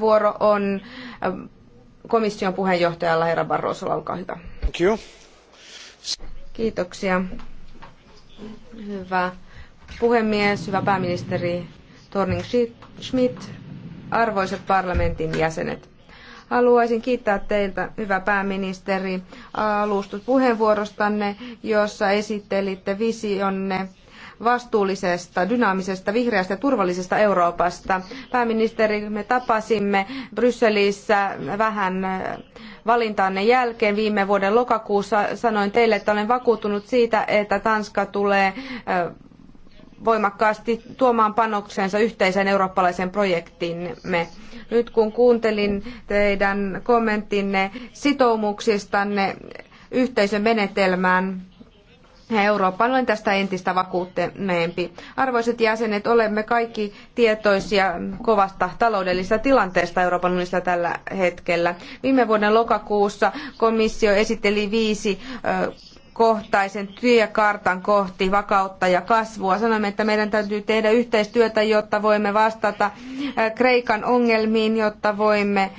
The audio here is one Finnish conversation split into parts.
vuoro on ähm, komission puheenjohtajalla herra Barrosolla. Olkaa hyvä. Thank Kiitoksia. Hyvä puhemies, hyvä pääministeri Torning Schmidt, arvoisat parlamentin jäsenet. Haluaisin kiittää teiltä, hyvä pääministeri, alustuspuheenvuorostanne, jossa esittelitte visionne vastuullisesta, dynaamisesta, vihreästä ja turvallisesta Euroopasta. Pääministeri, me tapasimme Brysselissä vähän valintaanne jälkeen viime vuoden lokakuussa. Sanoin teille, että olen vakuuttunut siitä, että Tanska tulee voimakkaasti tuomaan panoksensa yhteisen eurooppalaisen projektimme. Nyt kun kuuntelin teidän kommenttinne sitoumuksistanne yhteisön menetelmään, Euroopan on tästä entistä vakuuttuneempi. Arvoisat jäsenet, olemme kaikki tietoisia kovasta taloudellisesta tilanteesta Euroopan unionissa tällä hetkellä. Viime vuoden lokakuussa komissio esitteli viisi kohtaisen tiekartan kohti vakautta ja kasvua. Sanoimme, että meidän täytyy tehdä yhteistyötä, jotta voimme vastata äh, Kreikan ongelmiin, jotta voimme äh,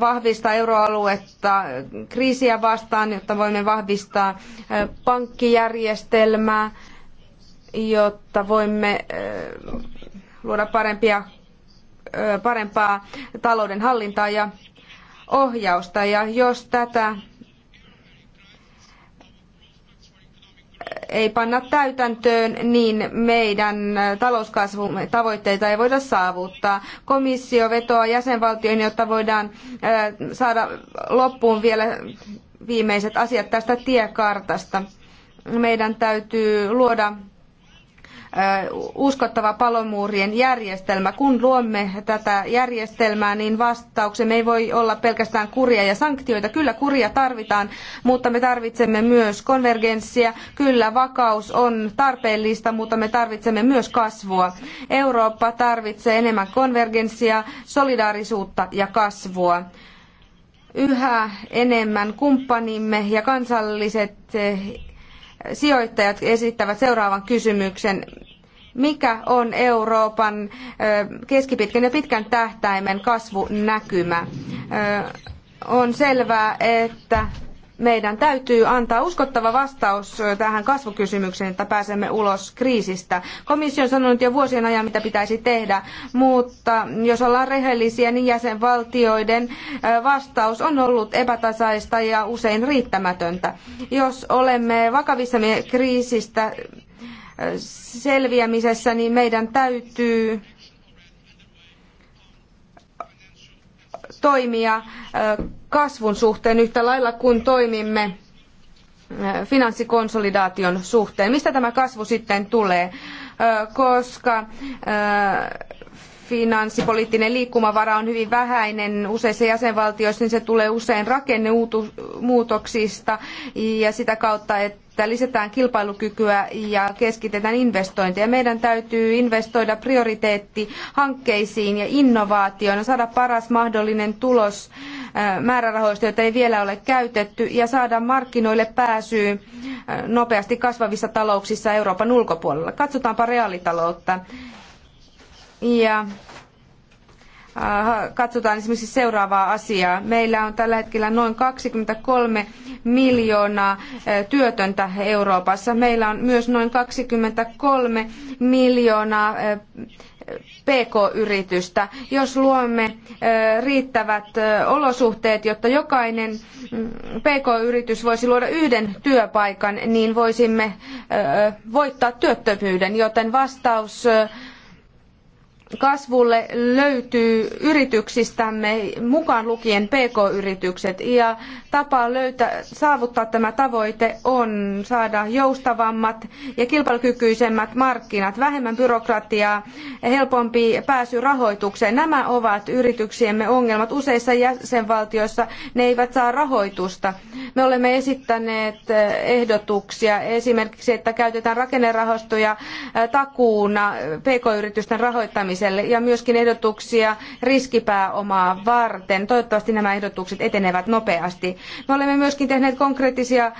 vahvistaa euroaluetta äh, kriisiä vastaan, jotta voimme vahvistaa pankkijärjestelmää, jotta voimme luoda parempia, parempaa talouden hallintaa ja ohjausta. Ja jos tätä ei panna täytäntöön, niin meidän talouskasvun tavoitteita ei voida saavuttaa. Komissio vetoaa jäsenvaltioihin, jotta voidaan saada loppuun vielä viimeiset asiat tästä tiekartasta. Meidän täytyy luoda uskottava palomuurien järjestelmä. Kun luomme tätä järjestelmää, niin vastauksemme ei voi olla pelkästään kuria ja sanktioita. Kyllä kuria tarvitaan, mutta me tarvitsemme myös konvergenssia. Kyllä vakaus on tarpeellista, mutta me tarvitsemme myös kasvua. Eurooppa tarvitsee enemmän konvergenssia, solidaarisuutta ja kasvua yhä enemmän kumppanimme ja kansalliset sijoittajat esittävät seuraavan kysymyksen. Mikä on Euroopan keskipitkän ja pitkän tähtäimen kasvunäkymä? On selvää, että meidän täytyy antaa uskottava vastaus tähän kasvukysymykseen, että pääsemme ulos kriisistä. Komissio on sanonut jo vuosien ajan, mitä pitäisi tehdä, mutta jos ollaan rehellisiä, niin jäsenvaltioiden vastaus on ollut epätasaista ja usein riittämätöntä. Jos olemme vakavissamme kriisistä selviämisessä, niin meidän täytyy toimia kasvun suhteen yhtä lailla kuin toimimme finanssikonsolidaation suhteen. Mistä tämä kasvu sitten tulee? Koska finanssipoliittinen liikkumavara on hyvin vähäinen useissa jäsenvaltioissa, niin se tulee usein rakennemuutoksista ja sitä kautta, että että lisätään kilpailukykyä ja keskitetään investointeja. Meidän täytyy investoida prioriteetti hankkeisiin ja innovaatioon ja saada paras mahdollinen tulos määrärahoista, joita ei vielä ole käytetty, ja saada markkinoille pääsy nopeasti kasvavissa talouksissa Euroopan ulkopuolella. Katsotaanpa reaalitaloutta. Ja Äh, katsotaan esimerkiksi seuraavaa asiaa. Meillä on tällä hetkellä noin 23 miljoonaa äh, työtöntä Euroopassa. Meillä on myös noin 23 miljoonaa äh, PK-yritystä, jos luomme riittävät olosuhteet, jotta jokainen mm, PK-yritys voisi luoda yhden työpaikan, niin voisimme voittaa työttömyyden, joten vastaus kasvulle löytyy yrityksistämme, mukaan lukien PK-yritykset. Ja tapa löytää, saavuttaa tämä tavoite on saada joustavammat ja kilpailukykyisemmät markkinat, vähemmän byrokratiaa, helpompi pääsy rahoitukseen. Nämä ovat yrityksiemme ongelmat. Useissa jäsenvaltioissa ne eivät saa rahoitusta. Me olemme esittäneet eh, ehdotuksia esimerkiksi, että käytetään rakennerahastoja eh, takuuna eh, PK-yritysten rahoittamiseen kehittämiselle ja myöskin ehdotuksia riskipääomaa varten. Toivottavasti nämä ehdotukset etenevät nopeasti. Me olemme myöskin tehneet konkreettisia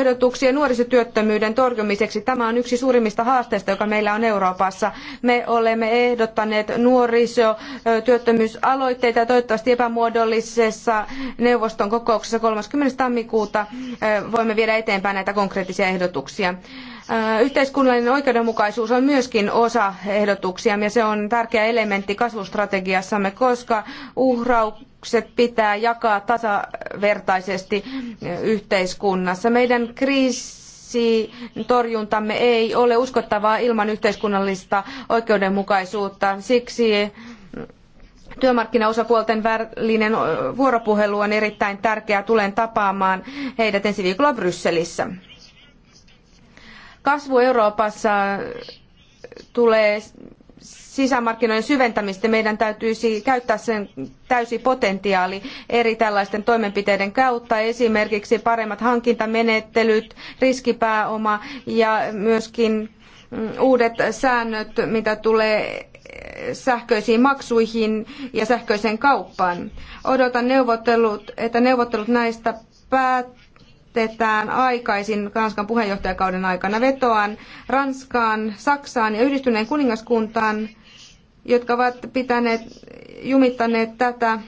ehdotuksia nuorisotyöttömyyden torjumiseksi. Tämä on yksi suurimmista haasteista, joka meillä on Euroopassa. Me olemme ehdottaneet nuorisotyöttömyysaloitteita ja toivottavasti epämuodollisessa neuvoston kokouksessa 30. tammikuuta voimme viedä eteenpäin näitä konkreettisia ehdotuksia. Yhteiskunnallinen oikeudenmukaisuus on myöskin osa ehdotuksia ja se on tärkeä elementti kasvustrategiassamme, koska uhraukset pitää jakaa tasavertaisesti yhteiskunnassa. Meidän kriisi torjuntamme ei ole uskottavaa ilman yhteiskunnallista oikeudenmukaisuutta. Siksi työmarkkinaosapuolten välinen vuoropuhelu on erittäin tärkeää. Tulen tapaamaan heidät ensi viikolla Brysselissä kasvu Euroopassa tulee sisämarkkinoiden syventämistä, meidän täytyisi käyttää sen täysi potentiaali eri tällaisten toimenpiteiden kautta, esimerkiksi paremmat hankintamenettelyt, riskipääoma ja myöskin mm, uudet säännöt, mitä tulee sähköisiin maksuihin ja sähköiseen kauppaan. Odotan neuvottelut, että neuvottelut näistä päättyvät jätetään aikaisin Ranskan puheenjohtajakauden aikana. Vetoan Ranskaan, Saksaan ja yhdistyneen kuningaskuntaan, jotka ovat pitäneet, jumittaneet tätä.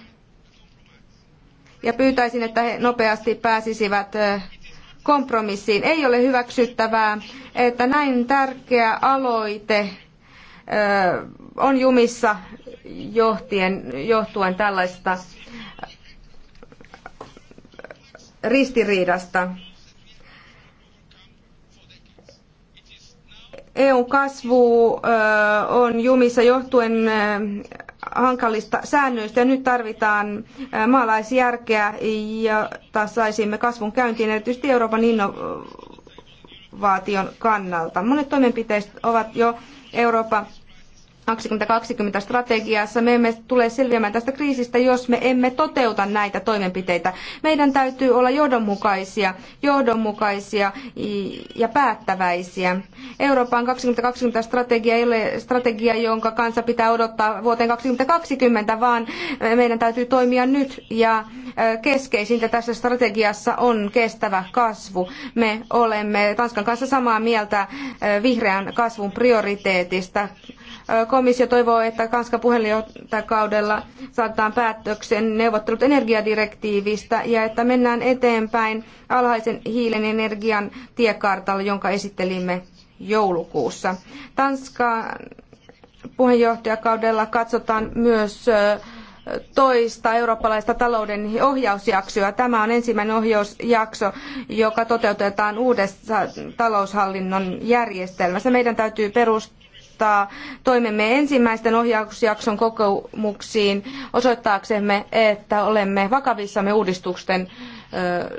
Ja pyytäisin, että he nopeasti pääsisivät kompromissiin. Ei ole hyväksyttävää, että näin tärkeä aloite on jumissa johtien, johtuen tällaista ristiriidasta. EUn kasvu on jumissa johtuen hankalista säännöistä ja nyt tarvitaan maalaisjärkeä, jotta saisimme kasvun käyntiin erityisesti Euroopan innovaation kannalta. Monet toimenpiteistä ovat jo Euroopan 2020 strategiassa. Me emme tule selviämään tästä kriisistä, jos me emme toteuta näitä toimenpiteitä. Meidän täytyy olla johdonmukaisia, johdonmukaisia ja päättäväisiä. Euroopan 2020 strategia ei ole strategia, jonka kanssa pitää odottaa vuoteen 2020, vaan meidän täytyy toimia nyt ja keskeisintä tässä strategiassa on kestävä kasvu. Me olemme Tanskan kanssa samaa mieltä vihreän kasvun prioriteetista. Komissio toivoo, että Kanskan puheenjohtajakaudella saatetaan päätöksen neuvottelut energiadirektiivistä ja että mennään eteenpäin alhaisen hiilen energian tiekartalla, jonka esittelimme joulukuussa. Tanskan puheenjohtajakaudella katsotaan myös toista eurooppalaista talouden ohjausjaksoa. Tämä on ensimmäinen ohjausjakso, joka toteutetaan uudessa taloushallinnon järjestelmässä. Meidän täytyy perustaa perustaa toimemme ensimmäisten ohjausjakson kokemuksiin osoittaaksemme, että olemme vakavissamme uudistusten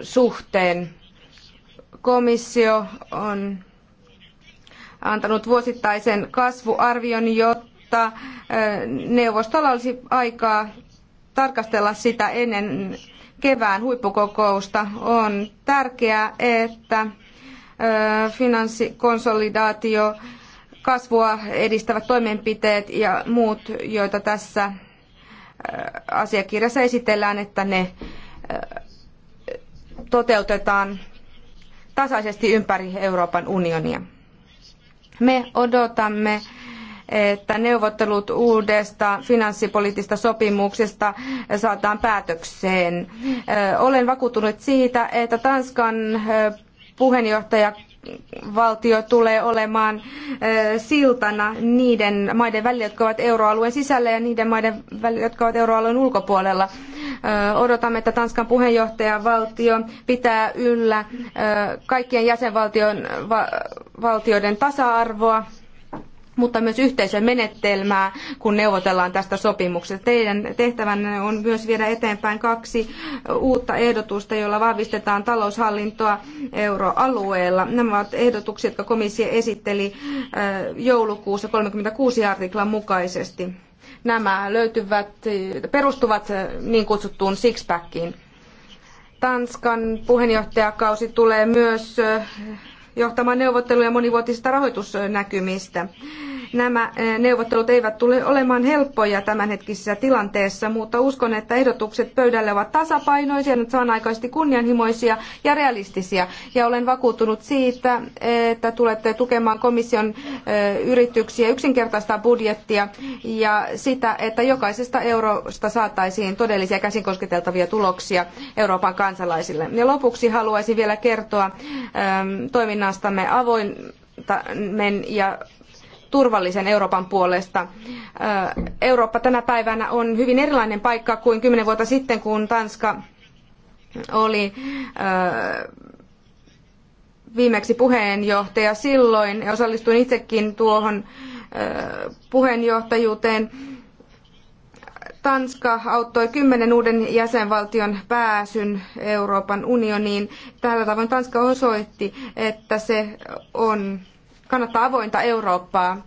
suhteen. Komissio on antanut vuosittaisen kasvuarvion, jotta neuvostolla olisi aikaa tarkastella sitä ennen kevään huippukokousta. On tärkeää, että finanssikonsolidaatio kasvua edistävät toimenpiteet ja muut, joita tässä äh, asiakirjassa esitellään, että ne äh, toteutetaan tasaisesti ympäri Euroopan unionia. Me odotamme, että neuvottelut uudesta finanssipoliittisesta sopimuksesta saadaan päätökseen. Äh, olen vakuuttunut siitä, että Tanskan puheenjohtaja valtio tulee olemaan siltana niiden maiden välillä, jotka ovat euroalueen sisällä ja niiden maiden välillä, jotka ovat euroalueen ulkopuolella. Odotamme, että Tanskan puheenjohtajavaltio pitää yllä kaikkien jäsenvaltioiden tasa-arvoa mutta myös yhteisön menetelmää, kun neuvotellaan tästä sopimuksesta. Teidän tehtävänne on myös viedä eteenpäin kaksi uutta ehdotusta, joilla vahvistetaan taloushallintoa euroalueella. Nämä ovat ehdotuksia, jotka komissio esitteli joulukuussa 36 artiklan mukaisesti. Nämä löytyvät, perustuvat niin kutsuttuun sixpackiin. Tanskan puheenjohtajakausi tulee myös johtamaan neuvotteluja monivuotisista rahoitusnäkymistä. Nämä eh, neuvottelut eivät tule olemaan helppoja tämänhetkisessä tilanteessa, mutta uskon, että ehdotukset pöydälle ovat tasapainoisia, nyt samanaikaisesti kunnianhimoisia ja realistisia. Ja olen vakuuttunut siitä, että tulette tukemaan komission eh, yrityksiä yksinkertaistaa budjettia ja sitä, että jokaisesta eurosta saataisiin todellisia käsin kosketeltavia tuloksia Euroopan kansalaisille. Ja lopuksi haluaisin vielä kertoa eh, toiminnastamme avoin ja turvallisen Euroopan puolesta. Eurooppa tänä päivänä on hyvin erilainen paikka kuin kymmenen vuotta sitten, kun Tanska oli viimeksi puheenjohtaja silloin. Osallistuin itsekin tuohon puheenjohtajuuteen. Tanska auttoi kymmenen uuden jäsenvaltion pääsyn Euroopan unioniin. Tällä tavoin Tanska osoitti, että se on kannattaa avointa Eurooppaa.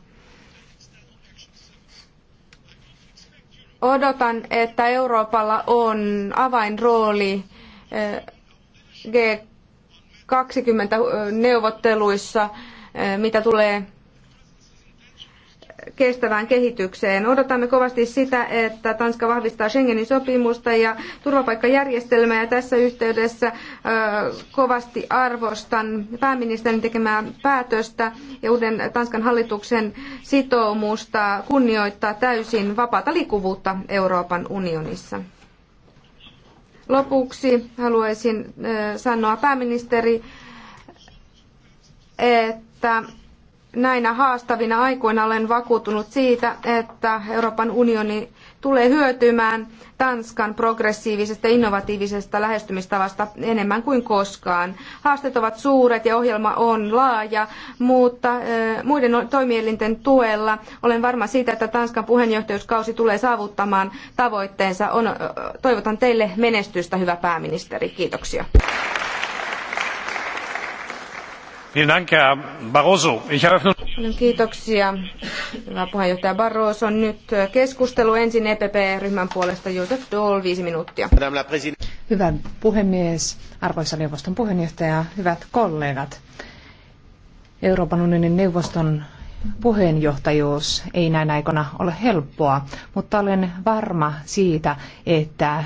Odotan, että Euroopalla on avainrooli eh, G20-neuvotteluissa, eh, eh, mitä tulee kestävään kehitykseen. Odotamme kovasti sitä, että Tanska vahvistaa Schengenin sopimusta ja turvapaikkajärjestelmää ja tässä yhteydessä kovasti arvostan pääministerin tekemää päätöstä ja uuden Tanskan hallituksen sitoumusta kunnioittaa täysin vapaata liikkuvuutta Euroopan unionissa. Lopuksi haluaisin sanoa pääministeri, että näinä haastavina aikoina olen vakuuttunut siitä, että Euroopan unioni tulee hyötymään Tanskan progressiivisesta innovatiivisesta lähestymistavasta enemmän kuin koskaan. Haasteet ovat suuret ja ohjelma on laaja, mutta muiden toimielinten tuella olen varma siitä, että Tanskan puheenjohtajuuskausi tulee saavuttamaan tavoitteensa. On, toivotan teille menestystä, hyvä pääministeri. Kiitoksia kiitoksia, hyvä puheenjohtaja Barroso. Nyt äh, keskustelu ensin EPP-ryhmän puolesta. Joseph Dole, viisi minuuttia. Hyvä puhemies, arvoisa neuvoston puheenjohtaja, hyvät kollegat. Euroopan unionin neuvoston puheenjohtajuus ei näin aikoina ole helppoa, mutta olen varma siitä, että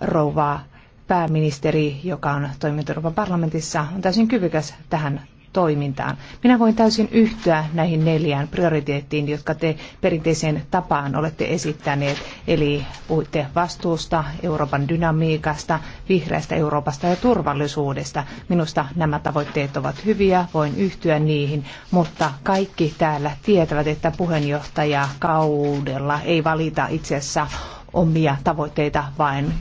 rouva pääministeri, joka on toiminut Euroopan parlamentissa, on täysin kyvykäs tähän toimintaan. Minä voin täysin yhtyä näihin neljään prioriteettiin, jotka te perinteiseen tapaan olette esittäneet. Eli puhuitte vastuusta, Euroopan dynamiikasta, vihreästä Euroopasta ja turvallisuudesta. Minusta nämä tavoitteet ovat hyviä, voin yhtyä niihin, mutta kaikki täällä tietävät, että kaudella ei valita itse asiassa omia tavoitteita, vaan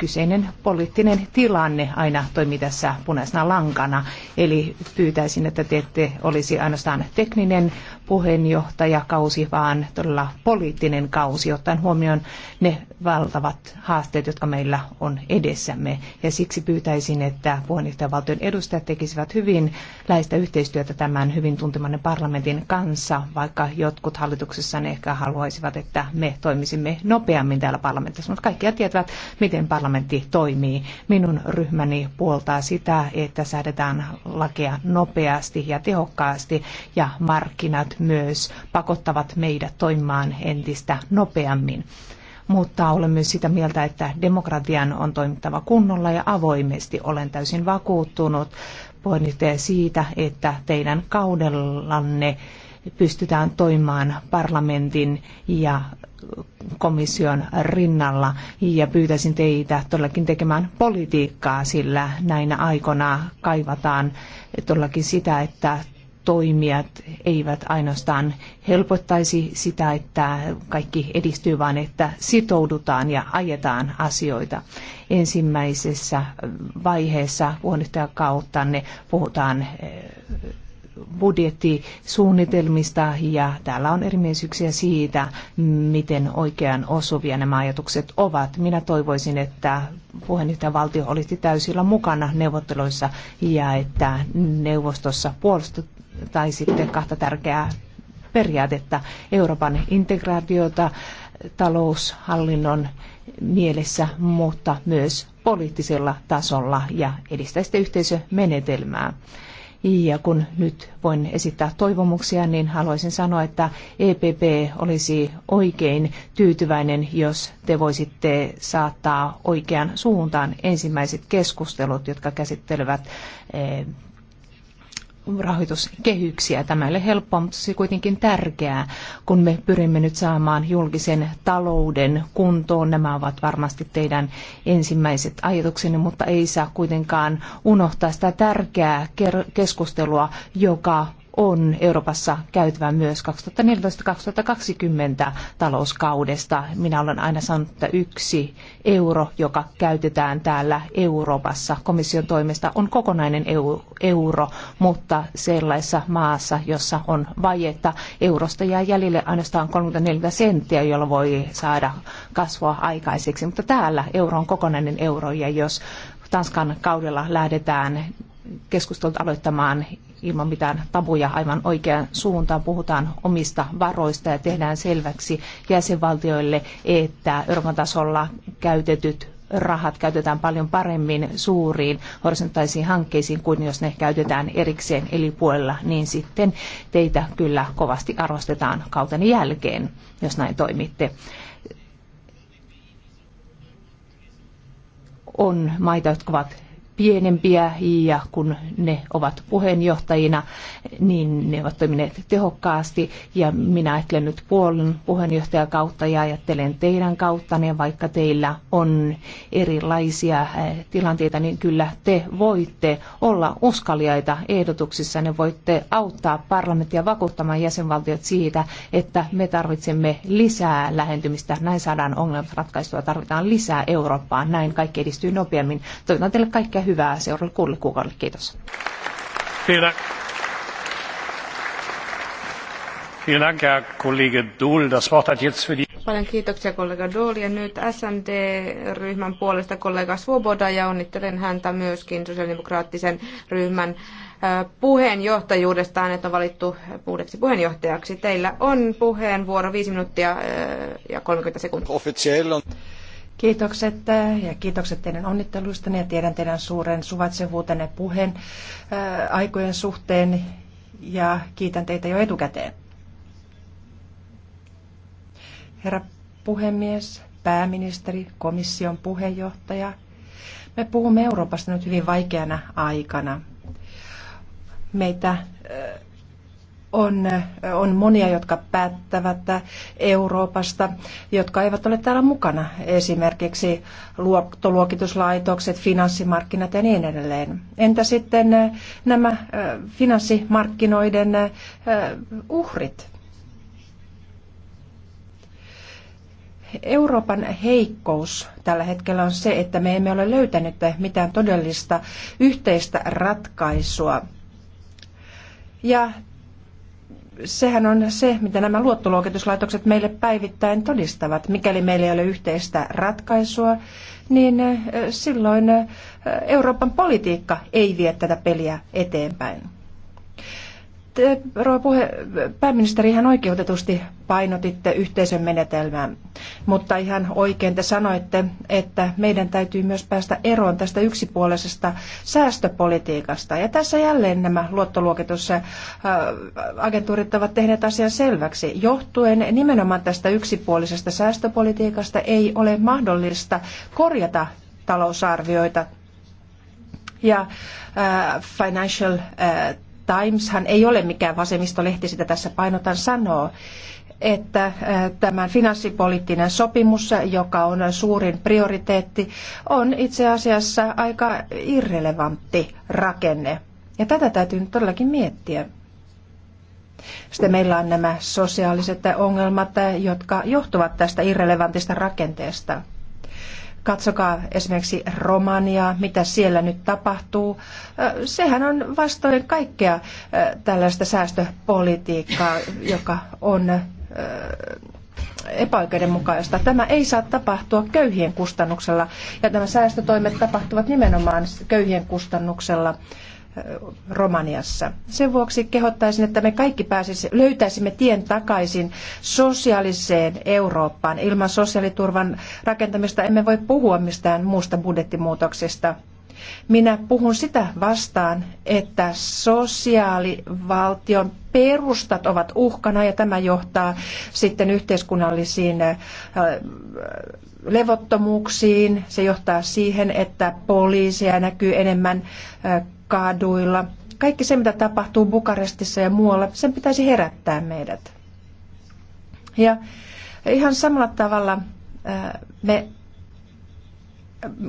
kyseinen poliittinen tilanne aina toimii tässä punaisena lankana. Eli pyytäisin, että te ette olisi ainoastaan tekninen puheenjohtajakausi, vaan todella poliittinen kausi, ottaen huomioon ne valtavat haasteet, jotka meillä on edessämme. Ja siksi pyytäisin, että puheenjohtajavaltion edustajat tekisivät hyvin läheistä yhteistyötä tämän hyvin tuntemanne parlamentin kanssa, vaikka jotkut hallituksessa ne ehkä haluaisivat, että me toimisimme nopeammin täällä parlamentissa. Mutta kaikkia tietävät, miten parlamentti toimii. Minun ryhmäni puoltaa sitä, että säädetään lakeja nopeasti ja tehokkaasti ja markkinat myös pakottavat meidät toimimaan entistä nopeammin mutta olen myös sitä mieltä, että demokratian on toimittava kunnolla ja avoimesti. Olen täysin vakuuttunut puheenjohtaja siitä, että teidän kaudellanne pystytään toimimaan parlamentin ja komission rinnalla ja pyytäisin teitä todellakin tekemään politiikkaa, sillä näinä aikoina kaivataan todellakin sitä, että toimijat eivät ainoastaan helpottaisi sitä, että kaikki edistyy, vaan että sitoudutaan ja ajetaan asioita. Ensimmäisessä vaiheessa kautta ne puhutaan eh, budjettisuunnitelmista ja täällä on erimielisyyksiä siitä, miten oikean osuvia nämä ajatukset ovat. Minä toivoisin, että puheenjohtajavaltio olisi täysillä mukana neuvotteluissa ja että neuvostossa tai sitten kahta tärkeää periaatetta Euroopan integraatiota taloushallinnon mielessä, mutta myös poliittisella tasolla ja edistää sitten yhteisömenetelmää. Ja kun nyt voin esittää toivomuksia, niin haluaisin sanoa, että EPP olisi oikein tyytyväinen, jos te voisitte saattaa oikean suuntaan ensimmäiset keskustelut, jotka käsittelevät eh, rahoituskehyksiä. Tämä ei ole helppoa, mutta se on kuitenkin tärkeää, kun me pyrimme nyt saamaan julkisen talouden kuntoon. Nämä ovat varmasti teidän ensimmäiset ajatuksenne, mutta ei saa kuitenkaan unohtaa sitä tärkeää keskustelua, joka on Euroopassa käytävä myös 2014-2020 talouskaudesta. Minä olen aina sanonut, että yksi euro, joka käytetään täällä Euroopassa komission toimesta, on kokonainen euro, mutta sellaisessa maassa, jossa on vajetta, eurosta jää jäljelle ainoastaan 34 senttiä, jolla voi saada kasvua aikaiseksi. Mutta täällä euro on kokonainen euro ja jos Tanskan kaudella lähdetään keskustelut aloittamaan ilman mitään tabuja aivan oikeaan suuntaan. Puhutaan omista varoista ja tehdään selväksi jäsenvaltioille, että Euroopan tasolla käytetyt rahat käytetään paljon paremmin suuriin horisontaisiin hankkeisiin kuin jos ne käytetään erikseen eli puolella, niin sitten teitä kyllä kovasti arvostetaan kauteni jälkeen, jos näin toimitte. On maita, jotka ovat pienempiä ja kun ne ovat puheenjohtajina, niin ne ovat toimineet tehokkaasti ja minä ajattelen nyt puolen puheenjohtajan kautta ja ajattelen teidän kautta, niin vaikka teillä on erilaisia eh, tilanteita, niin kyllä te voitte olla uskaliaita ehdotuksissa, ne voitte auttaa parlamenttia vakuuttamaan jäsenvaltiot siitä, että me tarvitsemme lisää lähentymistä, näin saadaan ongelmat ratkaistua, tarvitaan lisää Eurooppaa, näin kaikki edistyy nopeammin. Toivotan teille kaikkea hyvää hyvää seuraavalle kuudelle kuukaudelle. Kiitos. Vielen Paljon kiitoksia kollega Dool ja nyt SND-ryhmän puolesta kollega Svoboda ja onnittelen häntä myöskin sosiaalidemokraattisen ryhmän puheenjohtajuudestaan, että on valittu uudeksi puheenjohtajaksi. Teillä on puheenvuoro viisi minuuttia ja 30 sekuntia. Kiitokset eh, ja kiitokset teidän onnitteluistanne ja tiedän teidän suuren suvatsevuutenne puheen eh, aikojen suhteen ja kiitän teitä jo etukäteen. Herra puhemies, pääministeri, komission puheenjohtaja, me puhumme Euroopasta nyt hyvin vaikeana aikana. Meitä eh, on, on monia, jotka päättävät Euroopasta, jotka eivät ole täällä mukana. Esimerkiksi luottoluokituslaitokset, finanssimarkkinat ja niin edelleen. Entä sitten äh, nämä äh, finanssimarkkinoiden äh, uhrit? Euroopan heikkous tällä hetkellä on se, että me emme ole löytäneet mitään todellista yhteistä ratkaisua. Ja sehän on se, mitä nämä luottoluokituslaitokset meille päivittäin todistavat. Mikäli meillä ei ole yhteistä ratkaisua, niin eh, silloin eh, Euroopan politiikka ei vie tätä peliä eteenpäin. Te, rouva puhe, pääministeri, ihan oikeutetusti painotitte yhteisön menetelmää, mutta ihan oikein te sanoitte, että meidän täytyy myös päästä eroon tästä yksipuolisesta säästöpolitiikasta. Ja tässä jälleen nämä luottoluokitusagentuurit äh, ovat tehneet asian selväksi. Johtuen nimenomaan tästä yksipuolisesta säästöpolitiikasta ei ole mahdollista korjata talousarvioita ja äh, financial äh, Timeshan ei ole mikään vasemmistolehti, sitä tässä painotan sanoo, että äh, tämän finanssipoliittinen sopimus, joka on suurin prioriteetti, on itse asiassa aika irrelevantti rakenne. Ja tätä täytyy nyt todellakin miettiä. Sitten meillä on nämä sosiaaliset ongelmat, jotka johtuvat tästä irrelevantista rakenteesta. Katsokaa esimerkiksi Romaniaa, mitä siellä nyt tapahtuu. Sehän on vastoin kaikkea tällaista säästöpolitiikkaa, joka on epäoikeudenmukaista. Tämä ei saa tapahtua köyhien kustannuksella ja nämä säästötoimet tapahtuvat nimenomaan köyhien kustannuksella. Romaniassa. Sen vuoksi kehottaisin, että me kaikki pääsisi, löytäisimme tien takaisin sosiaaliseen Eurooppaan. Ilman sosiaaliturvan rakentamista emme voi puhua mistään muusta budjettimuutoksesta. Minä puhun sitä vastaan, että sosiaalivaltion perustat ovat uhkana ja tämä johtaa sitten yhteiskunnallisiin äh, levottomuuksiin. Se johtaa siihen, että poliiseja näkyy enemmän äh, kaduilla. Kaikki se, mitä tapahtuu Bukarestissa ja muualla, sen pitäisi herättää meidät. Ja ihan samalla tavalla äh, me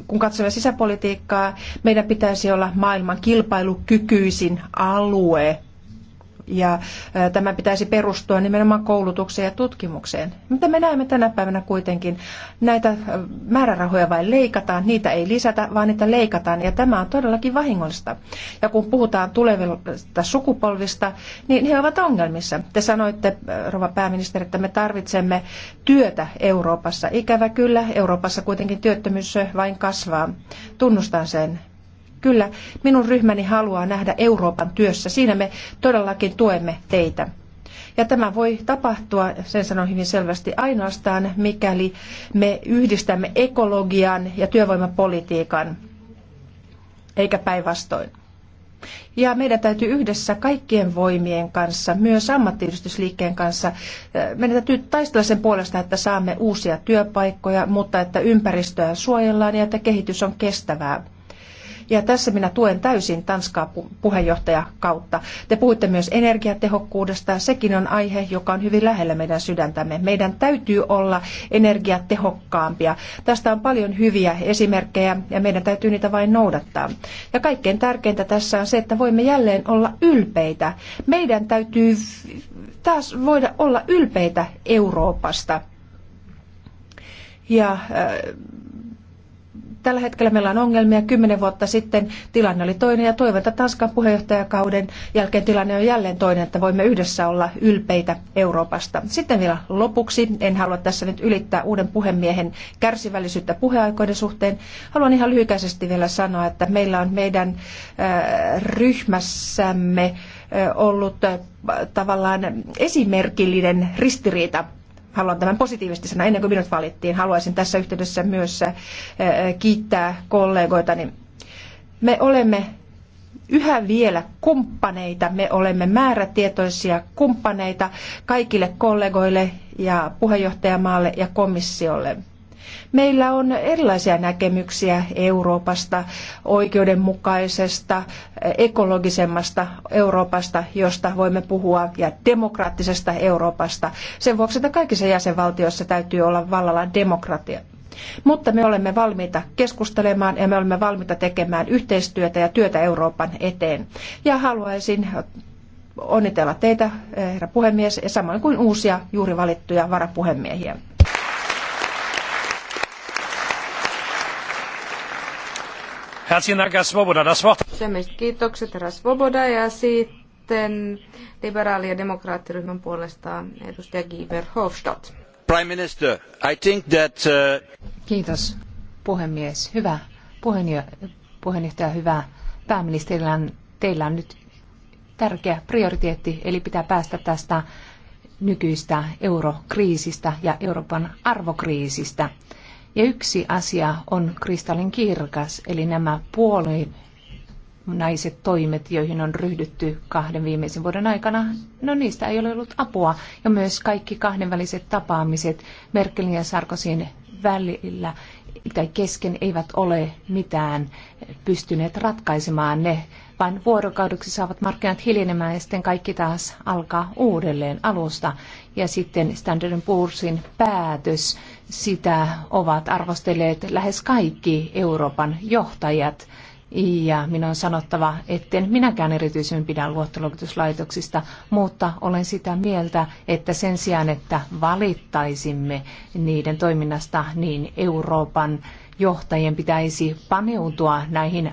kun katsomme sisäpolitiikkaa, meidän pitäisi olla maailman kilpailukykyisin alue ja tämä pitäisi perustua nimenomaan koulutukseen ja tutkimukseen. Mitä me näemme tänä päivänä kuitenkin? Näitä määrärahoja vain leikataan, niitä ei lisätä, vaan niitä leikataan ja tämä on todellakin vahingollista. Ja kun puhutaan tulevista sukupolvista, niin he ovat ongelmissa. Te sanoitte, rouva pääministeri, että me tarvitsemme työtä Euroopassa. Ikävä kyllä, Euroopassa kuitenkin työttömyys vain kasvaa. Tunnustan sen. Kyllä, minun ryhmäni haluaa nähdä Euroopan työssä. Siinä me todellakin tuemme teitä. Ja tämä voi tapahtua, sen sanon hyvin selvästi, ainoastaan mikäli me yhdistämme ekologian ja työvoimapolitiikan, eikä päinvastoin. Ja meidän täytyy yhdessä kaikkien voimien kanssa, myös ammattiyhdistysliikkeen kanssa, eh, meidän täytyy taistella sen puolesta, että saamme uusia työpaikkoja, mutta että ympäristöä suojellaan ja että kehitys on kestävää. Ja tässä minä tuen täysin Tanskaa puheenjohtajakautta. Te puhuitte myös energiatehokkuudesta. Sekin on aihe, joka on hyvin lähellä meidän sydäntämme. Meidän täytyy olla energiatehokkaampia. Tästä on paljon hyviä esimerkkejä ja meidän täytyy niitä vain noudattaa. Ja kaikkein tärkeintä tässä on se, että voimme jälleen olla ylpeitä. Meidän täytyy taas voida olla ylpeitä Euroopasta. Ja äh, Tällä hetkellä meillä on ongelmia. Kymmenen vuotta sitten tilanne oli toinen ja toivon, että Tanskan puheenjohtajakauden jälkeen tilanne on jälleen toinen, että voimme yhdessä olla ylpeitä Euroopasta. Sitten vielä lopuksi, en halua tässä nyt ylittää uuden puhemiehen kärsivällisyyttä puheaikoiden suhteen. Haluan ihan lyhykäisesti vielä sanoa, että meillä on meidän äh, ryhmässämme äh, ollut äh, tavallaan esimerkillinen ristiriita haluan tämän positiivisesti sanoa, ennen kuin minut valittiin, haluaisin tässä yhteydessä myös äh, kiittää kollegoitani. Me olemme yhä vielä kumppaneita, me olemme määrätietoisia kumppaneita kaikille kollegoille ja puheenjohtajamaalle ja komissiolle. Meillä on erilaisia näkemyksiä Euroopasta, oikeudenmukaisesta, ekologisemmasta Euroopasta, josta voimme puhua, ja demokraattisesta Euroopasta. Sen vuoksi, että kaikissa jäsenvaltioissa täytyy olla vallalla demokratia. Mutta me olemme valmiita keskustelemaan ja me olemme valmiita tekemään yhteistyötä ja työtä Euroopan eteen. Ja haluaisin onnitella teitä, eh, herra puhemies, samoin kuin uusia juuri valittuja varapuhemiehiä. Sydämiset kiitokset, herra Svoboda, ja sitten liberaali- ja demokraattiryhmän puolesta edustaja Guy Hofstadt. Prime Minister, I think that, uh... Kiitos, puhemies. Hyvä puheenjo- puheenjohtaja, hyvä pääministeri, teillä on nyt tärkeä prioriteetti, eli pitää päästä tästä nykyistä eurokriisistä ja Euroopan arvokriisistä. Ja yksi asia on kristallin kirkas, eli nämä puoleen naiset toimet, joihin on ryhdytty kahden viimeisen vuoden aikana, no niistä ei ole ollut apua. Ja myös kaikki kahdenväliset tapaamiset Merkelin ja Sarkosin välillä tai kesken eivät ole mitään pystyneet ratkaisemaan. Ne vain vuorokaudeksi saavat markkinat hiljenemään ja sitten kaikki taas alkaa uudelleen alusta. Ja sitten Standard Poor'sin päätös sitä ovat arvostelleet lähes kaikki Euroopan johtajat. Ja minun on sanottava, etten minäkään erityisen pidä luottoluokituslaitoksista, mutta olen sitä mieltä, että sen sijaan, että valittaisimme niiden toiminnasta, niin Euroopan johtajien pitäisi paneutua näihin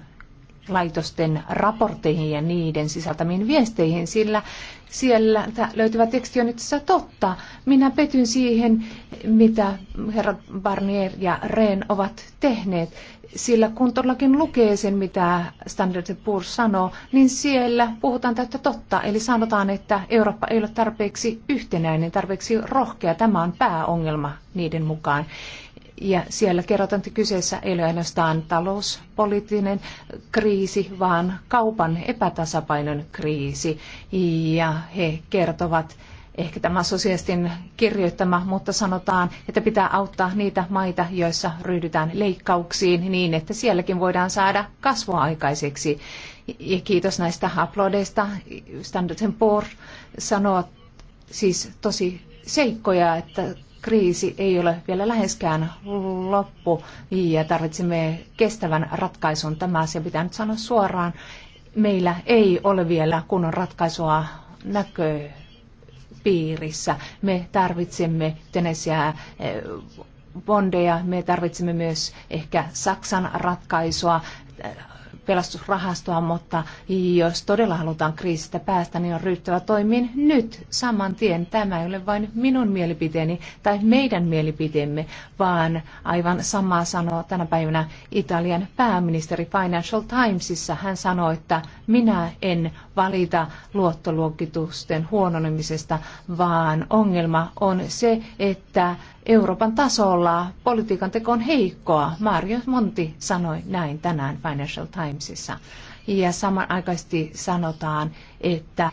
laitosten raportteihin ja niiden sisältämiin viesteihin, sillä siellä löytyvä teksti on nyt asiassa totta. Minä petyn siihen, mitä herra Barnier ja Rehn ovat tehneet. Sillä kun todellakin lukee sen, mitä Standard Poor's sanoo, niin siellä puhutaan täyttä totta. Eli sanotaan, että Eurooppa ei ole tarpeeksi yhtenäinen, tarpeeksi rohkea. Tämä on pääongelma niiden mukaan. Ja siellä kerrotaan, että kyseessä ei ole ainoastaan talouspoliittinen kriisi, vaan kaupan epätasapainon kriisi. Ja he kertovat, ehkä tämä sosialistin kirjoittama, mutta sanotaan, että pitää auttaa niitä maita, joissa ryhdytään leikkauksiin niin, että sielläkin voidaan saada kasvua aikaiseksi. Ja kiitos näistä aplodeista. Standard Poor sanoo siis tosi seikkoja, että kriisi ei ole vielä läheskään loppu ja tarvitsemme kestävän ratkaisun. Tämä asia pitää nyt sanoa suoraan. Meillä ei ole vielä kunnon ratkaisua näköpiirissä. Me tarvitsemme tenesiä eh, bondeja, me tarvitsemme myös ehkä Saksan ratkaisua pelastusrahastoa, mutta jos todella halutaan kriisistä päästä, niin on ryhtyvä toimiin nyt saman tien. Tämä ei ole vain minun mielipiteeni tai meidän mielipiteemme, vaan aivan samaa sanoo tänä päivänä Italian pääministeri Financial Timesissa. Hän sanoi, että minä en valita luottoluokitusten huononemisesta, vaan ongelma on se, että Euroopan tasolla politiikan teko on heikkoa. Mario Monti sanoi näin tänään Financial Timesissa. Ja samanaikaisesti sanotaan, että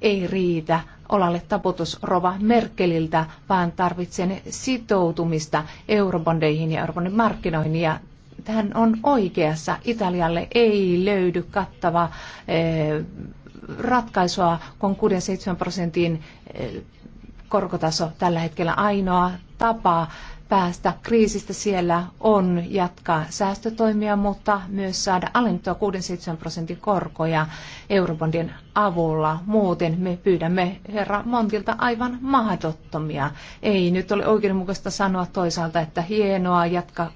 ei riitä olalle taputus Rova Merkeliltä, vaan tarvitsemme sitoutumista eurobondeihin ja eurobondin markkinoihin. Ja hän on oikeassa. Italialle ei löydy kattavaa eh, ratkaisua, kun 6-7 prosentin eh, korkotaso tällä hetkellä ainoa tapa päästä kriisistä siellä on jatkaa säästötoimia, mutta myös saada alennettua 6-7 prosentin korkoja eurobondien avulla. Muuten me pyydämme herra Montilta aivan mahdottomia. Ei nyt ole oikeudenmukaista sanoa toisaalta, että hienoa, jatkaa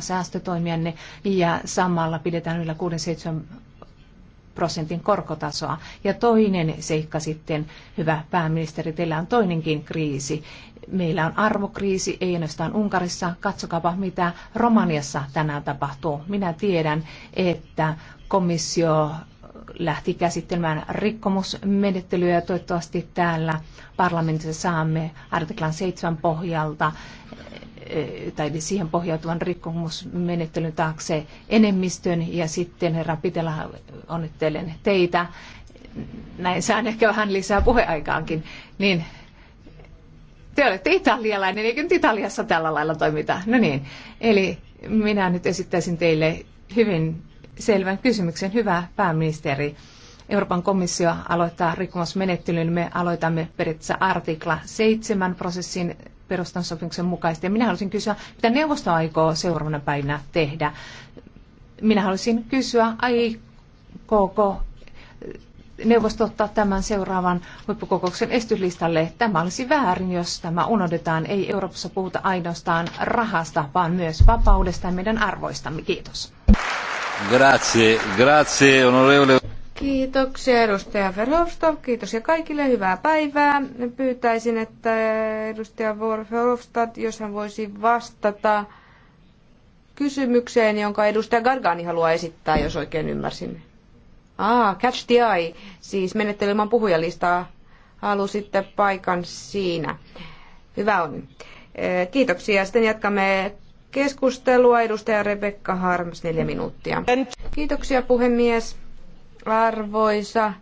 säästötoimianne ja samalla pidetään yllä 6-7 prosentin korkotasoa. Ja toinen seikka sitten, hyvä pääministeri, teillä on toinenkin kriisi. Meillä on arvokriisi, ei ainoastaan Unkarissa. Katsokaapa, mitä Romaniassa tänään tapahtuu. Minä tiedän, että komissio lähti käsittelemään rikkomusmenettelyä ja toivottavasti täällä parlamentissa saamme artiklan 7 pohjalta Eh, tai siihen pohjautuvan rikkomusmenettelyn taakse enemmistön ja sitten herra Pitela onnittelen teitä. Näin saan ehkä vähän lisää puheaikaankin. Niin, te olette italialainen, eikö nyt Italiassa tällä lailla toimita? No niin, eli minä nyt esittäisin teille hyvin selvän kysymyksen. Hyvä pääministeri, Euroopan komissio aloittaa rikkomusmenettelyn. Me aloitamme periaatteessa artikla 7 prosessin perustan sopimuksen mukaisesti. Ja minä haluaisin kysyä, mitä neuvosto aikoo seuraavana päivänä tehdä. Minä haluaisin kysyä, aikooko neuvosto ottaa tämän seuraavan huippukokouksen estyslistalle. Tämä olisi väärin, jos tämä unohdetaan. Ei Euroopassa puhuta ainoastaan rahasta, vaan myös vapaudesta ja meidän arvoistamme. Kiitos. Grazie, grazie, onorevole. Kiitoksia edustaja Verhofstov. kiitos ja kaikille hyvää päivää. Pyytäisin, että edustaja Verhofstadt, jos hän voisi vastata kysymykseen, jonka edustaja Gargani haluaa esittää, jos oikein ymmärsin. Ah, catch the eye, siis menettelemään puhujalistaa. Halusitte paikan siinä. Hyvä on. Kiitoksia. Sitten jatkamme keskustelua. Edustaja Rebekka Harms, neljä minuuttia. Kiitoksia puhemies. Arvoisa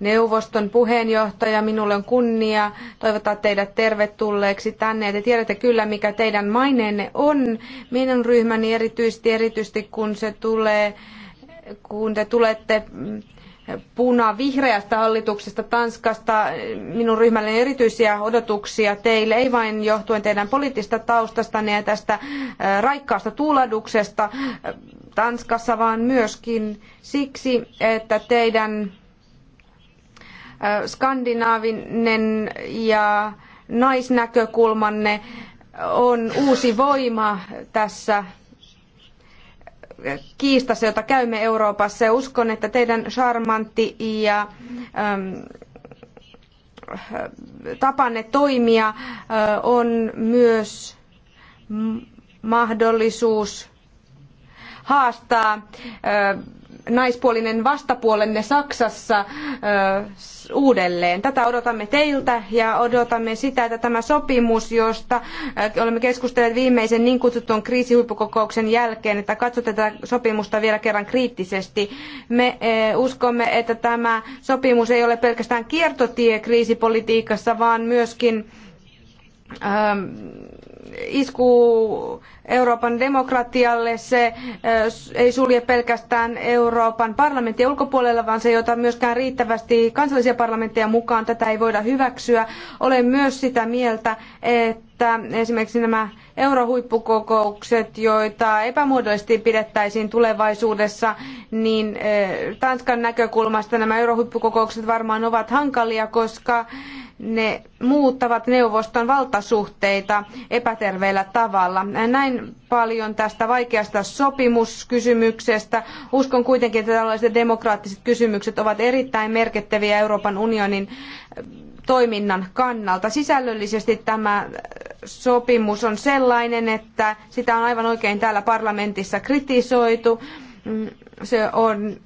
neuvoston puheenjohtaja, minulle on kunnia toivottaa teidät tervetulleeksi tänne. Te tiedätte kyllä, mikä teidän maineenne on. Minun ryhmäni erityisesti, erityisesti kun, se tulee, kun te tulette mm, puna-vihreästä hallituksesta Tanskasta. Minun ryhmälleni erityisiä odotuksia teille, ei vain johtuen teidän poliittista taustastanne ja tästä raikkaasta tuuladuksesta Tanskassa, vaan myöskin siksi, että teidän skandinaavinen ja naisnäkökulmanne on uusi voima tässä kiistassa, jota käymme Euroopassa. Ja uskon, että teidän charmantti ja tapanne toimia on myös mahdollisuus haastaa naispuolinen vastapuolenne Saksassa uudelleen. Tätä odotamme teiltä ja odotamme sitä, että tämä sopimus, josta olemme keskustelleet viimeisen niin kutsutun kriisihuippukokouksen jälkeen, että katsotte tätä sopimusta vielä kerran kriittisesti. Me uskomme, että tämä sopimus ei ole pelkästään kiertotie kriisipolitiikassa, vaan myöskin isku Euroopan demokratialle. Se ei sulje pelkästään Euroopan parlamentin ulkopuolella, vaan se ei ota myöskään riittävästi kansallisia parlamentteja mukaan. Tätä ei voida hyväksyä. Olen myös sitä mieltä, että esimerkiksi nämä eurohuippukokoukset, joita epämuodollisesti pidettäisiin tulevaisuudessa, niin Tanskan näkökulmasta nämä eurohuippukokoukset varmaan ovat hankalia, koska ne muuttavat neuvoston valtasuhteita epäterveellä tavalla. Näin paljon tästä vaikeasta sopimuskysymyksestä. Uskon kuitenkin, että tällaiset demokraattiset kysymykset ovat erittäin merkittäviä Euroopan unionin äh, toiminnan kannalta. Sisällöllisesti tämä äh, sopimus on sellainen, että sitä on aivan oikein täällä parlamentissa kritisoitu. Mm, se on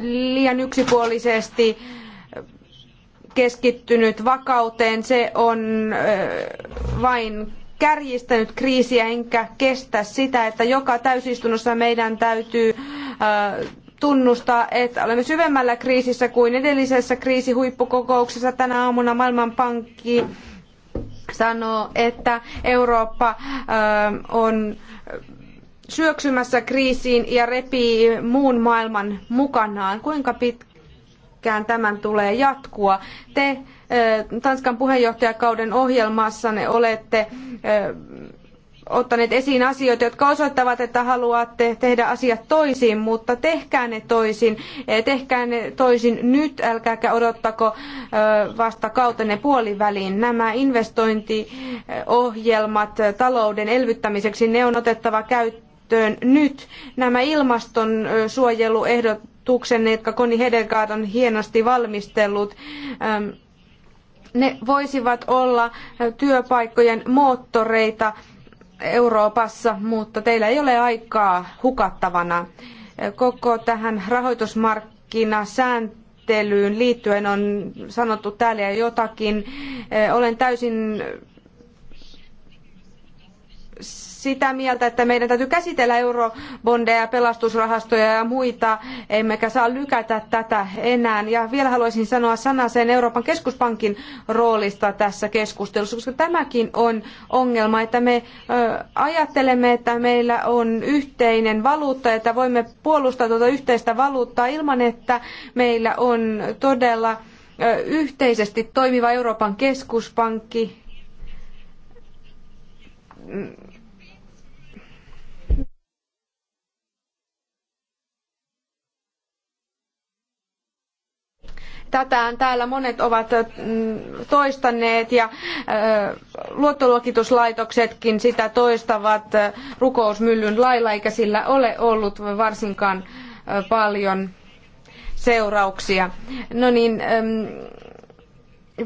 liian yksipuolisesti keskittynyt vakauteen. Se on vain kärjistänyt kriisiä, enkä kestä sitä, että joka täysistunnossa meidän täytyy tunnustaa, että olemme syvemmällä kriisissä kuin edellisessä kriisihuippukokouksessa tänä aamuna Maailmanpankki sanoo, että Eurooppa on syöksymässä kriisiin ja repii muun maailman mukanaan. Kuinka pitkä pitkään tämän tulee jatkua. Te Tanskan puheenjohtajakauden ohjelmassanne olette ottaneet esiin asioita, jotka osoittavat, että haluatte tehdä asiat toisin, mutta tehkää ne toisin. E, tehkää ne toisin nyt, älkääkä odottako vasta kautenne puoliväliin. Nämä investointiohjelmat talouden elvyttämiseksi, ne on otettava käyttöön nyt. Nämä ilmastonsuojeluehdot ehdotuksenne, jotka Koni Hedegaard on hienosti valmistellut, ähm, ne voisivat olla työpaikkojen moottoreita Euroopassa, mutta teillä ei ole aikaa hukattavana. Koko tähän rahoitusmarkkinasääntelyyn sääntelyyn liittyen on sanottu täällä jotakin. Äh, olen täysin sitä mieltä, että meidän täytyy käsitellä eurobondeja, pelastusrahastoja ja muita, emmekä saa lykätä tätä enää. Ja vielä haluaisin sanoa sana sen Euroopan keskuspankin roolista tässä keskustelussa, koska tämäkin on ongelma, että me ajattelemme, että meillä on yhteinen valuutta, että voimme puolustaa tuota yhteistä valuuttaa ilman, että meillä on todella yhteisesti toimiva Euroopan keskuspankki, Tätään täällä monet ovat toistaneet ja luottoluokituslaitoksetkin sitä toistavat rukousmyllyn lailla, eikä sillä ole ollut varsinkaan paljon seurauksia. No niin,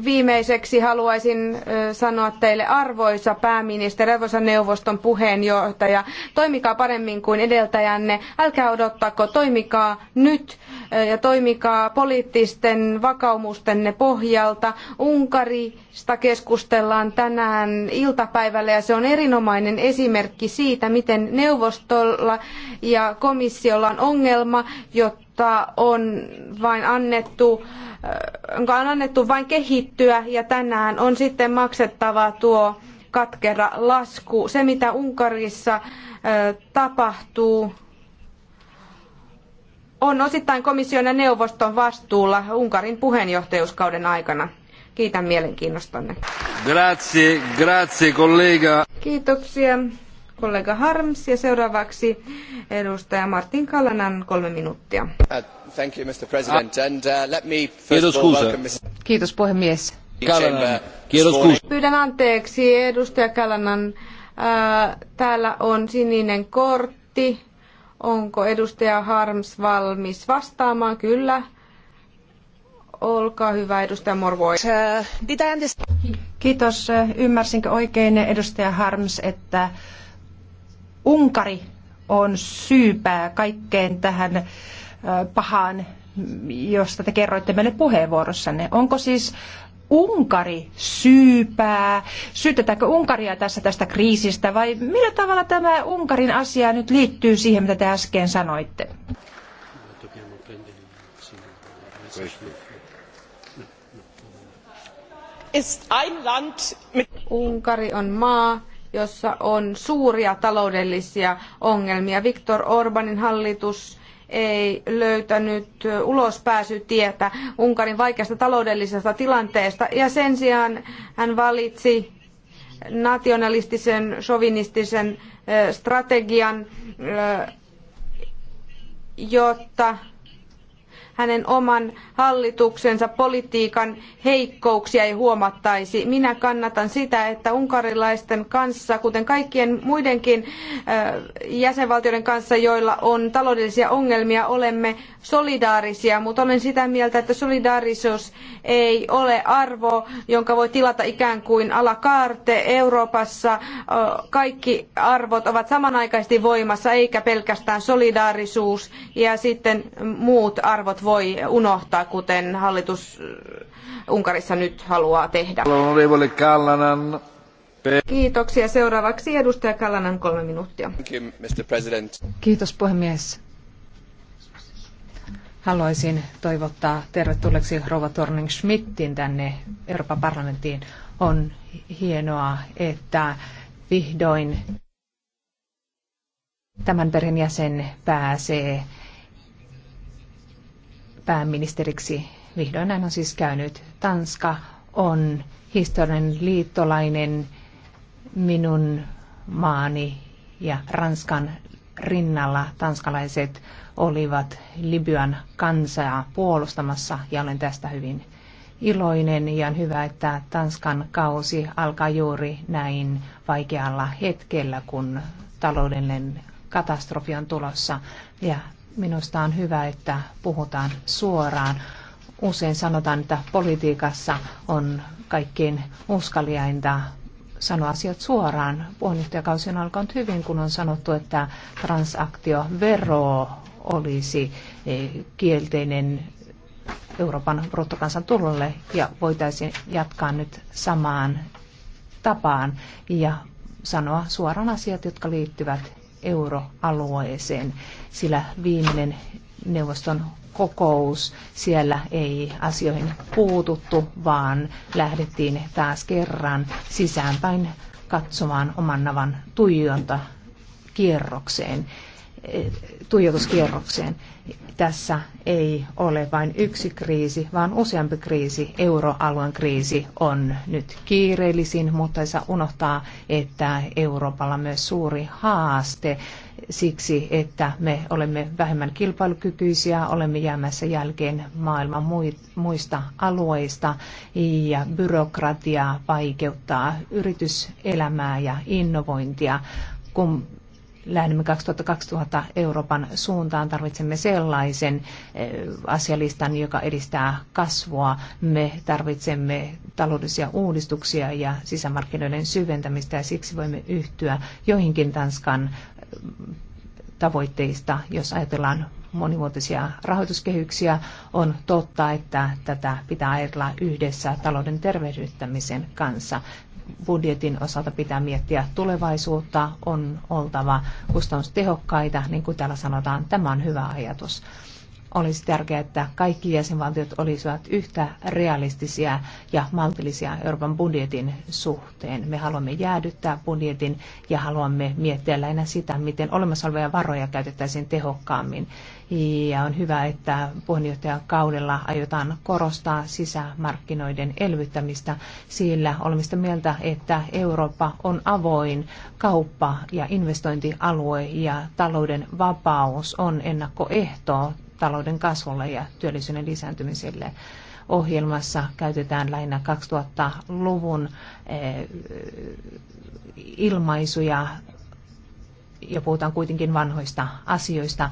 Viimeiseksi haluaisin sanoa teille arvoisa pääministeri, arvoisa neuvoston puheenjohtaja, toimikaa paremmin kuin edeltäjänne, älkää odottako, toimikaa nyt ja toimikaa poliittisten vakaumustenne pohjalta. Unkarista keskustellaan tänään iltapäivällä ja se on erinomainen esimerkki siitä, miten neuvostolla ja komissiolla on ongelma, jotta jota on vain annettu, jonka äh, on annettu vain kehittyä ja tänään on sitten maksettava tuo katkera lasku. Se, mitä Unkarissa äh, tapahtuu, on osittain komission ja neuvoston vastuulla Unkarin puheenjohtajuuskauden aikana. Kiitän mielenkiinnostanne. Grazie, grazie collega. Kiitoksia kollega Harms ja seuraavaksi edustaja Martin Kallanan kolme minuuttia. Uh, thank you, Mr. President. Ah. And, uh, let me first Kiitos puhemies. Kiitos Pyydän anteeksi edustaja Kallanan. Uh, täällä on sininen kortti. Onko edustaja Harms valmis vastaamaan? Kyllä. Olkaa hyvä, edustaja Morvoi. Kiitos. Ymmärsinkö oikein, edustaja Harms, että Unkari on syypää kaikkeen tähän pahaan, josta te kerroitte meille puheenvuorossanne. Onko siis Unkari syypää? Syytetäänkö Unkaria tässä tästä kriisistä vai millä tavalla tämä Unkarin asia nyt liittyy siihen, mitä te äsken sanoitte? Unkari on maa, jossa on suuria taloudellisia ongelmia. Viktor Orbanin hallitus ei löytänyt ulospääsytietä Unkarin vaikeasta taloudellisesta tilanteesta ja sen sijaan hän valitsi nationalistisen, sovinistisen strategian, jotta hänen oman hallituksensa politiikan heikkouksia ei huomattaisi. Minä kannatan sitä, että unkarilaisten kanssa, kuten kaikkien muidenkin jäsenvaltioiden kanssa, joilla on taloudellisia ongelmia, olemme solidaarisia, mutta olen sitä mieltä, että solidaarisuus ei ole arvo, jonka voi tilata ikään kuin ala la carte Euroopassa. Kaikki arvot ovat samanaikaisesti voimassa, eikä pelkästään solidaarisuus ja sitten muut arvot voi unohtaa, kuten hallitus äh, Unkarissa nyt haluaa tehdä. Kiitoksia. Seuraavaksi edustaja Kallanan kolme minuuttia. Kiitos puhemies. Haluaisin toivottaa tervetulleeksi Rova Torning Schmidtin tänne Euroopan parlamenttiin. On hienoa, että vihdoin tämän perheen jäsen pääsee pääministeriksi. Vihdoin näin on siis käynyt. Tanska on historian liittolainen minun maani ja Ranskan rinnalla tanskalaiset olivat Libyan kansaa puolustamassa ja olen tästä hyvin iloinen ja on hyvä, että Tanskan kausi alkaa juuri näin vaikealla hetkellä, kun taloudellinen katastrofi on tulossa ja Minusta on hyvä, että puhutaan suoraan. Usein sanotaan, että politiikassa on kaikkein uskaliainta sanoa asiat suoraan. Puheenjohtajakausi on alkanut hyvin, kun on sanottu, että transaktiovero olisi eh, kielteinen Euroopan bruttokansantulolle ja voitaisiin jatkaa nyt samaan tapaan ja sanoa suoraan asiat, jotka liittyvät euroalueeseen, sillä viimeinen neuvoston kokous. Siellä ei asioihin puututtu, vaan lähdettiin taas kerran sisäänpäin katsomaan oman navan tuijonta kierrokseen tuijotuskierrokseen. Tässä ei ole vain yksi kriisi, vaan useampi kriisi. Euroalueen kriisi on nyt kiireellisin, mutta ei saa unohtaa, että Euroopalla on myös suuri haaste siksi, että me olemme vähemmän kilpailukykyisiä, olemme jäämässä jälkeen maailman muista alueista ja byrokratia vaikeuttaa yrityselämää ja innovointia. Kun lähdemme 2020 Euroopan suuntaan, tarvitsemme sellaisen eh, asialistan, joka edistää kasvua. Me tarvitsemme taloudellisia uudistuksia ja sisämarkkinoiden syventämistä ja siksi voimme yhtyä joihinkin Tanskan eh, tavoitteista, jos ajatellaan monivuotisia rahoituskehyksiä, on totta, että tätä pitää ajatella yhdessä talouden tervehdyttämisen kanssa budjetin osalta pitää miettiä tulevaisuutta, on oltava kustannustehokkaita, niin kuin täällä sanotaan, tämä on hyvä ajatus olisi tärkeää, että kaikki jäsenvaltiot olisivat yhtä realistisia ja maltillisia Euroopan budjetin suhteen. Me haluamme jäädyttää budjetin ja haluamme miettiä lähinnä sitä, miten olemassa olevia varoja käytettäisiin tehokkaammin. Ja on hyvä, että puheenjohtajakaudella aiotaan korostaa sisämarkkinoiden elvyttämistä, sillä olemme sitä mieltä, että Eurooppa on avoin kauppa- ja investointialue ja talouden vapaus on ennakkoehto talouden kasvulle ja työllisyyden lisääntymiselle. Ohjelmassa käytetään lähinnä 2000-luvun eh, ilmaisuja ja puhutaan kuitenkin vanhoista asioista,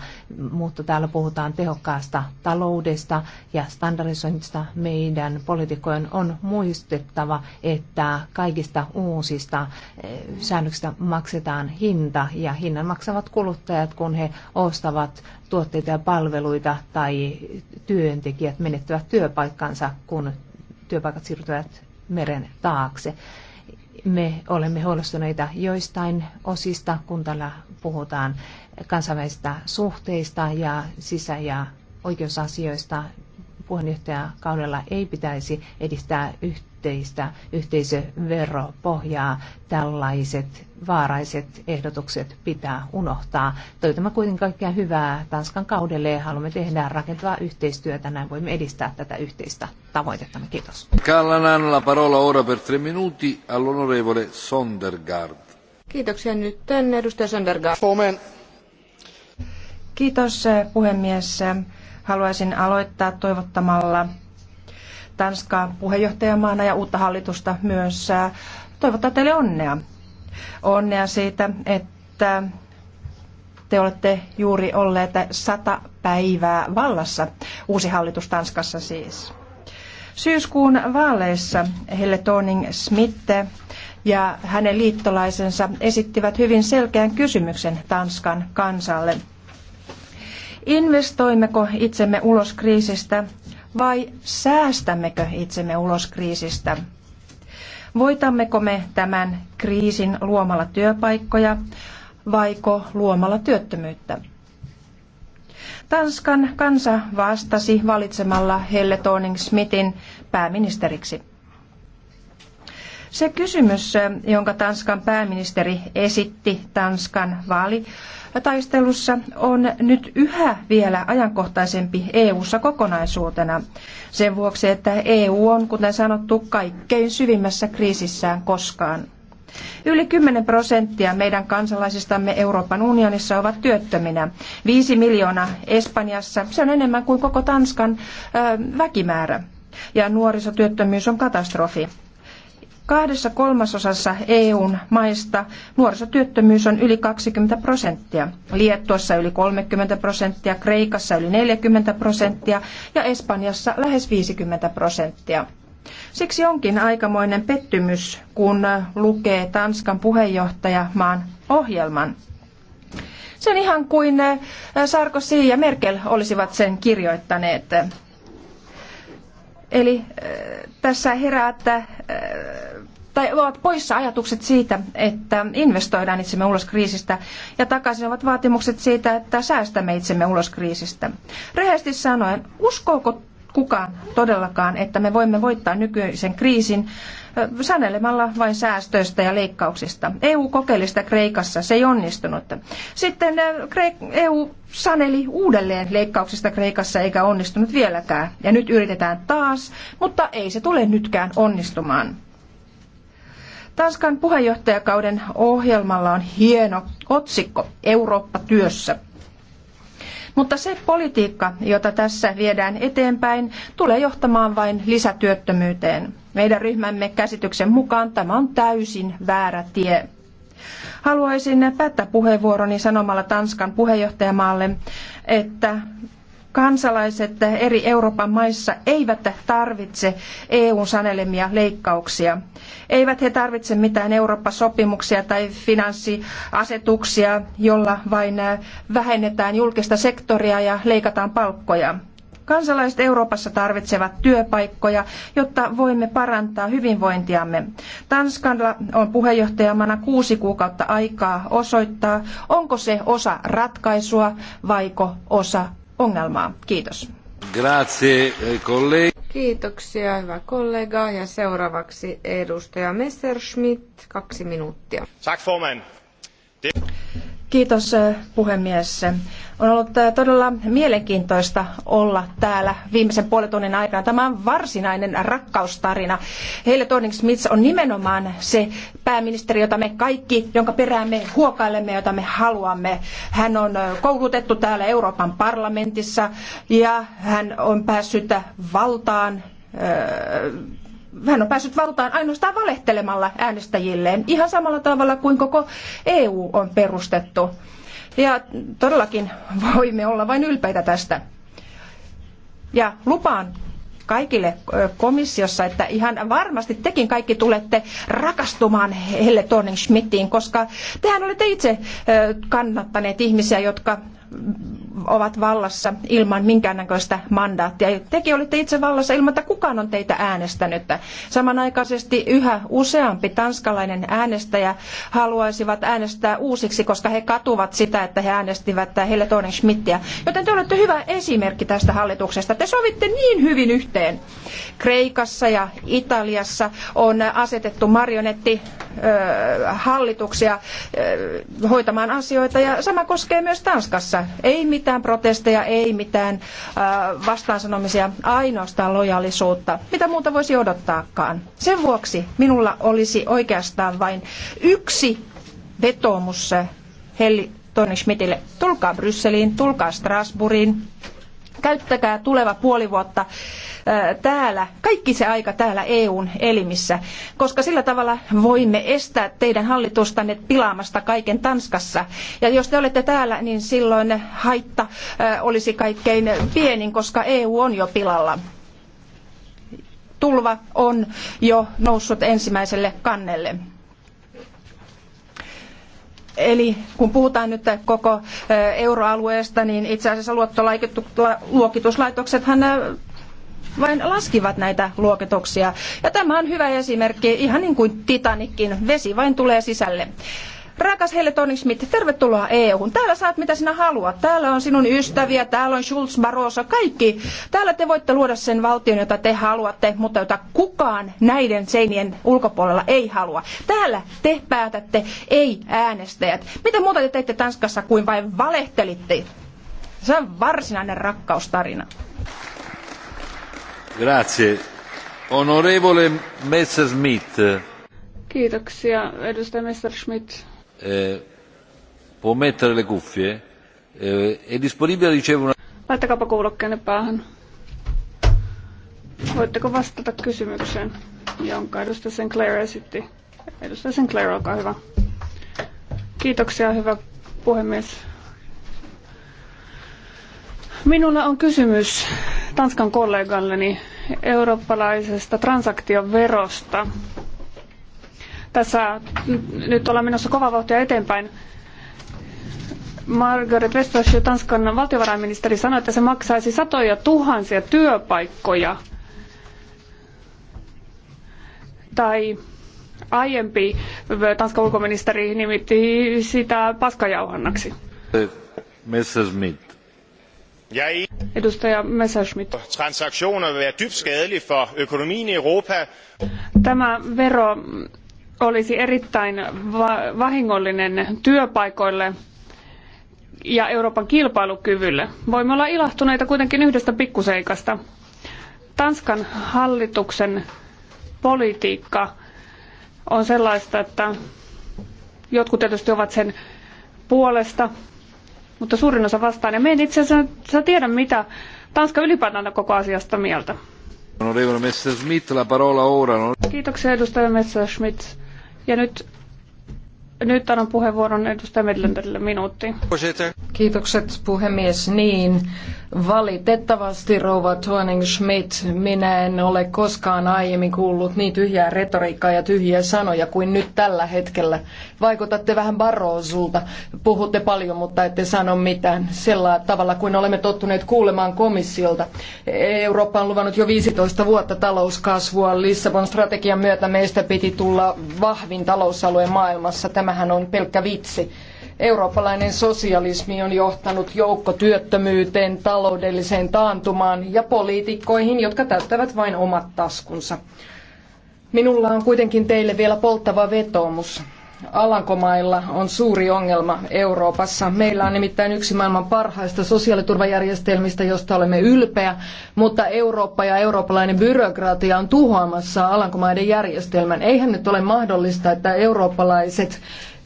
mutta täällä puhutaan tehokkaasta taloudesta ja standardisoinnista. Meidän poliitikkojen on muistettava, että kaikista uusista eh, säännöksistä maksetaan hinta ja hinnan maksavat kuluttajat, kun he ostavat tuotteita ja palveluita tai työntekijät menettävät työpaikkansa, kun työpaikat siirtyvät meren taakse me olemme huolestuneita joistain osista, kun täällä puhutaan kansainvälisistä suhteista ja sisä- ja oikeusasioista puheenjohtajakaudella ei pitäisi edistää yhteistä yhteisöveropohjaa. Tällaiset vaaraiset ehdotukset pitää unohtaa. Toivotamme kuitenkin kaikkea hyvää Tanskan kaudelle ja haluamme tehdä rakentavaa yhteistyötä. Näin voimme edistää tätä yhteistä tavoitetta. Kiitos. Kallanan la parola ora per tre minuti all'onorevole Sondergaard. Kiitoksia nyt edustaja Sondergaard. Suomen. Kiitos eh, puhemies. Haluaisin aloittaa toivottamalla Tanskaa puheenjohtajamaana ja uutta hallitusta myös toivottaa teille onnea. Onnea siitä, että te olette juuri olleet sata päivää vallassa, uusi hallitus Tanskassa siis. Syyskuun vaaleissa Helle Thorning Smith ja hänen liittolaisensa esittivät hyvin selkeän kysymyksen Tanskan kansalle – Investoimmeko itsemme ulos kriisistä vai säästämmekö itsemme ulos kriisistä? Voitammeko me tämän kriisin luomalla työpaikkoja vaiko luomalla työttömyyttä? Tanskan kansa vastasi valitsemalla Helle Thorning-Smithin pääministeriksi. Se kysymys, jonka Tanskan pääministeri esitti Tanskan vaalitaistelussa, on nyt yhä vielä ajankohtaisempi EU-ssa kokonaisuutena. Sen vuoksi, että EU on, kuten sanottu, kaikkein syvimmässä kriisissään koskaan. Yli 10 prosenttia meidän kansalaisistamme Euroopan unionissa ovat työttöminä. Viisi miljoonaa Espanjassa, se on enemmän kuin koko Tanskan väkimäärä. Ja nuorisotyöttömyys on katastrofi. Kahdessa kolmasosassa EUn maista nuorisotyöttömyys on yli 20 prosenttia, Liettuassa yli 30 prosenttia, Kreikassa yli 40 prosenttia ja Espanjassa lähes 50 prosenttia. Siksi onkin aikamoinen pettymys, kun lukee Tanskan puheenjohtajamaan ohjelman. Se on ihan kuin Sarkozy ja Merkel olisivat sen kirjoittaneet. Eli äh, tässä herää, että, äh, tai ovat poissa ajatukset siitä, että investoidaan itsemme ulos kriisistä, ja takaisin ovat vaatimukset siitä, että säästämme itsemme ulos kriisistä. Rehellisesti sanoen, uskooko kukaan todellakaan, että me voimme voittaa nykyisen kriisin sanelemalla vain säästöistä ja leikkauksista. EU kokeili sitä Kreikassa, se ei onnistunut. Sitten EU e saneli uudelleen leikkauksista Kreikassa eikä onnistunut vieläkään. Ja nyt yritetään taas, mutta ei se tule nytkään onnistumaan. Tanskan puheenjohtajakauden ohjelmalla on hieno otsikko Eurooppa työssä – mutta se politiikka, jota tässä viedään eteenpäin, tulee johtamaan vain lisätyöttömyyteen. Meidän ryhmämme käsityksen mukaan tämä on täysin väärä tie. Haluaisin päättää puheenvuoroni sanomalla Tanskan puheenjohtajamaalle, että kansalaiset eri Euroopan maissa eivät tarvitse EUn sanelemia leikkauksia. Eivät he tarvitse mitään Eurooppa-sopimuksia tai finanssiasetuksia, jolla vain vähennetään julkista sektoria ja leikataan palkkoja. Kansalaiset Euroopassa tarvitsevat työpaikkoja, jotta voimme parantaa hyvinvointiamme. Tanskalla on puheenjohtajamana kuusi kuukautta aikaa osoittaa, onko se osa ratkaisua vaiko osa ongelmaa. Kiitos. Grazie, kollega. Eh, Kiitoksia, hyvä kollega. Ja seuraavaksi edustaja Messerschmidt, kaksi minuuttia. Tack, formen. Kiitos eh, puhemies. On ollut eh, todella mielenkiintoista olla täällä viimeisen puolen tunnin aikana. Tämä on varsinainen rakkaustarina. Heille Torning Smith on nimenomaan se pääministeri, jota me kaikki, jonka perään me huokailemme, jota me haluamme. Hän on eh, koulutettu täällä Euroopan parlamentissa ja hän on päässyt valtaan hän on päässyt valtaan ainoastaan valehtelemalla äänestäjilleen, ihan samalla tavalla kuin koko EU on perustettu. Ja todellakin voimme olla vain ylpeitä tästä. Ja lupaan kaikille komissiossa, että ihan varmasti tekin kaikki tulette rakastumaan Helle Thorning-Schmidtiin, koska tehän olette itse kannattaneet ihmisiä, jotka ovat vallassa ilman minkäännäköistä mandaattia. Tekin olitte itse vallassa ilman, että kukaan on teitä äänestänyt. Samanaikaisesti yhä useampi tanskalainen äänestäjä haluaisivat äänestää uusiksi, koska he katuvat sitä, että he äänestivät Helle toinen Schmidtiä. Joten te olette hyvä esimerkki tästä hallituksesta. Te sovitte niin hyvin yhteen. Kreikassa ja Italiassa on asetettu marionetti hallituksia hoitamaan asioita ja sama koskee myös Tanskassa. Ei mitään protesteja, ei mitään vastaansanomisia, ainoastaan lojaalisuutta. Mitä muuta voisi odottaakaan? Sen vuoksi minulla olisi oikeastaan vain yksi vetoomus Helli Toni Schmidtille. Tulkaa Brysseliin, tulkaa Strasbourgiin, käyttäkää tuleva puoli vuotta täällä, kaikki se aika täällä EUn elimissä, koska sillä tavalla voimme estää teidän hallitustanne pilaamasta kaiken Tanskassa. Ja jos te olette täällä, niin silloin haitta olisi kaikkein pienin, koska EU on jo pilalla tulva on jo noussut ensimmäiselle kannelle. Eli kun puhutaan nyt koko euroalueesta, niin itse asiassa luottoluokituslaitoksethan vain laskivat näitä luokituksia. Ja tämä on hyvä esimerkki, ihan niin kuin Titanikin, vesi vain tulee sisälle. Rakas Helle Tony tervetuloa EU-hun. Täällä saat mitä sinä haluat. Täällä on sinun ystäviä, täällä on Schulz Barroso, kaikki. Täällä te voitte luoda sen valtion, jota te haluatte, mutta jota kukaan näiden seinien ulkopuolella ei halua. Täällä te päätätte, ei äänestäjät. Mitä muuta te teitte Tanskassa kuin vain valehtelitte? Se on varsinainen rakkaustarina. Kiitoksia, edustaja Messerschmidt. Eh, può mettere le cuffie? Eh, è disponibile ricevere una... Laittakaapa kuulokkeenne päähän. Voitteko vastata kysymykseen, jonka edustaja Sinclair esitti? Edustaja Sinclair, olkaa hyvä. Kiitoksia, hyvä puhemies. Minulla on kysymys Tanskan kollegalleni eurooppalaisesta transaktioverosta. Tässä nyt ollaan menossa kova vauhtia eteenpäin. Margaret Vestager, Tanskan valtiovarainministeri, sanoi, että se maksaisi satoja tuhansia työpaikkoja. Tai aiempi Tanskan ulkoministeri nimitti sitä paskajauhannaksi. Messerschmitt. Er Transaktioner vil være dybt skadelig for økonomien i Europa. Tämä vero olisi erittäin va- vahingollinen työpaikoille ja Euroopan kilpailukyvylle. Voimme olla ilahtuneita kuitenkin yhdestä pikkuseikasta. Tanskan hallituksen politiikka on sellaista, että jotkut tietysti ovat sen puolesta, mutta suurin osa vastaan. Ja me en itse asiassa tiedä, mitä Tanska ylipäätään on koko asiasta mieltä. ora. No? Kiitoksia edustaja Messerschmidt. Ja nyt nyt annan puheenvuoron edustaja Medlenderille minuutti. Kiitokset puhemies. Niin, valitettavasti rouva Tuoning Schmidt, minä en ole koskaan aiemmin kuullut niin tyhjää retoriikkaa ja tyhjiä sanoja kuin nyt tällä hetkellä. Vaikutatte vähän Barrosulta. Puhutte paljon, mutta ette sano mitään sillä tavalla kuin olemme tottuneet kuulemaan komissiolta. Eurooppa on luvannut jo 15 vuotta talouskasvua. Lissabon strategian myötä meistä piti tulla vahvin talousalue maailmassa. Tämähän on pelkkä vitsi. Eurooppalainen sosialismi on johtanut joukkotyöttömyyteen, taloudelliseen taantumaan ja poliitikkoihin, jotka täyttävät vain omat taskunsa. Minulla on kuitenkin teille vielä polttava vetoomus. Alankomailla on suuri ongelma Euroopassa. Meillä on nimittäin yksi maailman parhaista sosiaaliturvajärjestelmistä, josta olemme ylpeä, mutta Eurooppa ja eurooppalainen byrokratia on tuhoamassa Alankomaiden järjestelmän. Eihän nyt ole mahdollista, että eurooppalaiset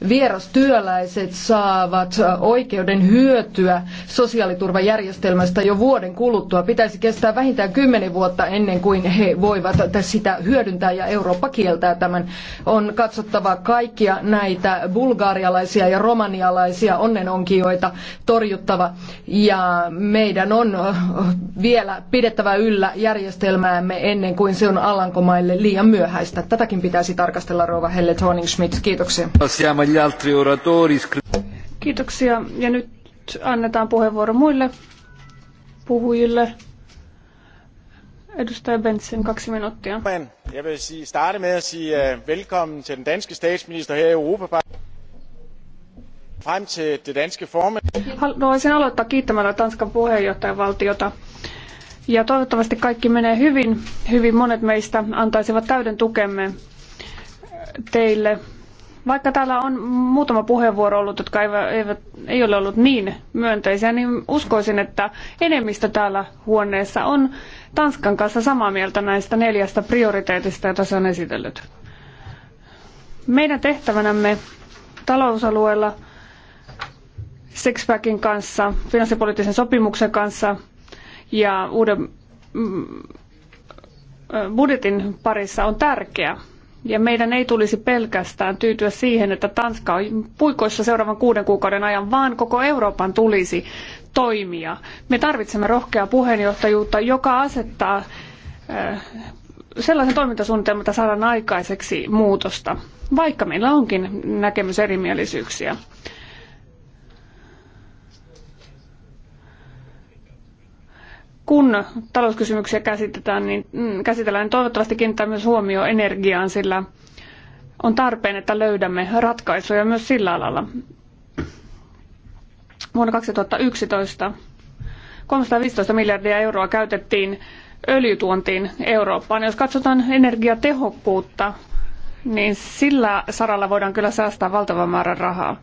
vierastyöläiset saavat oikeuden hyötyä sosiaaliturvajärjestelmästä jo vuoden kuluttua. Pitäisi kestää vähintään kymmenen vuotta ennen kuin he voivat sitä hyödyntää ja Eurooppa kieltää tämän. On katsottava kaikkia näitä bulgarialaisia ja romanialaisia onnenonkijoita torjuttava ja meidän on vielä pidettävä yllä järjestelmäämme ennen kuin se on Alankomaille liian myöhäistä. Tätäkin pitäisi tarkastella Rova Helle Thorning-Schmidt. Kiitoksia. Kiitoksia. Ja nyt annetaan puheenvuoro muille puhujille. Edustaja Bentsen, kaksi minuuttia. Jeg vil starte med at sige øh, velkommen til den danske statsminister her i Frem til det danske formand. Haluaisin aloittaa kiittämällä Tanskan puheenjohtajavaltiota. Ja toivottavasti kaikki menee hyvin. Hyvin monet meistä antaisivat täyden tukemme teille vaikka täällä on muutama puheenvuoro ollut, jotka eivät, eivät, ei ole ollut niin myönteisiä, niin uskoisin, että enemmistö täällä huoneessa on Tanskan kanssa samaa mieltä näistä neljästä prioriteetista, joita se on esitellyt. Meidän tehtävänämme talousalueella Sixpackin kanssa, finanssipoliittisen sopimuksen kanssa ja uuden mm, budjetin parissa on tärkeä. Ja meidän ei tulisi pelkästään tyytyä siihen, että Tanska on puikoissa seuraavan kuuden kuukauden ajan, vaan koko Euroopan tulisi toimia. Me tarvitsemme rohkeaa puheenjohtajuutta, joka asettaa äh, sellaisen toimintasuunnitelman, että saadaan aikaiseksi muutosta, vaikka meillä onkin näkemyserimielisyyksiä. kun talouskysymyksiä käsitetään, niin, mm, käsitellään, niin toivottavasti kiinnittää myös huomio energiaan, sillä on tarpeen, että löydämme ratkaisuja myös sillä alalla. Vuonna 2011 315 miljardia euroa käytettiin öljytuontiin Eurooppaan. Jos katsotaan energiatehokkuutta, niin sillä saralla voidaan kyllä säästää valtavan määrän rahaa.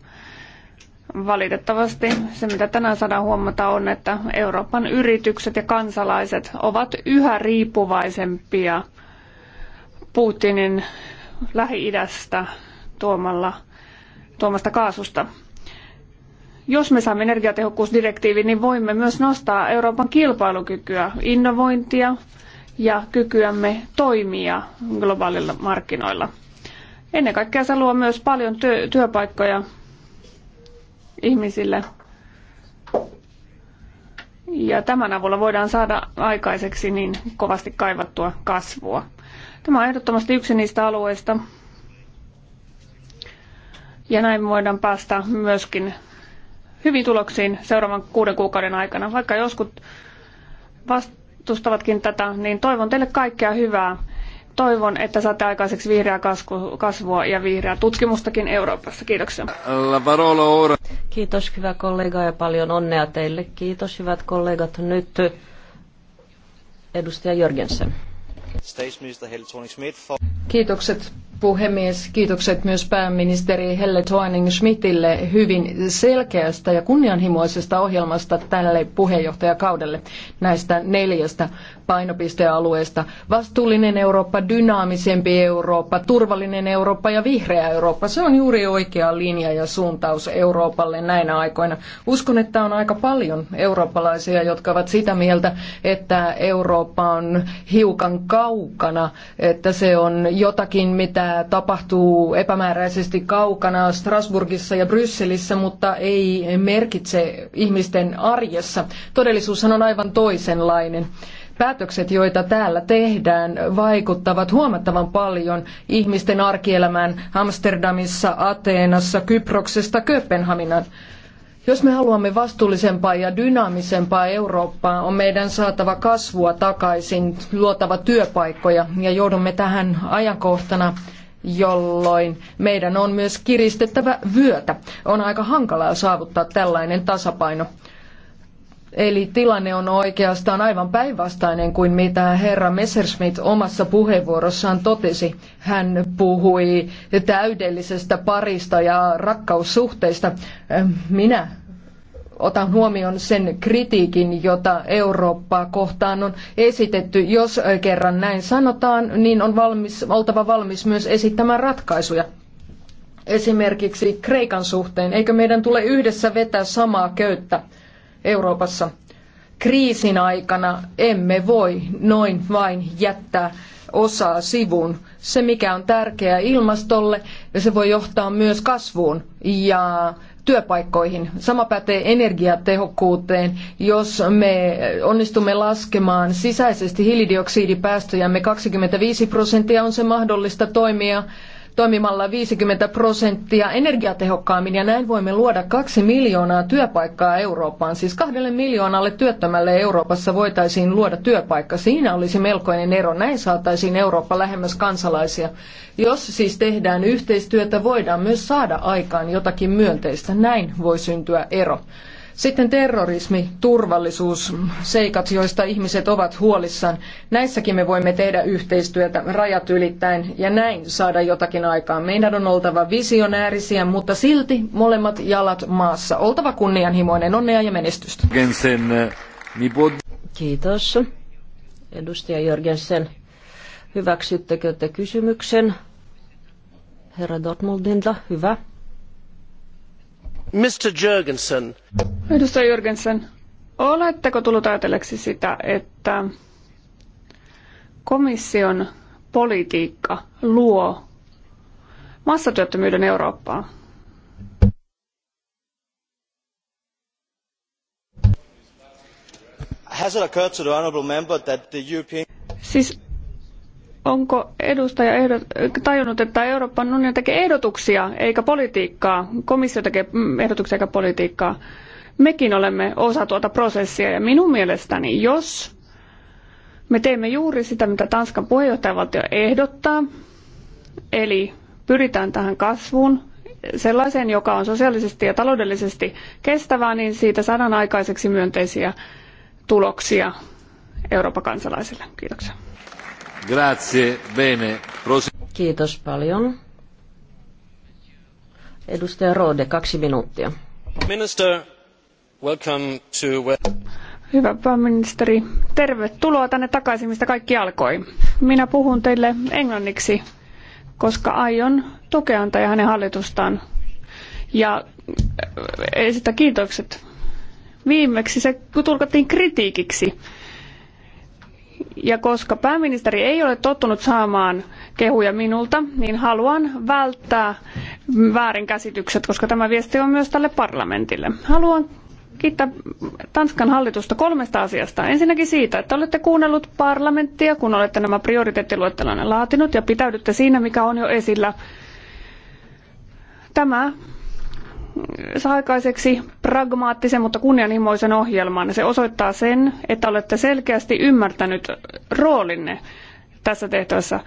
Valitettavasti se, mitä tänään saadaan huomata, on, että Euroopan yritykset ja kansalaiset ovat yhä riippuvaisempia Putinin Lähi-idästä tuomalla, tuomasta kaasusta. Jos me saamme energiatehokkuusdirektiivin, niin voimme myös nostaa Euroopan kilpailukykyä, innovointia ja kykyämme toimia globaalilla markkinoilla. Ennen kaikkea se luo myös paljon työ työpaikkoja ihmisille. Ja tämän avulla voidaan saada aikaiseksi niin kovasti kaivattua kasvua. Tämä on ehdottomasti yksi niistä alueista. Ja näin voidaan päästä myöskin hyvin tuloksiin seuraavan kuuden kuukauden aikana. Vaikka joskus vastustavatkin tätä, niin toivon teille kaikkea hyvää toivon, että saatte aikaiseksi vihreää kasvua ja vihreää tutkimustakin Euroopassa. Kiitoksia. Kiitos hyvä kollega ja paljon onnea teille. Kiitos hyvät kollegat. Nyt edustaja Jörgensen. Kiitokset puhemies. Kiitokset myös pääministeri Helle Thorning-Schmidtille hyvin selkeästä ja kunnianhimoisesta ohjelmasta tälle puheenjohtajakaudelle näistä neljästä painopistealueista. Vastuullinen Eurooppa, dynaamisempi Eurooppa, turvallinen Eurooppa ja vihreä Eurooppa. Se on juuri oikea linja ja suuntaus Euroopalle näinä aikoina. Uskon, että on aika paljon eurooppalaisia, jotka ovat sitä mieltä, että Eurooppa on hiukan kaukana, että se on jotakin, mitä tapahtuu epämääräisesti kaukana Strasbourgissa ja Brysselissä, mutta ei merkitse ihmisten arjessa. Todellisuushan on aivan toisenlainen. Päätökset, joita täällä tehdään, vaikuttavat huomattavan paljon ihmisten arkielämään Amsterdamissa, Ateenassa, Kyproksesta, Kööpenhaminaan. Jos me haluamme vastuullisempaa ja dynaamisempaa Eurooppaa, on meidän saatava kasvua takaisin, luotava työpaikkoja ja joudumme tähän ajankohtana jolloin meidän on myös kiristettävä vyötä. On aika hankalaa saavuttaa tällainen tasapaino. Eli tilanne on oikeastaan aivan päinvastainen kuin mitä herra Messerschmidt omassa puheenvuorossaan totesi. Hän puhui täydellisestä parista ja rakkaussuhteista. Äh, minä otan huomioon sen kritiikin, jota Eurooppaa kohtaan on esitetty. Jos kerran näin sanotaan, niin on valmis, oltava valmis myös esittämään ratkaisuja esimerkiksi Kreikan suhteen. Eikö meidän tule yhdessä vetää samaa köyttä? Euroopassa. Kriisin aikana emme voi noin vain jättää osaa sivuun. Se, mikä on tärkeää ilmastolle, se voi johtaa myös kasvuun ja työpaikkoihin. Sama pätee energiatehokkuuteen. Jos me onnistumme laskemaan sisäisesti hiilidioksidipäästöjämme 25 prosenttia, on se mahdollista toimia toimimalla 50 prosenttia energiatehokkaammin ja näin voimme luoda kaksi miljoonaa työpaikkaa Eurooppaan. Siis kahdelle miljoonalle työttömälle Euroopassa voitaisiin luoda työpaikka. Siinä olisi melkoinen ero. Näin saataisiin Eurooppa lähemmäs kansalaisia. Jos siis tehdään yhteistyötä, voidaan myös saada aikaan jotakin myönteistä. Näin voi syntyä ero. Sitten terrorismi, turvallisuus, seikat, joista ihmiset ovat huolissaan. Näissäkin me voimme tehdä yhteistyötä rajat ylittäen ja näin saada jotakin aikaan. Meidän on oltava visionäärisiä, mutta silti molemmat jalat maassa. Oltava kunnianhimoinen, onnea ja menestystä. Eh, Kiitos. Edustaja Jörgensen, hyväksyttekö te kysymyksen? Herra Dortmundilta, hyvä. Mr. Jürgensen. Edustaja Jürgensen, oletteko tullut ajatelleeksi sitä, että komission politiikka luo massatyöttömyyden Eurooppaan? Has it occurred to the honourable member that the European... Siis onko edustaja ehdot, tajunnut, että Euroopan unioni tekee ehdotuksia eikä politiikkaa, komissio tekee mm, ehdotuksia eikä politiikkaa. Mekin olemme osa tuota prosessia ja minun mielestäni, jos me teemme juuri sitä, mitä Tanskan puheenjohtajavaltio ehdottaa, eli pyritään tähän kasvuun, sellaiseen, joka on sosiaalisesti ja taloudellisesti kestävää, niin siitä saadaan aikaiseksi myönteisiä tuloksia Euroopan kansalaisille. Kiitoksia. Kiitos paljon. Edustaja Rode, kaksi minuuttia. Minister, welcome to... Hyvä pääministeri, tervetuloa tänne takaisin, mistä kaikki alkoi. Minä puhun teille englanniksi, koska aion tukea ja hänen hallitustaan. Ja äh, esittää kiitokset. Viimeksi se tulkattiin kritiikiksi ja koska pääministeri ei ole tottunut saamaan kehuja minulta, niin haluan välttää väärinkäsitykset, koska tämä viesti on myös tälle parlamentille. Haluan kiittää Tanskan hallitusta kolmesta asiasta. Ensinnäkin siitä, että olette kuunnellut parlamenttia, kun olette nämä prioriteettiluettelonne laatinut ja pitäydytte siinä, mikä on jo esillä. Tämä saa aikaiseksi pragmaattisen, mutta kunnianhimoisen ohjelman. Se osoittaa sen, että olette selkeästi ymmärtänyt roolinne tässä tehtävässä.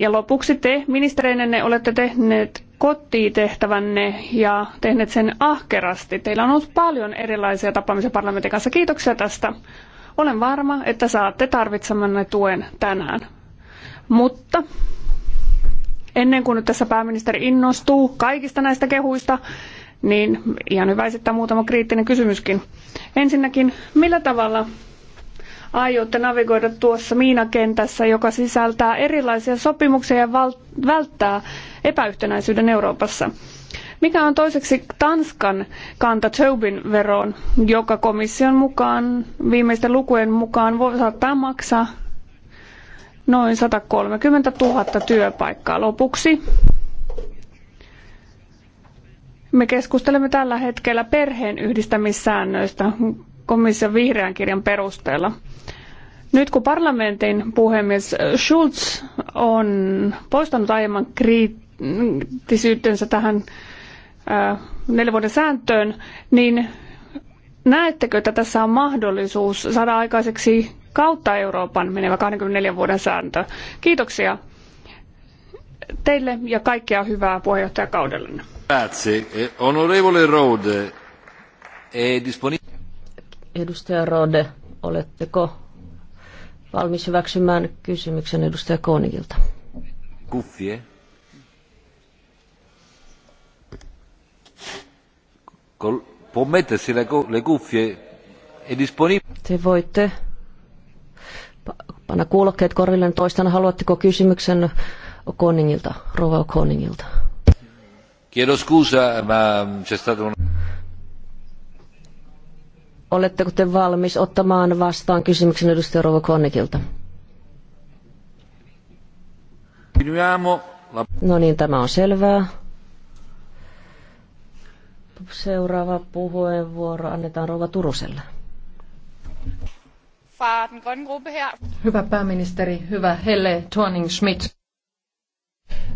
Ja lopuksi te ministereinenne olette tehneet kotitehtävänne ja tehneet sen ahkerasti. Teillä on ollut paljon erilaisia tapaamisia parlamentin kanssa. Kiitoksia tästä. Olen varma, että saatte tarvitsemanne tuen tänään. Mutta ennen kuin nyt tässä pääministeri innostuu kaikista näistä kehuista, niin ihan hyvä esittää muutama kriittinen kysymyskin. Ensinnäkin, millä tavalla aiotte navigoida tuossa miinakentässä, joka sisältää erilaisia sopimuksia ja välttää epäyhtenäisyyden Euroopassa? Mikä on toiseksi Tanskan kanta Tobin veroon, joka komission mukaan, viimeisten lukujen mukaan, voi saattaa maksaa noin 130 000 työpaikkaa lopuksi? Me keskustelemme tällä hetkellä perheen yhdistämissäännöistä komission vihreän kirjan perusteella. Nyt kun parlamentin puhemies Schulz on poistanut aiemman kriittisyytensä tähän neljän vuoden sääntöön, niin näettekö, että tässä on mahdollisuus saada aikaiseksi kautta Euroopan menevä 24 vuoden sääntö? Kiitoksia teille ja kaikkea hyvää puheenjohtajakaudellenne. Grazie. Eh, edustaja Rode, oletteko valmis hyväksymään kysymyksen edustaja Kooningilta? Kuffie. Col, può mettersi le, le È Te voitte panna kuulokkeet korvilleen toistana. Haluatteko kysymyksen Koningilta, Rova Koningilta? Chiedo scusa, ma c'è stato un... Oletteko te valmis ottamaan vastaan kysymyksen edustaja Rova Konnikilta? No niin, tämä on selvää. Seuraava puheenvuoro annetaan Rova Turuselle. Hyvä pääministeri, hyvä Helle Tuoning Schmidt.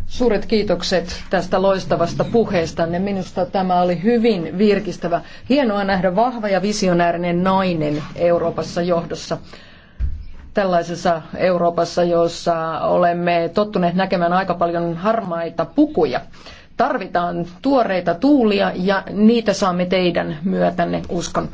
Suuret kiitokset tästä loistavasta puheestanne. Minusta tämä oli hyvin virkistävä. Hienoa nähdä vahva ja visionäärinen nainen Euroopassa johdossa. Tällaisessa Euroopassa, jossa olemme tottuneet näkemään aika paljon harmaita pukuja. Tarvitaan tuoreita tuulia ja niitä saamme teidän myötänne, uskon.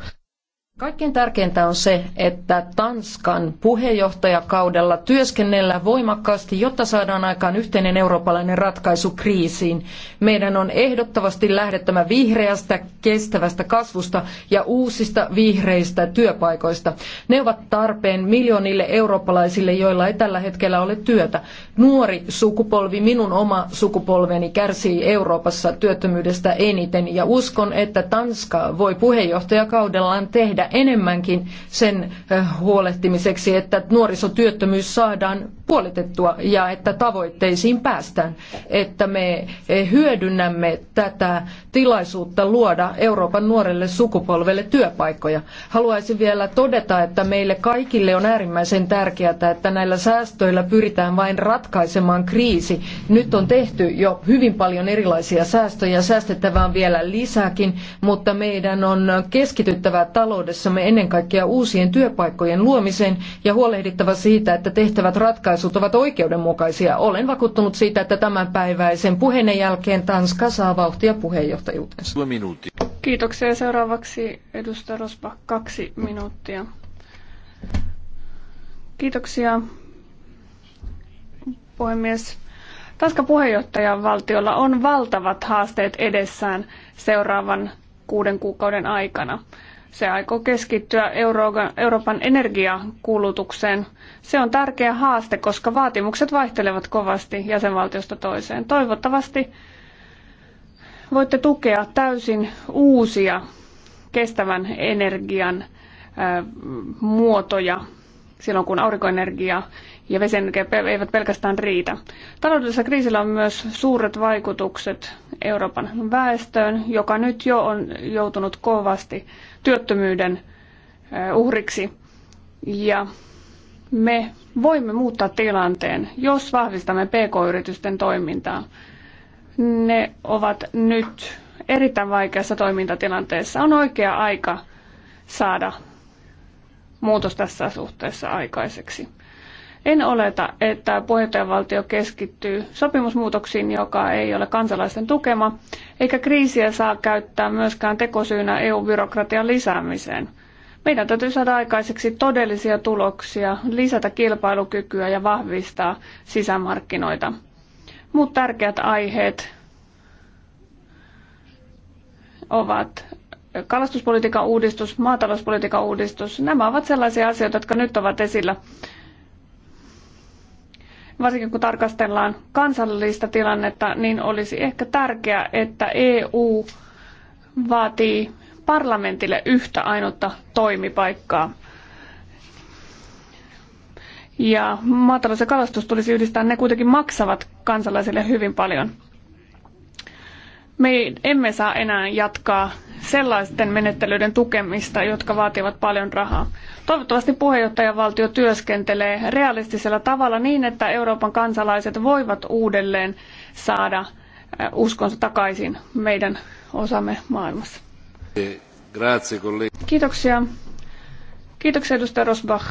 Kaikkein tärkeintä on se, että Tanskan puheenjohtajakaudella työskennellä voimakkaasti, jotta saadaan aikaan yhteinen eurooppalainen ratkaisu kriisiin. Meidän on ehdottomasti lähdettävä vihreästä, kestävästä kasvusta ja uusista vihreistä työpaikoista. Ne ovat tarpeen miljoonille eurooppalaisille, joilla ei tällä hetkellä ole työtä. Nuori sukupolvi, minun oma sukupolveni, kärsii Euroopassa työttömyydestä eniten ja uskon, että Tanska voi puheenjohtajakaudellaan tehdä enemmänkin sen eh, huolehtimiseksi, että nuorisotyöttömyys saadaan puolitettua ja että tavoitteisiin päästään. Että me eh, hyödynnämme tätä tilaisuutta luoda Euroopan nuorelle sukupolvelle työpaikkoja. Haluaisin vielä todeta, että meille kaikille on äärimmäisen tärkeää, että näillä säästöillä pyritään vain ratkaisemaan kriisi. Nyt on tehty jo hyvin paljon erilaisia säästöjä, säästettävää on vielä lisääkin, mutta meidän on keskityttävä taloudessa huolissamme ennen kaikkea uusien työpaikkojen luomiseen ja huolehdittava siitä, että tehtävät ratkaisut ovat oikeudenmukaisia. Olen vakuuttunut siitä, että tämänpäiväisen puheen jälkeen Tanska saa vauhtia puheenjohtajuutensa. Kiitoksia. Seuraavaksi edustaja Rospa, kaksi minuuttia. Kiitoksia, puhemies. Tanskan puheenjohtajan valtiolla on valtavat haasteet edessään seuraavan kuuden kuukauden aikana. Se aikoo keskittyä Euroopan energiakulutukseen. Se on tärkeä haaste, koska vaatimukset vaihtelevat kovasti jäsenvaltiosta toiseen. Toivottavasti voitte tukea täysin uusia kestävän energian muotoja silloin, kun aurinkoenergiaa ja vesenergia eivät pelkästään riitä. Taloudellisella kriisillä on myös suuret vaikutukset Euroopan väestöön, joka nyt jo on joutunut kovasti työttömyyden eh, uhriksi. Ja me voimme muuttaa tilanteen, jos vahvistamme pk-yritysten toimintaa. Ne ovat nyt erittäin vaikeassa toimintatilanteessa. On oikea aika saada muutos tässä suhteessa aikaiseksi. En oleta, että puheenjohtajavaltio keskittyy sopimusmuutoksiin, joka ei ole kansalaisten tukema, eikä kriisiä saa käyttää myöskään tekosyynä EU-byrokratian lisäämiseen. Meidän täytyy saada aikaiseksi todellisia tuloksia, lisätä kilpailukykyä ja vahvistaa sisämarkkinoita. Muut tärkeät aiheet ovat kalastuspolitiikan uudistus, maatalouspolitiikan uudistus. Nämä ovat sellaisia asioita, jotka nyt ovat esillä varsinkin kun tarkastellaan kansallista tilannetta, niin olisi ehkä tärkeää, että EU vaatii parlamentille yhtä ainutta toimipaikkaa. Ja maatalous ja kalastus tulisi yhdistää, ne kuitenkin maksavat kansalaisille hyvin paljon. Me emme saa enää jatkaa sellaisten menettelyiden tukemista, jotka vaativat paljon rahaa. Toivottavasti puheenjohtajavaltio työskentelee realistisella tavalla niin, että Euroopan kansalaiset voivat uudelleen saada eh, uskonsa takaisin meidän osamme maailmassa. Kiitoksia. Kiitoksia edustaja Rosbach.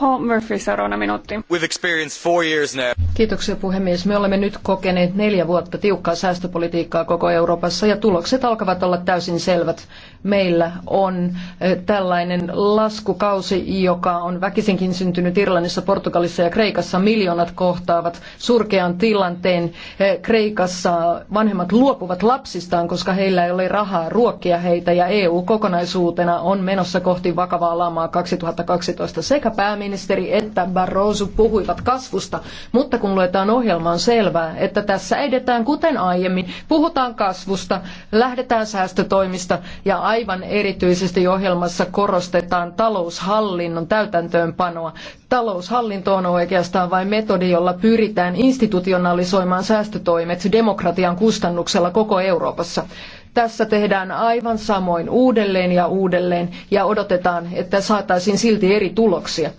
Paul Murphy, seuraavana minuutti. We've experienced four years now. Kiitoksia puhemies. Me olemme nyt kokeneet neljä vuotta tiukkaa säästöpolitiikkaa koko Euroopassa ja tulokset alkavat olla täysin selvät. Meillä on eh, tällainen laskukausi, joka on väkisinkin syntynyt Irlannissa, Portugalissa ja Kreikassa. Miljoonat kohtaavat surkean tilanteen. Eh, Kreikassa vanhemmat luopuvat lapsistaan, koska heillä ei ole rahaa ruokkia heitä ja EU kokonaisuutena on menossa kohti vakavaa lamaa 2012 sekä pääministeri pääministeri että Barroso puhuivat kasvusta, mutta kun luetaan ohjelmaan selvää, että tässä edetään kuten aiemmin, puhutaan kasvusta, lähdetään säästötoimista ja aivan erityisesti ohjelmassa korostetaan taloushallinnon täytäntöönpanoa. Taloushallinto on oikeastaan vain metodi, jolla pyritään institutionalisoimaan säästötoimet demokratian kustannuksella koko Euroopassa. Tässä tehdään aivan samoin uudelleen ja uudelleen ja odotetaan, että saataisiin silti eri tuloksia.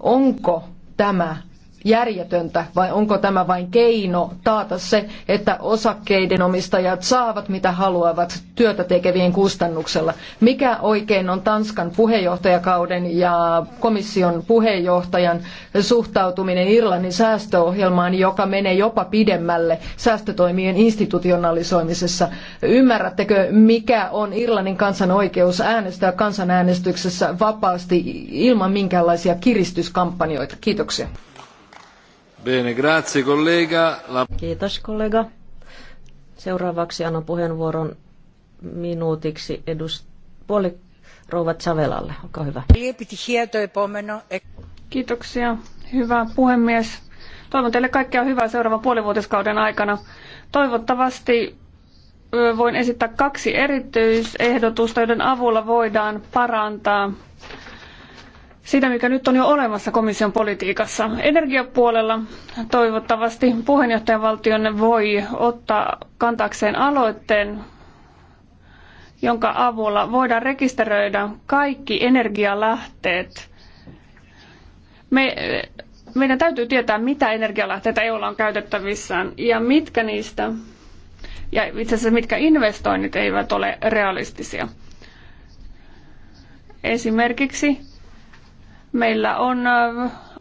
Onko tämä järjetöntä vai onko tämä vain keino taata se, että osakkeiden omistajat saavat mitä haluavat työtä tekevien kustannuksella? Mikä oikein on Tanskan puheenjohtajakauden ja komission puheenjohtajan suhtautuminen Irlannin säästöohjelmaan, joka menee jopa pidemmälle säästötoimien institutionalisoimisessa? Ymmärrättekö, mikä on Irlannin kansan oikeus äänestää kansanäänestyksessä vapaasti ilman minkäänlaisia kiristyskampanjoita? Kiitoksia. Kiitos kollega. Seuraavaksi annan puheenvuoron minuutiksi edus... puoli rouva Savelalle. Olkaa hyvä. Kiitoksia. Hyvä puhemies. Toivon teille kaikkea hyvää seuraavan puolivuotiskauden aikana. Toivottavasti voin esittää kaksi erityisehdotusta, joiden avulla voidaan parantaa siitä, mikä nyt on jo olemassa komission politiikassa. Energiapuolella toivottavasti puheenjohtajavaltion voi ottaa kantakseen aloitteen, jonka avulla voidaan rekisteröidä kaikki energialähteet. Me, meidän täytyy tietää, mitä energialähteitä EUlla on käytettävissään ja mitkä niistä, ja itse asiassa mitkä investoinnit eivät ole realistisia. Esimerkiksi Meillä on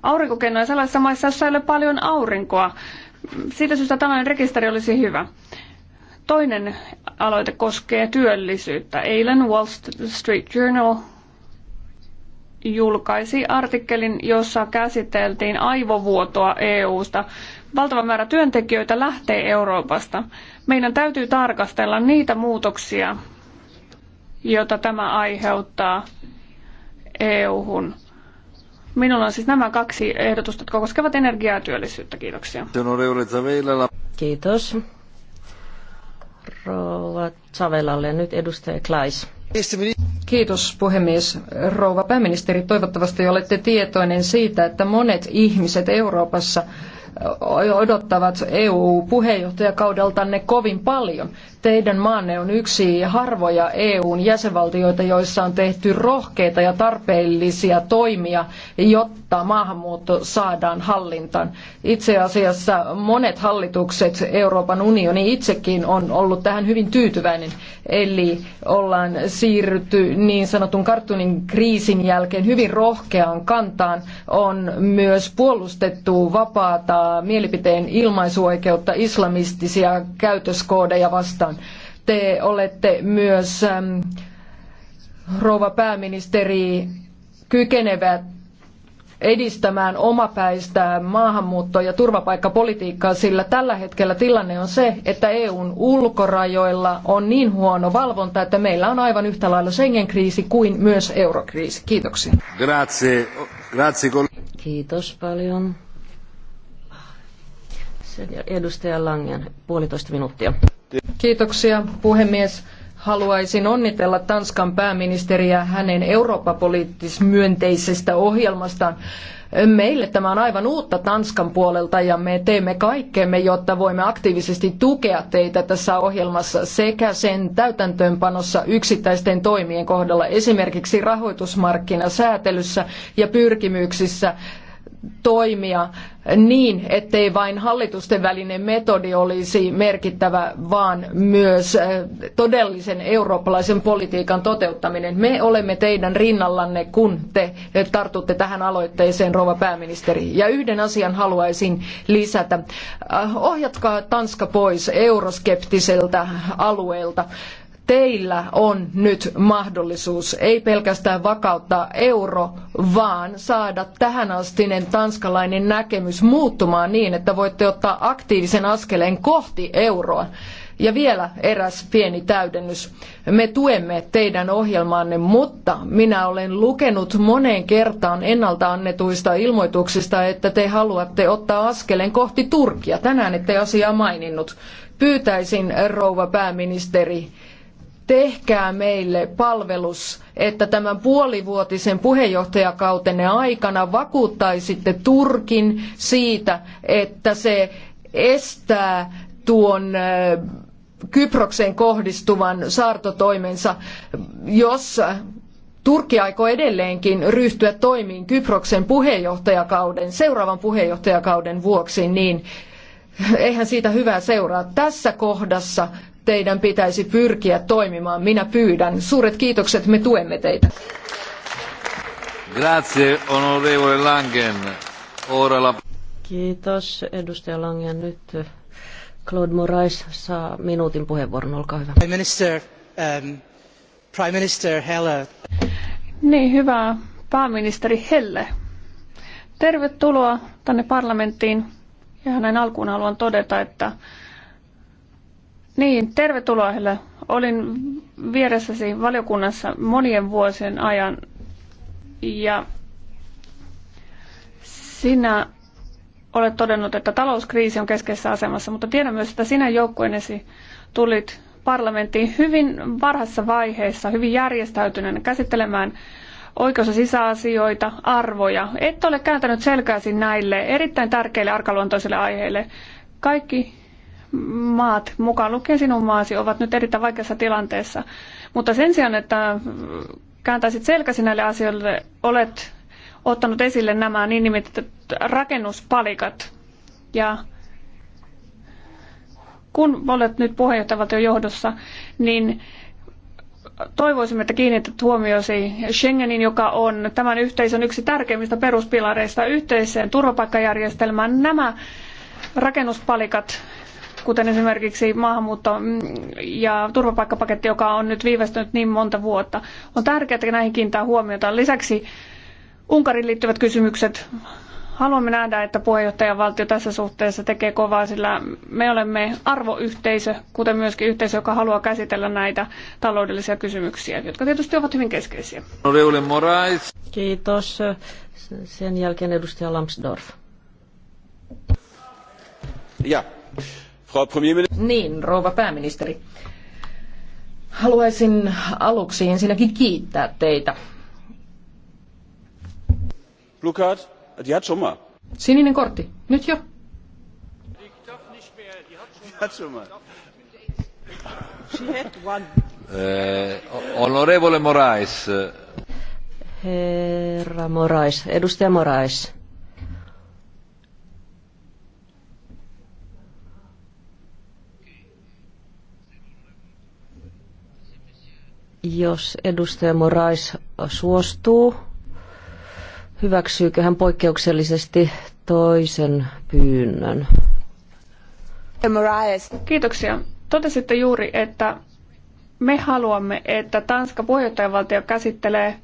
aurinkokennoja sellaisissa maissa, joissa ei ole paljon aurinkoa. Siitä syystä tällainen rekisteri olisi hyvä. Toinen aloite koskee työllisyyttä. Eilen Wall Street Journal julkaisi artikkelin, jossa käsiteltiin aivovuotoa EU-sta. Valtava määrä työntekijöitä lähtee Euroopasta. Meidän täytyy tarkastella niitä muutoksia, joita tämä aiheuttaa EU-hun. Minulla on siis nämä kaksi ehdotusta, jotka koskevat energiaa ja työllisyyttä. Kiitoksia. Kiitos. Rouva Savelalle nyt edustaja Klais. Kiitos puhemies. Rouva pääministeri, toivottavasti olette tietoinen siitä, että monet ihmiset Euroopassa odottavat EU-puheenjohtajakaudeltanne kovin paljon. Teidän maanne on yksi harvoja EUn jäsenvaltioita, joissa on tehty rohkeita ja tarpeellisia toimia, jotta maahanmuutto saadaan hallintaan. Itse asiassa monet hallitukset, Euroopan unioni itsekin on ollut tähän hyvin tyytyväinen. Eli ollaan siirrytty niin sanotun kartunin kriisin jälkeen hyvin rohkeaan kantaan. On myös puolustettu vapaata mielipiteen ilmaisuoikeutta islamistisia käytöskoodeja vastaan. Te olette myös, ähm, rouva pääministeri, kykenevät edistämään omapäistä maahanmuutto- ja turvapaikkapolitiikkaa, sillä tällä hetkellä tilanne on se, että EUn ulkorajoilla on niin huono valvonta, että meillä on aivan yhtä lailla Schengen-kriisi kuin myös eurokriisi. Kiitoksia. Grazie. Grazie. Kiitos paljon. Edustaja Langen, puolitoista minuuttia. Kiitoksia puhemies. Haluaisin onnitella Tanskan pääministeriä hänen eurooppa myönteisestä ohjelmastaan. Meille tämä on aivan uutta Tanskan puolelta ja me teemme kaikkemme, jotta voimme aktiivisesti tukea teitä tässä ohjelmassa sekä sen täytäntöönpanossa yksittäisten toimien kohdalla, esimerkiksi rahoitusmarkkinasäätelyssä ja pyrkimyksissä toimia niin, ettei vain hallitusten välinen metodi olisi merkittävä, vaan myös eh, todellisen eurooppalaisen politiikan toteuttaminen. Me olemme teidän rinnallanne, kun te tartutte tähän aloitteeseen, rouva pääministeri. Ja yhden asian haluaisin lisätä. Eh, ohjatkaa Tanska pois euroskeptiseltä alueelta teillä on nyt mahdollisuus ei pelkästään vakauttaa euro, vaan saada tähänastinen tanskalainen näkemys muuttumaan niin, että voitte ottaa aktiivisen askeleen kohti euroa. Ja vielä eräs pieni täydennys. Me tuemme teidän ohjelmaanne, mutta minä olen lukenut moneen kertaan ennalta annetuista ilmoituksista, että te haluatte ottaa askeleen kohti Turkia. Tänään ette asiaa maininnut. Pyytäisin, rouva pääministeri, tehkää meille palvelus, että tämän puolivuotisen puheenjohtajakautenne aikana vakuuttaisitte Turkin siitä, että se estää tuon Kyprokseen kohdistuvan saartotoimensa, jos Turkki aikoo edelleenkin ryhtyä toimiin Kyproksen puheenjohtajakauden, seuraavan puheenjohtajakauden vuoksi, niin eihän siitä hyvää seuraa. Tässä kohdassa teidän pitäisi pyrkiä toimimaan. Minä pyydän. Suuret kiitokset, me tuemme teitä. Grazie, onorevole Langen. Ora la. Kiitos, edustaja Langen. Nyt eh, Claude Morais saa minuutin puheenvuoron, olkaa hyvä. Prime Minister, um, Prime Minister Helle. Niin, hyvää, pääministeri Helle. Tervetuloa tänne parlamenttiin. Ja näin alkuun haluan todeta, että niin, tervetuloa Helle. Olin vieressäsi valiokunnassa monien vuosien ajan ja sinä olet todennut, että talouskriisi on keskeisessä asemassa, mutta tiedän myös, että sinä joukkueenesi tulit parlamenttiin hyvin varhaisessa vaiheessa, hyvin järjestäytyneen käsittelemään oikeus- ja sisäasioita, arvoja. Et ole kääntänyt selkääsi näille erittäin tärkeille arkaluontoisille aiheille. Kaikki maat, mukaan lukien sinun maasi, ovat nyt erittäin vaikeassa tilanteessa. Mutta sen sijaan, että kääntäisit selkäsi näille asioille, olet ottanut esille nämä niin nimitetyt rakennuspalikat. Ja kun olet nyt puheenjohtajavaltion johdossa, niin toivoisimme, että kiinnität huomiosi Schengenin, joka on tämän yhteisön yksi tärkeimmistä peruspilareista yhteiseen turvapaikkajärjestelmään. Nämä rakennuspalikat kuten esimerkiksi maahanmuutto- mm, ja turvapaikkapaketti, joka on nyt viivästynyt niin monta vuotta. On tärkeää, että näihin kiinnittää huomiota. Lisäksi Unkarin liittyvät kysymykset. Haluamme nähdä, että puheenjohtajavaltio tässä suhteessa tekee kovaa, sillä me olemme arvoyhteisö, kuten myöskin yhteisö, joka haluaa käsitellä näitä taloudellisia kysymyksiä, jotka tietysti ovat hyvin keskeisiä. Kiitos. Sen jälkeen edustaja Lambsdorff. Ja. Niin, rouva pääministeri. Haluaisin aluksi ensinnäkin kiittää teitä. Blue card? Die hat schon mal. Sininen kortti. Nyt jo. Hat honorevole eh, Moraes. Herra Moraes, edustaja Moraes. Jos edustaja Morais suostuu, hyväksyykö hän poikkeuksellisesti toisen pyynnön? Kiitoksia. Totesitte juuri, että me haluamme, että Tanska puheenjohtajavaltio käsittelee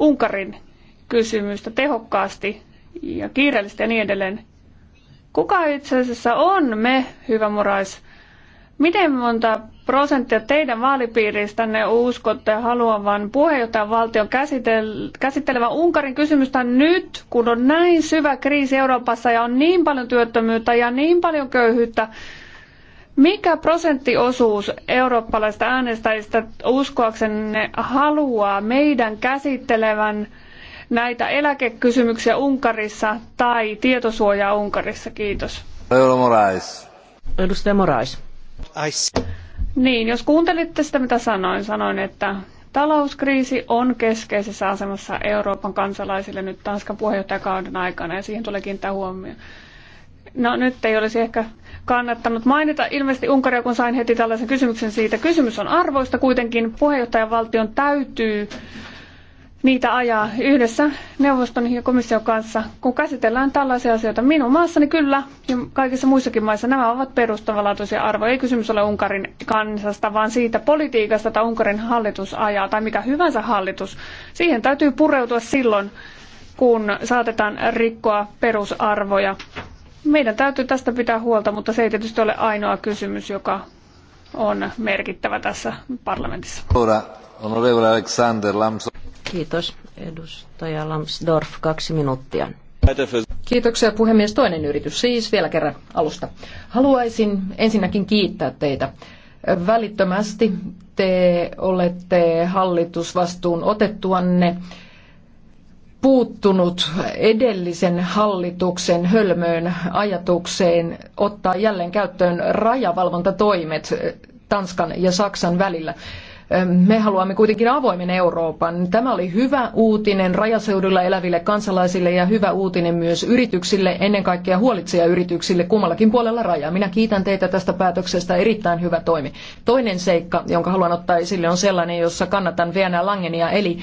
Unkarin kysymystä tehokkaasti ja kiireellisesti ja niin edelleen. Kuka itse asiassa on me, hyvä Morais? Miten monta prosenttia teidän vaalipiiristänne uskotte haluavan puheenjohtajan valtion käsittelevän Unkarin kysymystä nyt, kun on näin syvä kriisi Euroopassa ja on niin paljon työttömyyttä ja niin paljon köyhyyttä? Mikä prosenttiosuus eurooppalaista äänestäjistä uskoaksenne haluaa meidän käsittelevän näitä eläkekysymyksiä Unkarissa tai tietosuojaa Unkarissa? Kiitos. Edustaja Morais. Niin, jos kuuntelitte sitä, mitä sanoin, sanoin, että talouskriisi on keskeisessä asemassa Euroopan kansalaisille nyt Tanskan puheenjohtajakauden aikana ja siihen tulee kiinnittää huomioon. No nyt ei olisi ehkä kannattanut mainita ilmeisesti Unkaria, kun sain heti tällaisen kysymyksen siitä. Kysymys on arvoista kuitenkin. Puheenjohtajavaltion täytyy niitä ajaa yhdessä neuvoston ja komission kanssa. Kun käsitellään tällaisia asioita minun maassani kyllä, ja kaikissa muissakin maissa nämä ovat perustavanlaatuisia arvoja. Ei kysymys ole Unkarin kansasta, vaan siitä politiikasta, että Unkarin hallitus ajaa, tai mikä hyvänsä hallitus. Siihen täytyy pureutua silloin, kun saatetaan rikkoa perusarvoja. Meidän täytyy tästä pitää huolta, mutta se ei tietysti ole ainoa kysymys, joka on merkittävä tässä parlamentissa. Ora, onorevole Alexander Lamson. Kiitos. Edustaja Lambsdorff, kaksi minuuttia. Kiitoksia puhemies. Toinen yritys siis vielä kerran alusta. Haluaisin ensinnäkin kiittää teitä. Välittömästi te olette hallitusvastuun otettuanne puuttunut edellisen hallituksen hölmöön ajatukseen ottaa jälleen käyttöön rajavalvontatoimet Tanskan ja Saksan välillä. Me haluamme kuitenkin avoimen Euroopan. Tämä oli hyvä uutinen rajaseudulla eläville kansalaisille ja hyvä uutinen myös yrityksille, ennen kaikkea huolitsijayrityksille kummallakin puolella rajaa. Minä kiitän teitä tästä päätöksestä, erittäin hyvä toimi. Toinen seikka, jonka haluan ottaa esille, on sellainen, jossa kannatan Vienä Langenia, eli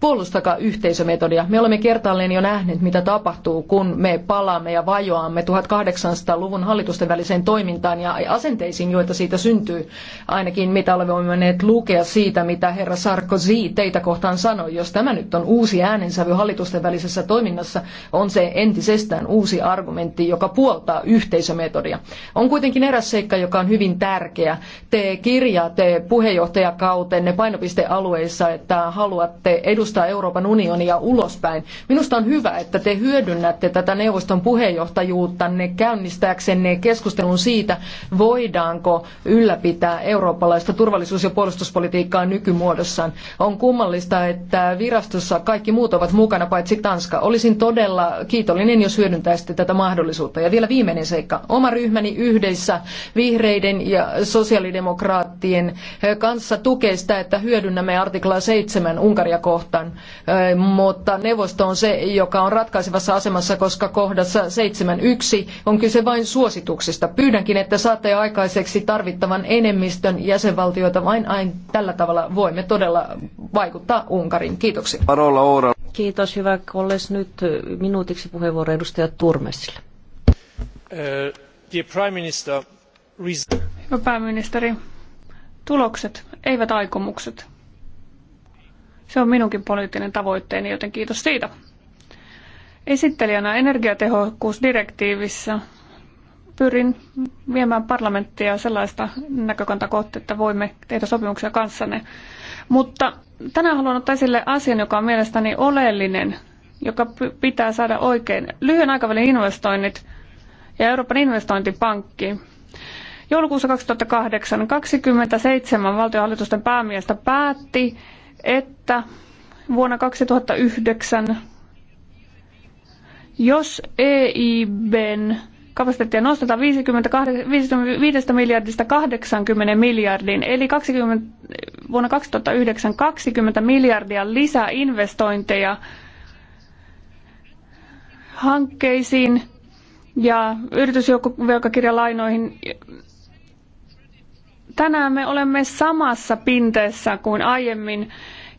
Puolustakaa yhteisömetodia. Me olemme kertaalleen jo nähneet, mitä tapahtuu, kun me palaamme ja vajoamme 1800-luvun hallitusten väliseen toimintaan ja asenteisiin, joita siitä syntyy. Ainakin mitä olemme voineet lukea siitä, mitä herra Sarkozy teitä kohtaan sanoi. Jos tämä nyt on uusi äänensävy hallitusten välisessä toiminnassa, on se entisestään uusi argumentti, joka puoltaa yhteisömetodia. On kuitenkin eräs seikka, joka on hyvin tärkeä. Te kirjaatte puheenjohtajakautenne painopistealueissa, että haluatte edustaa edustaa Euroopan unionia ulospäin. Minusta on hyvä, että te hyödynnätte tätä neuvoston puheenjohtajuuttanne käynnistääksenne keskustelun siitä, voidaanko ylläpitää eurooppalaista turvallisuus- ja puolustuspolitiikkaa nykymuodossaan. On kummallista, että virastossa kaikki muut ovat mukana paitsi Tanska. Olisin todella kiitollinen, jos hyödyntäisitte tätä mahdollisuutta. Ja vielä viimeinen seikka. Oma ryhmäni yhdessä vihreiden ja sosiaalidemokraattien demokraattien eh, kanssa tukee sitä, että hyödynnämme artikla 7 Unkaria kohtaan, eh, mutta neuvosto on se, joka on ratkaisevassa asemassa, koska kohdassa 7.1 on kyse vain suosituksista. Pyydänkin, että saatte aikaiseksi tarvittavan enemmistön jäsenvaltioita, vain ain, tällä tavalla voimme todella vaikuttaa Unkarin. Kiitoksia. Kiitos hyvä kolles. Nyt eh, minuutiksi puheenvuoro edustaja Turmesille. Hyvä pääministeri, Tulokset, eivät aikomukset. Se on minunkin poliittinen tavoitteeni, joten kiitos siitä. Esittelijänä energiatehokkuusdirektiivissä pyrin viemään parlamenttia sellaista näkökantaa kohti, että voimme tehdä sopimuksia kanssanne. Mutta tänään haluan ottaa esille asian, joka on mielestäni oleellinen, joka pitää saada oikein. Lyhyen aikavälin investoinnit ja Euroopan investointipankki Joulukuussa 2008 27 valtionhallitusten päämiestä päätti, että vuonna 2009, jos EIBn kapasiteettia nostetaan 55 miljardista 80 miljardiin, eli 20, vuonna 2009 20 miljardia lisää investointeja hankkeisiin ja yritysjoukkovelkakirjalainoihin Tänään me olemme samassa pinteessä kuin aiemmin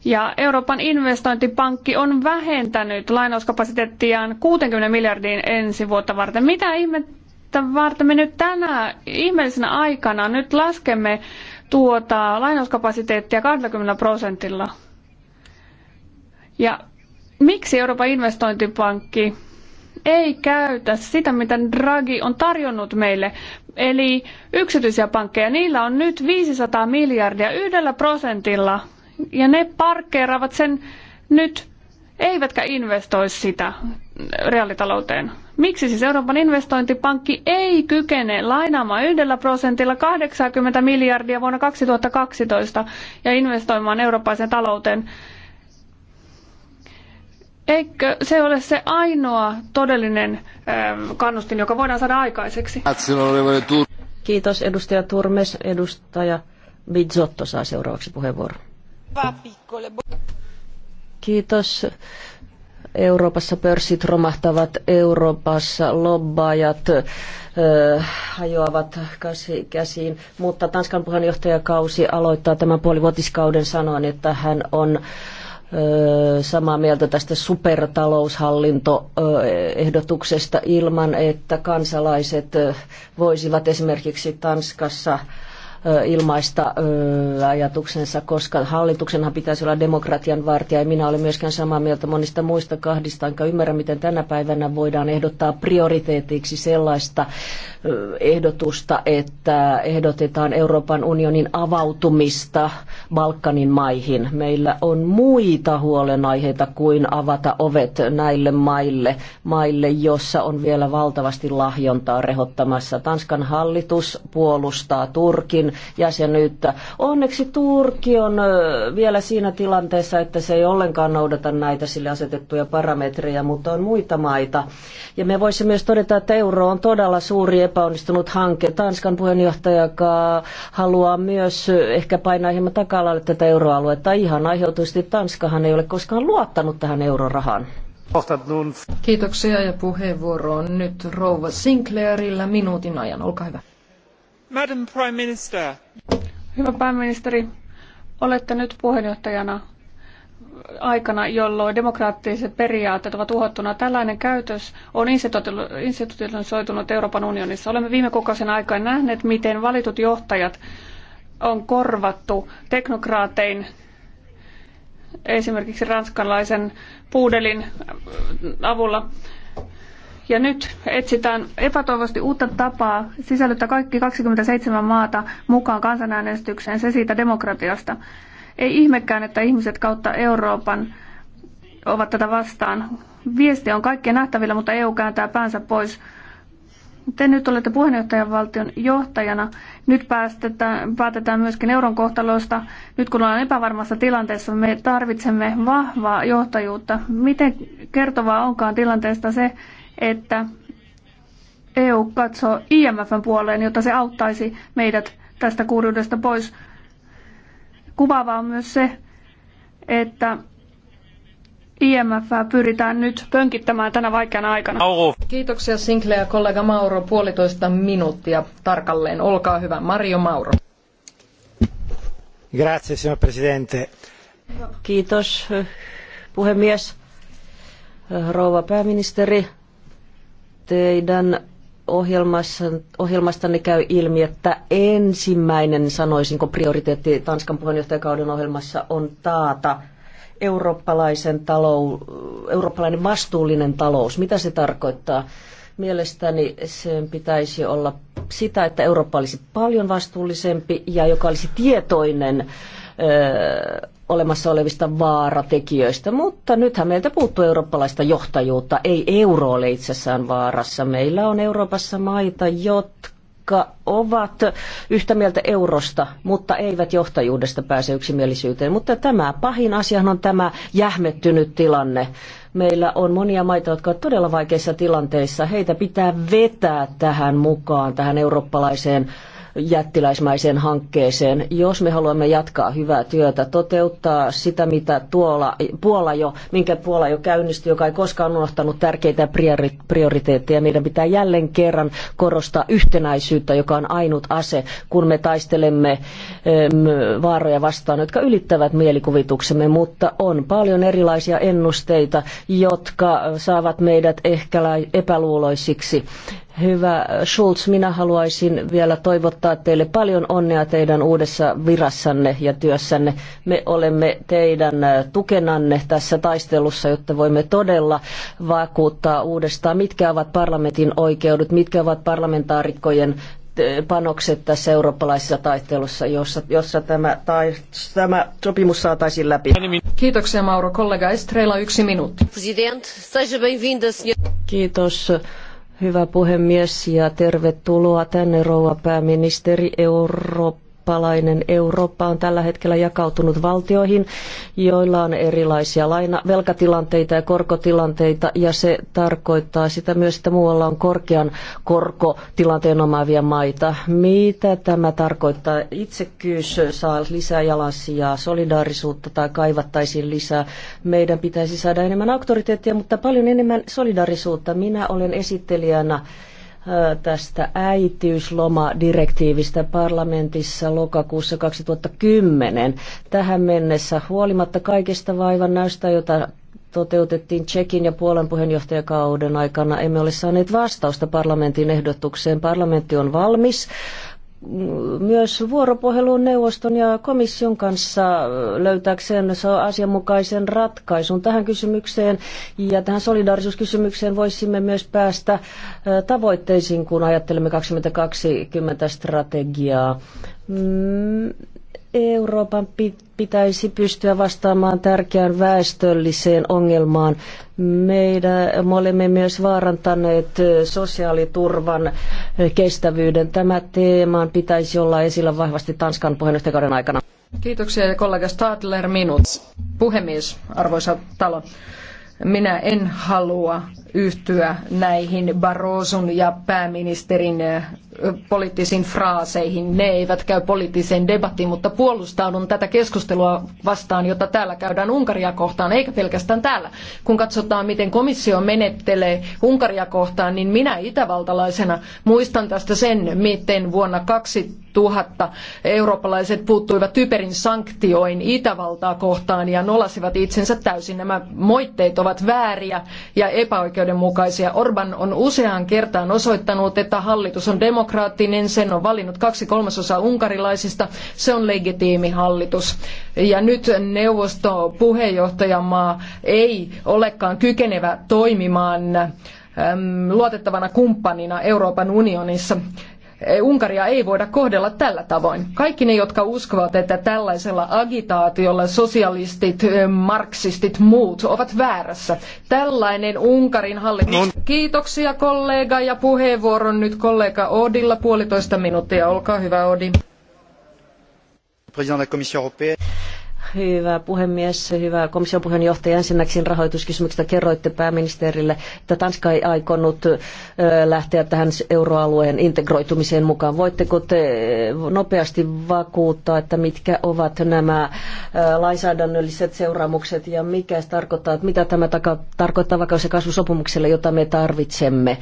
ja Euroopan investointipankki on vähentänyt lainauskapasiteettiaan 60 miljardiin ensi vuotta varten. Mitä ihmettä varten me nyt tänä ihmeellisenä aikana nyt laskemme tuota lainauskapasiteettia 20 prosentilla? Ja miksi Euroopan investointipankki ei käytä sitä, mitä Draghi on tarjonnut meille, eli yksityisiä pankkeja. Niillä on nyt 500 miljardia yhdellä prosentilla, ja ne parkkeeraavat sen nyt, eivätkä investoi sitä reaalitalouteen. Miksi siis Euroopan investointipankki ei kykene lainaamaan yhdellä prosentilla 80 miljardia vuonna 2012 ja investoimaan eurooppaiseen talouteen? Eikö se ole se ainoa todellinen ähm, kannustin, joka voidaan saada aikaiseksi? Kiitos edustaja Turmes. Edustaja Bizzotto saa seuraavaksi puheenvuoron. Kiitos. Euroopassa pörssit romahtavat, Euroopassa lobbaajat ö, äh, hajoavat käsi, käsiin, mutta Tanskan puheenjohtajakausi aloittaa tämän puolivuotiskauden sanoen, että hän on samaa mieltä tästä supertaloushallintoehdotuksesta ilman, että kansalaiset voisivat esimerkiksi Tanskassa – ilmaista ajatuksensa, koska hallituksenhan pitäisi olla demokratian vartija. Ja minä olen myöskään samaa mieltä monista muista kahdista, enkä ymmärrä, miten tänä päivänä voidaan ehdottaa prioriteetiksi sellaista ehdotusta, että ehdotetaan Euroopan unionin avautumista Balkanin maihin. Meillä on muita huolenaiheita kuin avata ovet näille maille, maille jossa on vielä valtavasti lahjontaa rehottamassa. Tanskan hallitus puolustaa Turkin Turkin jäsenyyttä. Onneksi Turkki on vielä siinä tilanteessa, että se ei ollenkaan noudata näitä sille asetettuja parametreja, mutta on muita maita. Ja me voisimme myös todeta, että euro on todella suuri epäonnistunut hanke. Tanskan puheenjohtaja, haluaa myös ehkä painaa hieman taka-alalle tätä euroaluetta ihan aiheutusti Tanskahan ei ole koskaan luottanut tähän eurorahaan. Kiitoksia ja puheenvuoro on nyt rouva Sinclairilla minuutin ajan. Olkaa hyvä. Madam Hyvä pääministeri, olette nyt puheenjohtajana aikana, jolloin demokraattiset periaatteet ovat uhattuna. Tällainen käytös on institutionalisoitunut Euroopan unionissa. Olemme viime kuukausien aikana nähneet, miten valitut johtajat on korvattu teknokraatein esimerkiksi ranskalaisen puudelin avulla. Ja nyt etsitään epätoivosti uutta tapaa sisällyttää kaikki 27 maata mukaan kansanäänestykseen, se siitä demokratiasta. Ei ihmekään, että ihmiset kautta Euroopan ovat tätä vastaan. Viesti on kaikkien nähtävillä, mutta EU kääntää päänsä pois. Te nyt olette puheenjohtajavaltion johtajana. Nyt päästetään, päätetään myöskin euron kohtaloista. Nyt kun ollaan epävarmassa tilanteessa, me tarvitsemme vahvaa johtajuutta. Miten kertovaa onkaan tilanteesta se, että EU katsoo IMFn puoleen, jotta se auttaisi meidät tästä kurjuudesta pois. Kuvaavaa on myös se, että IMF pyritään nyt pönkittämään tänä vaikeana aikana. Kiitoksia Sinclair kollega Mauro, puolitoista minuuttia tarkalleen. Olkaa hyvä, Mario Mauro. Grazie, signor Presidente. Kiitos, puhemies. Rouva pääministeri, teidän ohjelmastanne käy ilmi, että ensimmäinen, sanoisinko, prioriteetti Tanskan puheenjohtajakauden ohjelmassa on taata eurooppalaisen talou, eurooppalainen vastuullinen talous. Mitä se tarkoittaa? Mielestäni sen pitäisi olla sitä, että Eurooppa olisi paljon vastuullisempi ja joka olisi tietoinen äh, olemassa olevista vaaratekijöistä, mutta nythän meiltä puuttuu eurooppalaista johtajuutta. Ei euro ole itsessään vaarassa. Meillä on Euroopassa maita, jotka ovat yhtä mieltä eurosta, mutta eivät johtajuudesta pääse yksimielisyyteen. Mutta tämä pahin asia on tämä jähmettynyt tilanne. Meillä on monia maita, jotka ovat todella vaikeissa tilanteissa. Heitä pitää vetää tähän mukaan, tähän eurooppalaiseen jättiläismäiseen hankkeeseen. Jos me haluamme jatkaa hyvää työtä, toteuttaa sitä, mitä tuolla, Puola jo, minkä Puola jo käynnisti, joka ei koskaan unohtanut tärkeitä prioriteetteja, meidän pitää jälleen kerran korostaa yhtenäisyyttä, joka on ainut ase, kun me taistelemme vaaroja vastaan, jotka ylittävät mielikuvituksemme, mutta on paljon erilaisia ennusteita, jotka saavat meidät ehkä epäluuloisiksi Hyvä äh, Schulz, minä haluaisin vielä toivottaa teille paljon onnea teidän uudessa virassanne ja työssänne. Me olemme teidän äh, tukenanne tässä taistelussa, jotta voimme todella vakuuttaa uudestaan, mitkä ovat parlamentin oikeudet, mitkä ovat parlamentaarikkojen panokset tässä eurooppalaisessa taistelussa, jossa, jossa tämä, tai, tämä sopimus saataisiin läpi. Kiitoksia Mauro. Kollega yksi minuutti. Kiitos. Hyvä puhemies ja tervetuloa tänne rouva pääministeri Eurooppaan eurooppalainen Eurooppa on tällä hetkellä jakautunut valtioihin, joilla on erilaisia laina, velkatilanteita ja korkotilanteita, ja se tarkoittaa sitä myös, että muualla on korkean korkotilanteen omaavia maita. Mitä tämä tarkoittaa? Itsekkyys saa lisää jalansijaa, solidaarisuutta tai kaivattaisiin lisää. Meidän pitäisi saada enemmän auktoriteettia, mutta paljon enemmän solidaarisuutta. Minä olen esittelijänä tästä äitiyslomadirektiivistä parlamentissa lokakuussa 2010. Tähän mennessä huolimatta kaikista vaivan näystä, jota toteutettiin Tsekin ja Puolan puheenjohtajakauden aikana. Emme ole saaneet vastausta parlamentin ehdotukseen. Parlamentti on valmis myös vuoropuhelun neuvoston ja komission kanssa löytääkseen asianmukaisen ratkaisun tähän kysymykseen ja tähän solidaarisuuskysymykseen voisimme myös päästä tavoitteisiin, kun ajattelemme 2020 strategiaa. Mm, Euroopan pitäisi pystyä vastaamaan tärkeään väestölliseen ongelmaan. Meidän, me olemme myös vaarantaneet sosiaaliturvan kestävyyden. Tämä teema pitäisi olla esillä vahvasti Tanskan puheenjohtajakauden aikana. Kiitoksia kollega Stadler Minuts. Puhemies, arvoisa talo. Minä en halua yhtyä näihin Barroson ja pääministerin poliittisiin fraaseihin. Ne eivät käy poliittiseen debattiin, mutta puolustaudun tätä keskustelua vastaan, jota täällä käydään Unkaria kohtaan, eikä pelkästään täällä. Kun katsotaan, miten komissio menettelee Unkaria kohtaan, niin minä itävaltalaisena muistan tästä sen, miten vuonna 2000 eurooppalaiset puuttuivat typerin sanktioin Itävaltaa kohtaan ja nolasivat itsensä täysin. Nämä moitteet ovat vääriä ja epäoikeudenmukaisia. Orban on useaan kertaan osoittanut, että hallitus on demokraattinen demokraattinen, sen on valinnut kaksi kolmasosaa unkarilaisista, se on legitiimi hallitus. Ja nyt neuvosto puheenjohtajamaa ei olekaan kykenevä toimimaan luotettavana kumppanina Euroopan unionissa. Eh, Unkaria ei voida kohdella tällä tavoin. Kaikki ne, jotka uskovat, että tällaisella agitaatiolla sosialistit, eh, marksistit, muut ovat väärässä. Tällainen Unkarin hallitus. No. Kiitoksia kollega ja puheenvuoron nyt kollega Odilla puolitoista minuuttia. Olkaa hyvä Odi. Hyvä puhemies, hyvä komission puheenjohtaja. Ensinnäkin rahoituskysymyksestä kerroitte pääministerille, että Tanska ei aikonut lähteä tähän euroalueen integroitumiseen mukaan. Voitteko te nopeasti vakuuttaa, että mitkä ovat nämä lainsäädännölliset seuraamukset ja mikä se tarkoittaa, että mitä tämä tarkoittaa vakaus- ja kasvusopimukselle, jota me tarvitsemme?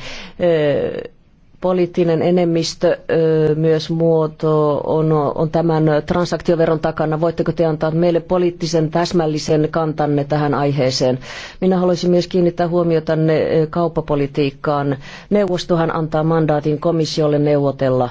poliittinen enemmistö myös muoto on, on tämän transaktioveron takana. Voitteko te antaa meille poliittisen täsmällisen kantanne tähän aiheeseen? Minä haluaisin myös kiinnittää huomiota kauppapolitiikkaan. Neuvostohan antaa mandaatin komissiolle neuvotella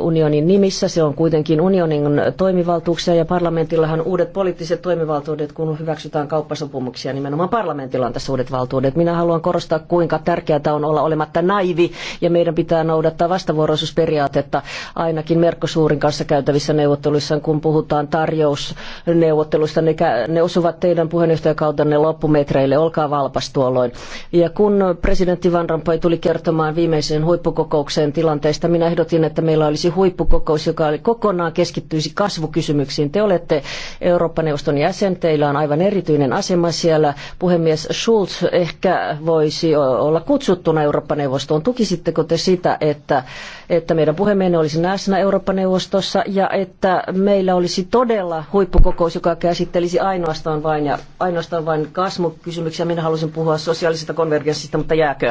unionin nimissä. Se on kuitenkin unionin toimivaltuuksia ja parlamentillahan uudet poliittiset toimivaltuudet, kun hyväksytään kauppasopimuksia, nimenomaan parlamentilla on tässä uudet valtuudet. Minä haluan korostaa, kuinka tärkeää on olla olematta naivi ja meidän pitää noudattaa vastavuoroisuusperiaatetta ainakin Merkosuurin kanssa käytävissä neuvotteluissa, kun puhutaan tarjousneuvotteluista. Ne, ne osuvat teidän puheenjohtajakautenne loppumetreille, olkaa valpas tuolloin. Ja kun presidentti Van Rompuy tuli kertomaan viimeiseen huippukokoukseen tilanteesta, minä ehdotin toivottiin, että meillä olisi huippukokous, joka oli kokonaan keskittyisi kasvukysymyksiin. Te olette Euroopan neuvoston jäsen, teillä on aivan erityinen asema siellä. Puhemies Schulz ehkä voisi olla kutsuttuna Euroopan neuvostoon. Tukisitteko te sitä, että, että meidän puhemiehenne olisi läsnä Euroopan neuvostossa ja että meillä olisi todella huippukokous, joka käsittelisi ainoastaan vain, ja, ainoastaan vain kasvukysymyksiä. Minä halusin puhua sosiaalisesta konvergenssista, mutta jääkö?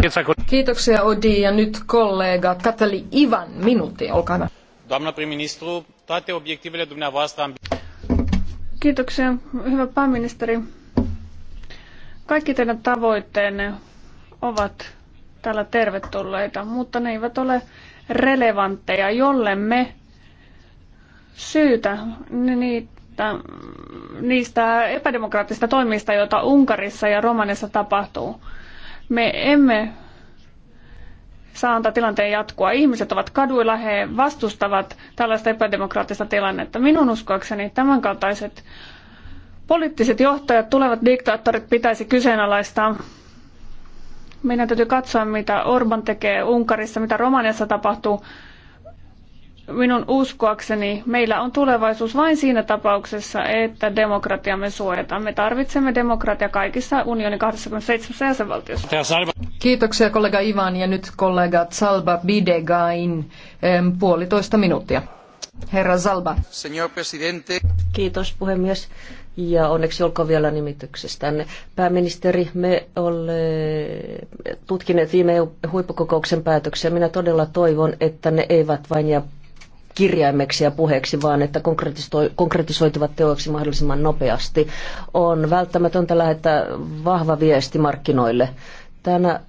Kiitoksia Odi ja nyt kollega Katali Ivan doamnă prim-ministru, toate obiectivele dumneavoastră... Kiitoksia, hyvä pääministeri. Kaikki teidän tavoitteenne ovat täällä tervetulleita, mutta ne eivät ole relevantteja, jolle me syytä niitä, niistä epädemokraattisista toimista, joita Unkarissa ja Romanissa tapahtuu. Me emme saa antaa tilanteen jatkua. Ihmiset ovat kaduilla, he vastustavat tällaista epädemokraattista tilannetta. Minun uskoakseni tämänkaltaiset poliittiset johtajat, tulevat diktaattorit pitäisi kyseenalaistaa. Meidän täytyy katsoa, mitä Orban tekee Unkarissa, mitä Romaniassa tapahtuu minun uskoakseni meillä on tulevaisuus vain siinä tapauksessa, että demokratiamme suojataan. Me tarvitsemme demokratia kaikissa unionin 27 jäsenvaltiossa. Kiitoksia kollega Ivan ja nyt kollega Zalba Bidegain puolitoista minuuttia. Herra Zalba. Señor presidente. Kiitos puhemies. Ja onneksi olkoon vielä nimityksestänne. Pääministeri, me olemme tutkineet viime huippukokouksen päätöksiä. Minä todella toivon, että ne eivät vain jää kirjaimeksi ja puheeksi, vaan että konkretisoituvat teoiksi mahdollisimman nopeasti. On välttämätöntä lähettää vahva viesti markkinoille. Tänä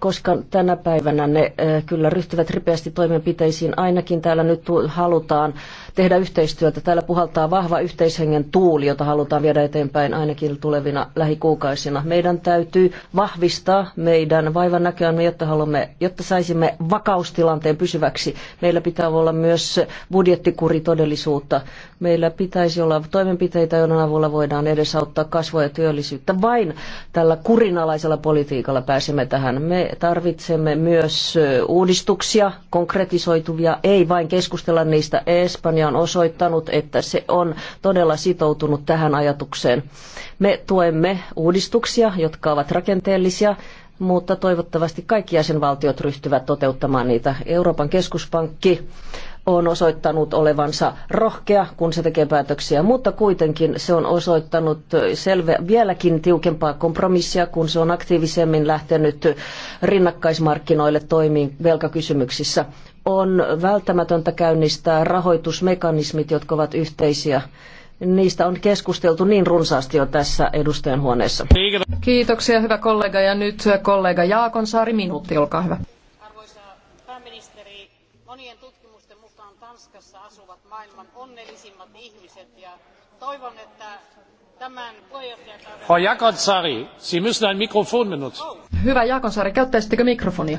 koska tänä päivänä ne eh, kyllä ryhtyvät ripeästi toimenpiteisiin. Ainakin täällä nyt halutaan tehdä yhteistyötä. Täällä puhaltaa vahva yhteishengen tuuli, jota halutaan viedä eteenpäin ainakin tulevina lähikuukausina. Meidän täytyy vahvistaa meidän vaivan näköämme, jotta, haluamme, jotta saisimme vakaustilanteen pysyväksi. Meillä pitää olla myös budjettikuritodellisuutta. Meillä pitäisi olla toimenpiteitä, joiden avulla voidaan edesauttaa kasvua ja työllisyyttä. Vain tällä kurinalaisella politiikalla pääsemme tähän. Me tarvitsemme myös uudistuksia, konkretisoituvia, ei vain keskustella niistä Espanja Suomi on osoittanut, että se on todella sitoutunut tähän ajatukseen. Me tuemme uudistuksia, jotka ovat rakenteellisia, mutta toivottavasti kaikki jäsenvaltiot ryhtyvät toteuttamaan niitä. Euroopan keskuspankki on osoittanut olevansa rohkea, kun se tekee päätöksiä, mutta kuitenkin se on osoittanut selvä, vieläkin tiukempaa kompromissia, kun se on aktiivisemmin lähtenyt rinnakkaismarkkinoille toimiin velkakysymyksissä on välttämätöntä käynnistää rahoitusmekanismit, jotka ovat yhteisiä. Niistä on keskusteltu niin runsaasti jo tässä edustajan huoneessa. Kiitoksia hyvä kollega ja nyt kollega Jaakonsaari minuutti, olkaa hyvä. Arvoisa pääministeri, monien tutkimusten mukaan Tanskassa asuvat maailman onnellisimmat ihmiset ja toivon, että tämän puheenjohtajakauden... Frau Jaakonsaari, Sie müssen ein Mikrofon benutzen. Oh. Hyvä Jaakonsaari, käyttäisittekö mikrofonia?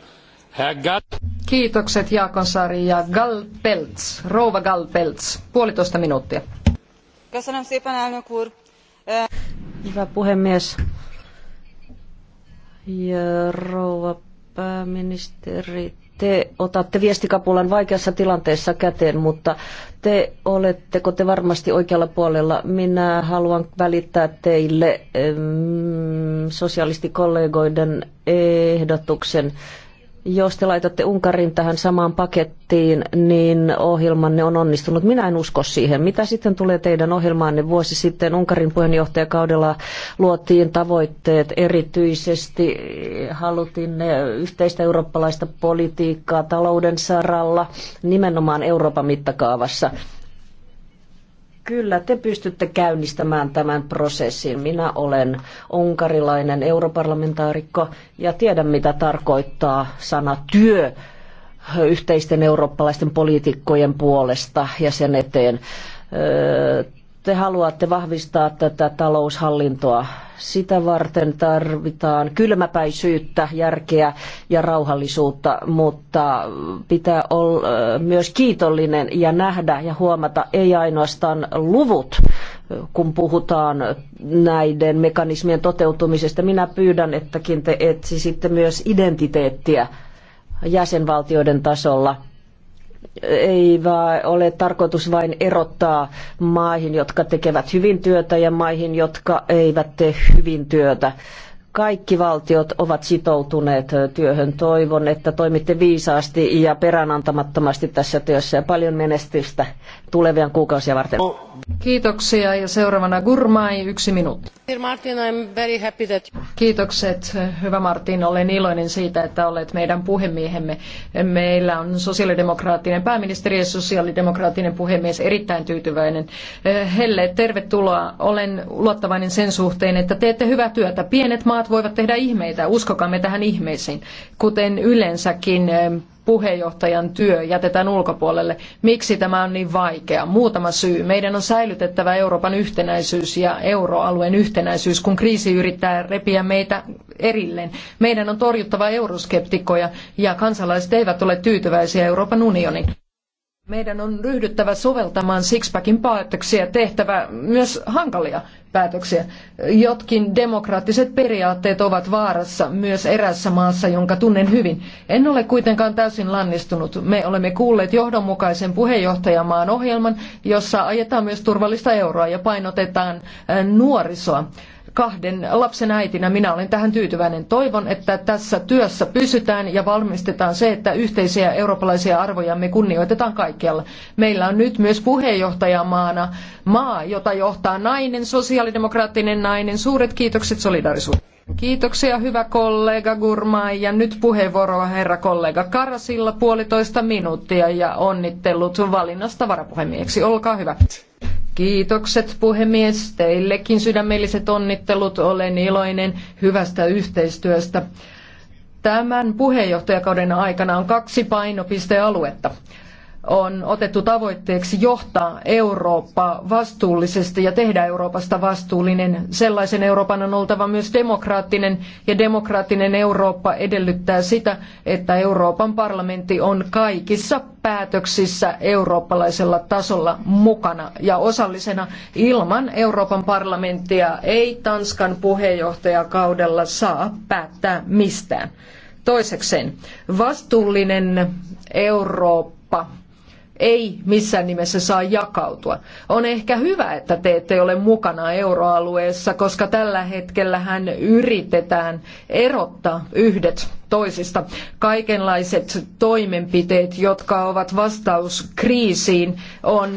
Kiitokset Jaakonsaari ja Galpelts, rouva Galpelts, puolitoista minuuttia. Hyvä puhemies. Ja rouva pääministeri, te otatte viestikapulan vaikeassa tilanteessa käteen, mutta te oletteko te varmasti oikealla puolella? Minä haluan välittää teille mm, sosialistikollegoiden ehdotuksen jos te laitatte Unkarin tähän samaan pakettiin, niin ohjelmanne on onnistunut. Minä en usko siihen. Mitä sitten tulee teidän ohjelmaanne? Vuosi sitten Unkarin puheenjohtajakaudella luotiin tavoitteet erityisesti. Haluttiin yhteistä eurooppalaista politiikkaa talouden saralla, nimenomaan Euroopan mittakaavassa. Kyllä, te pystytte käynnistämään tämän prosessin. Minä olen unkarilainen europarlamentaarikko ja tiedän, mitä tarkoittaa sana työ yhteisten eurooppalaisten poliitikkojen puolesta ja sen eteen te haluatte vahvistaa tätä taloushallintoa. Sitä varten tarvitaan kylmäpäisyyttä, järkeä ja rauhallisuutta, mutta pitää olla myös kiitollinen ja nähdä ja huomata ei ainoastaan luvut, kun puhutaan näiden mekanismien toteutumisesta. Minä pyydän, ettäkin te etsisitte myös identiteettiä jäsenvaltioiden tasolla – ei vaan ole tarkoitus vain erottaa maihin, jotka tekevät hyvin työtä ja maihin, jotka eivät tee hyvin työtä kaikki valtiot ovat sitoutuneet työhön. Toivon, että toimitte viisaasti ja peräänantamattomasti tässä työssä ja paljon menestystä tulevia kuukausia varten. Kiitoksia ja seuraavana Gurmai, yksi minuutti. Martin, I'm very happy that... Kiitokset, hyvä Martin, olen iloinen siitä, että olet meidän puhemiehemme. Meillä on sosiaalidemokraattinen pääministeri ja sosiaalidemokraattinen puhemies erittäin tyytyväinen. Helle, tervetuloa. Olen luottavainen sen suhteen, että teette hyvää työtä. Pienet maat maat voivat tehdä ihmeitä, uskokamme tähän ihmeisiin, kuten yleensäkin eh, puheenjohtajan työ jätetään ulkopuolelle. Miksi tämä on niin vaikea? Muutama syy. Meidän on säilytettävä Euroopan yhtenäisyys ja euroalueen yhtenäisyys, kun kriisi yrittää repiä meitä erilleen. Meidän on torjuttava euroskeptikkoja ja kansalaiset eivät ole tyytyväisiä Euroopan unioniin. Meidän on ryhdyttävä soveltamaan Sixpackin päätöksiä, tehtävä myös hankalia päätöksiä. Jotkin demokraattiset periaatteet ovat vaarassa myös erässä maassa, jonka tunnen hyvin. En ole kuitenkaan täysin lannistunut. Me olemme kuulleet johdonmukaisen puheenjohtajamaan ohjelman, jossa ajetaan myös turvallista euroa ja painotetaan nuorisoa kahden lapsen äitinä minä olen tähän tyytyväinen. Toivon, että tässä työssä pysytään ja valmistetaan se, että yhteisiä eurooppalaisia arvojamme kunnioitetaan kaikkialla. Meillä on nyt myös puheenjohtajamaana maa, jota johtaa nainen, sosiaalidemokraattinen nainen. Suuret kiitokset solidarisuudesta. Kiitoksia hyvä kollega Gurmai ja nyt puheenvuoroa herra kollega Karasilla puolitoista minuuttia ja onnittelut valinnasta varapuhemieheksi. Olkaa hyvä. Kiitokset puhemies, teillekin sydämelliset onnittelut, olen iloinen hyvästä yhteistyöstä. Tämän puheenjohtajakauden aikana on kaksi painopistealuetta on otettu tavoitteeksi johtaa Eurooppaa vastuullisesti ja tehdä Euroopasta vastuullinen. Sellaisen Euroopan on oltava myös demokraattinen ja demokraattinen Eurooppa edellyttää sitä, että Euroopan parlamentti on kaikissa päätöksissä eurooppalaisella tasolla mukana ja osallisena. Ilman Euroopan parlamenttia ei Tanskan puheenjohtajakaudella saa päättää mistään. Toisekseen vastuullinen Eurooppa ei missään nimessä saa jakautua. On ehkä hyvä, että te ette ole mukana euroalueessa, koska tällä hetkellä hän yritetään erottaa yhdet toisista. Kaikenlaiset toimenpiteet, jotka ovat vastaus kriisiin, on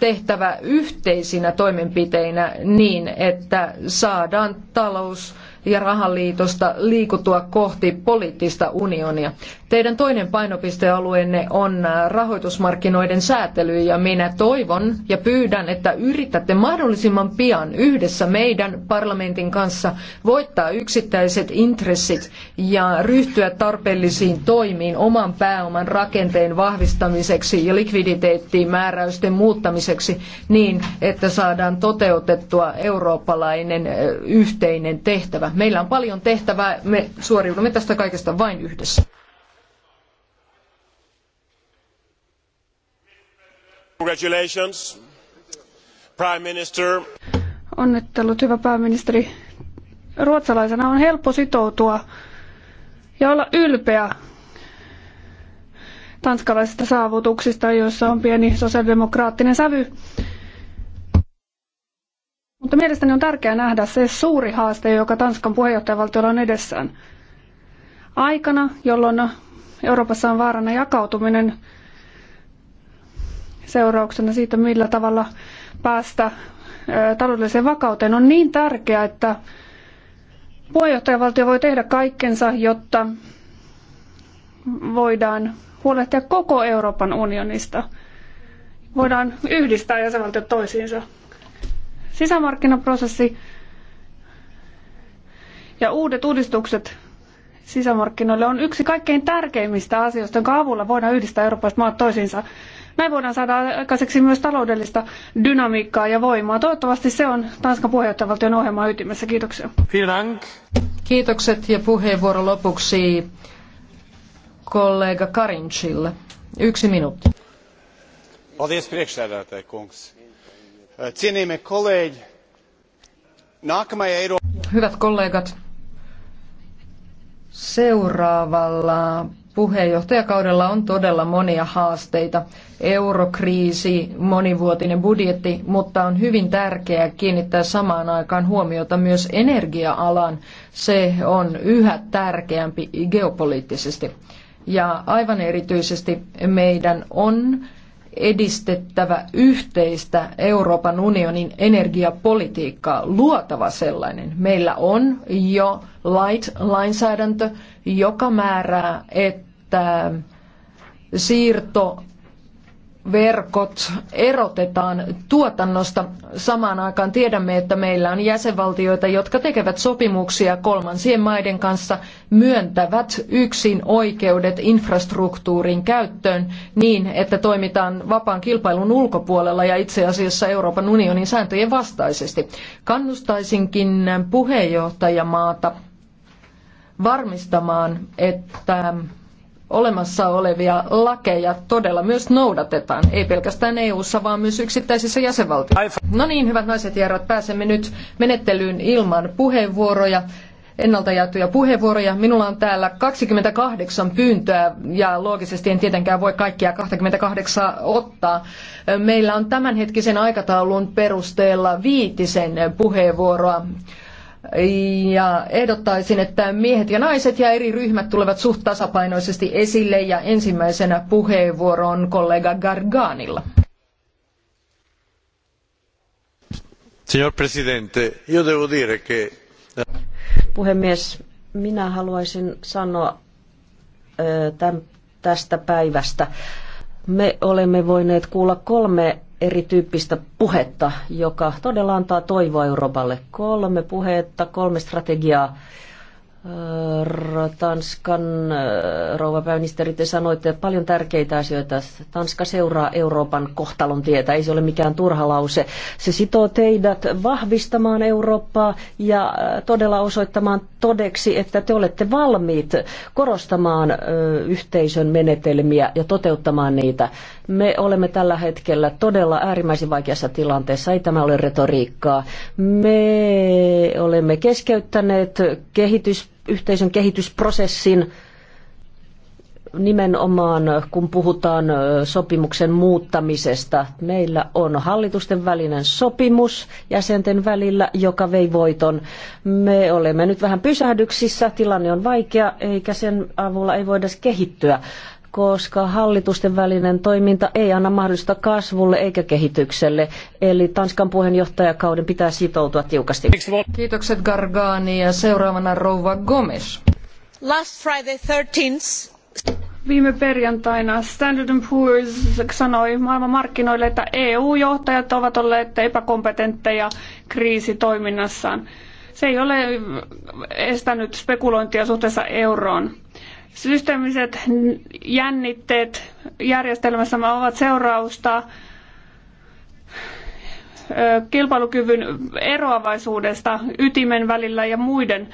tehtävä yhteisinä toimenpiteinä niin, että saadaan talous ja rahaliitosta liikuttua kohti poliittista unionia. Teidän toinen painopistealueenne on rahoitusmarkkinoiden säätely ja minä toivon ja pyydän, että yritätte mahdollisimman pian yhdessä meidän parlamentin kanssa voittaa yksittäiset intressit ja ryhtyä tarpeellisiin toimiin oman pääoman rakenteen vahvistamiseksi ja likviditeettimääräysten muuttamiseksi niin, että saadaan toteutettua eurooppalainen yhteinen tehtävä. Meillä on paljon tehtävää, me suoriudumme tästä kaikesta vain yhdessä. Congratulations, Prime Minister. Onnittelut, hyvä pääministeri. Ruotsalaisena on helppo sitoutua ja olla ylpeä tanskalaisista saavutuksista, joissa on pieni sosiaalidemokraattinen sävy. Mutta mielestäni on tärkeää nähdä se suuri haaste, joka Tanskan puheenjohtajavaltiolla on edessään. Aikana, jolloin Euroopassa on vaarana jakautuminen, seurauksena siitä, millä tavalla päästä taloudelliseen vakauteen, on niin tärkeää, että puheenjohtajavaltio voi tehdä kaikkensa, jotta voidaan huolehtia koko Euroopan unionista. Voidaan yhdistää jäsenvaltiot toisiinsa. Sisämarkkinaprosessi ja uudet uudistukset sisämarkkinoille on yksi kaikkein tärkeimmistä asioista, jonka avulla voidaan yhdistää eurooppalaiset maat toisiinsa. Näin voidaan saada aikaiseksi myös taloudellista dynamiikkaa ja voimaa. Toivottavasti se on Tanskan puheenjohtajavaltion ohjelman ytimessä. Kiitoksia. Kiitokset ja puheenvuoro lopuksi kollega Karinchille, Yksi minuutti. Paldies priekšsēdētāji kungs. Cienījamie kolēģi, nākamajā Eiro... Hyvät kollegat, seuraavalla Puheenjohtajakaudella on todella monia haasteita. Eurokriisi, monivuotinen budjetti, mutta on hyvin tärkeää kiinnittää samaan aikaan huomiota myös energia-alan. Se on yhä tärkeämpi geopoliittisesti. Ja aivan erityisesti meidän on edistettävä yhteistä Euroopan unionin energiapolitiikkaa, luotava sellainen. Meillä on jo lait, lainsäädäntö, joka määrää, että että siirtoverkot erotetaan tuotannosta. Samaan aikaan tiedämme, että meillä on jäsenvaltioita, jotka tekevät sopimuksia kolmansien maiden kanssa, myöntävät yksin oikeudet infrastruktuurin käyttöön niin, että toimitaan vapaan kilpailun ulkopuolella ja itse asiassa Euroopan unionin sääntöjen vastaisesti. Kannustaisinkin puheenjohtajamaata varmistamaan, että olemassa olevia lakeja todella myös noudatetaan, ei pelkästään EU-ssa, vaan myös yksittäisissä jäsenvaltioissa. No niin, hyvät naiset ja herrat, pääsemme nyt menettelyyn ilman puheenvuoroja ennalta jaettuja puheenvuoroja. Minulla on täällä 28 pyyntöä ja loogisesti en tietenkään voi kaikkia 28 ottaa. Meillä on tämänhetkisen aikataulun perusteella viitisen puheenvuoroa ja ehdottaisin, että miehet ja naiset ja eri ryhmät tulevat suht tasapainoisesti esille ja ensimmäisenä puheenvuoro on kollega Garganilla. Signor Presidente, io devo dire che... Eh, Puhemies, minä haluaisin sanoa eh, tämän, tästä päivästä. Me olemme voineet kuulla kolme erityyppistä puhetta, joka todella antaa toivoa Euroopalle. Kolme puhetta, kolme strategiaa Tanskan äh, rouva pääministeri, te sanoitte paljon tärkeitä asioita. Tanska seuraa Euroopan kohtalon tietä, ei se ole mikään turha lause. Se sitoo teidät vahvistamaan Eurooppaa ja äh, todella osoittamaan todeksi, että te olette valmiit korostamaan äh, yhteisön menetelmiä ja toteuttamaan niitä. Me olemme tällä hetkellä todella äärimmäisen vaikeassa tilanteessa, ei tämä ole retoriikkaa. Me olemme keskeyttäneet kehitys yhteisön kehitysprosessin nimenomaan, kun puhutaan sopimuksen muuttamisesta. Meillä on hallitusten välinen sopimus jäsenten välillä, joka vei voiton. Me olemme nyt vähän pysähdyksissä, tilanne on vaikea, eikä sen avulla ei voida kehittyä koska hallitusten välinen toiminta ei anna mahdollista kasvulle eikä kehitykselle. Eli Tanskan puheenjohtajakauden pitää sitoutua tiukasti. Kiitokset Gargani ja seuraavana rouva Gomes. Last Friday 13 Viime perjantaina Standard Poor's sanoi maailmanmarkkinoille, että EU-johtajat ovat olleet epäkompetentteja kriisitoiminnassaan. Se ei ole estänyt spekulointia suhteessa euroon Systeemiset jännitteet järjestelmässämme ovat seurausta kilpailukyvyn eroavaisuudesta ytimen välillä ja muiden.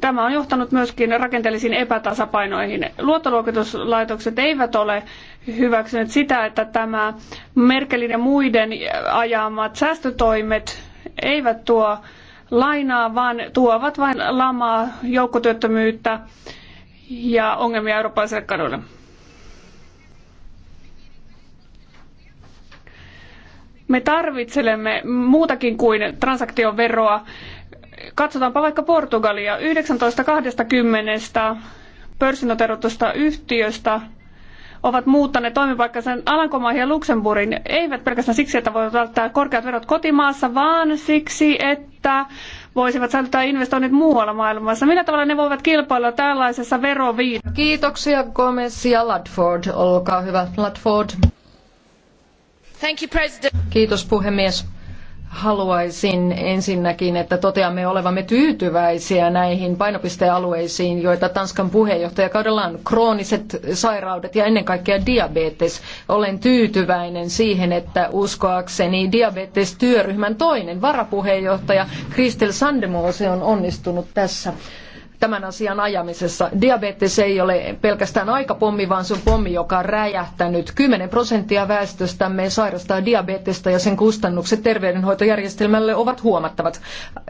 Tämä on johtanut myöskin rakenteellisiin epätasapainoihin. Luottoluokituslaitokset eivät ole hyväksyneet sitä, että tämä Merkelin ja muiden ajamat säästötoimet eivät tuo lainaa, vaan tuovat vain lamaa, joukkotyöttömyyttä ja ongelmia eurooppalaisille kaduille. Me tarvitselemme muutakin kuin transaktioveroa. Katsotaanpa vaikka Portugalia. 19.20 pörssinoterotusta yhtiöstä ovat muuttaneet toimipaikkansa Alankomaihin ja Luxemburgiin, eivät pelkästään siksi, että voivat välttää korkeat verot kotimaassa, vaan siksi, että voisivat säilyttää investoinnit muualla maailmassa. Millä tavalla ne voivat kilpailla tällaisessa veroviidossa? Kiitoksia Gomez ja Ladford. Olkaa hyvä, Ladford. Thank you, President. Kiitos puhemies Haluaisin ensinnäkin, että toteamme olevamme tyytyväisiä näihin painopistealueisiin, joita Tanskan puheenjohtajakaudella on krooniset sairaudet ja ennen kaikkea diabetes. Olen tyytyväinen siihen, että uskoakseni diabetes-työryhmän toinen varapuheenjohtaja Kristel Sandemose on onnistunut tässä tämän asian ajamisessa. Diabetes ei ole pelkästään aikapommi, vaan se on pommi, joka on räjähtänyt. 10 prosenttia väestöstämme sairastaa diabetesta ja sen kustannukset terveydenhoitojärjestelmälle ovat huomattavat.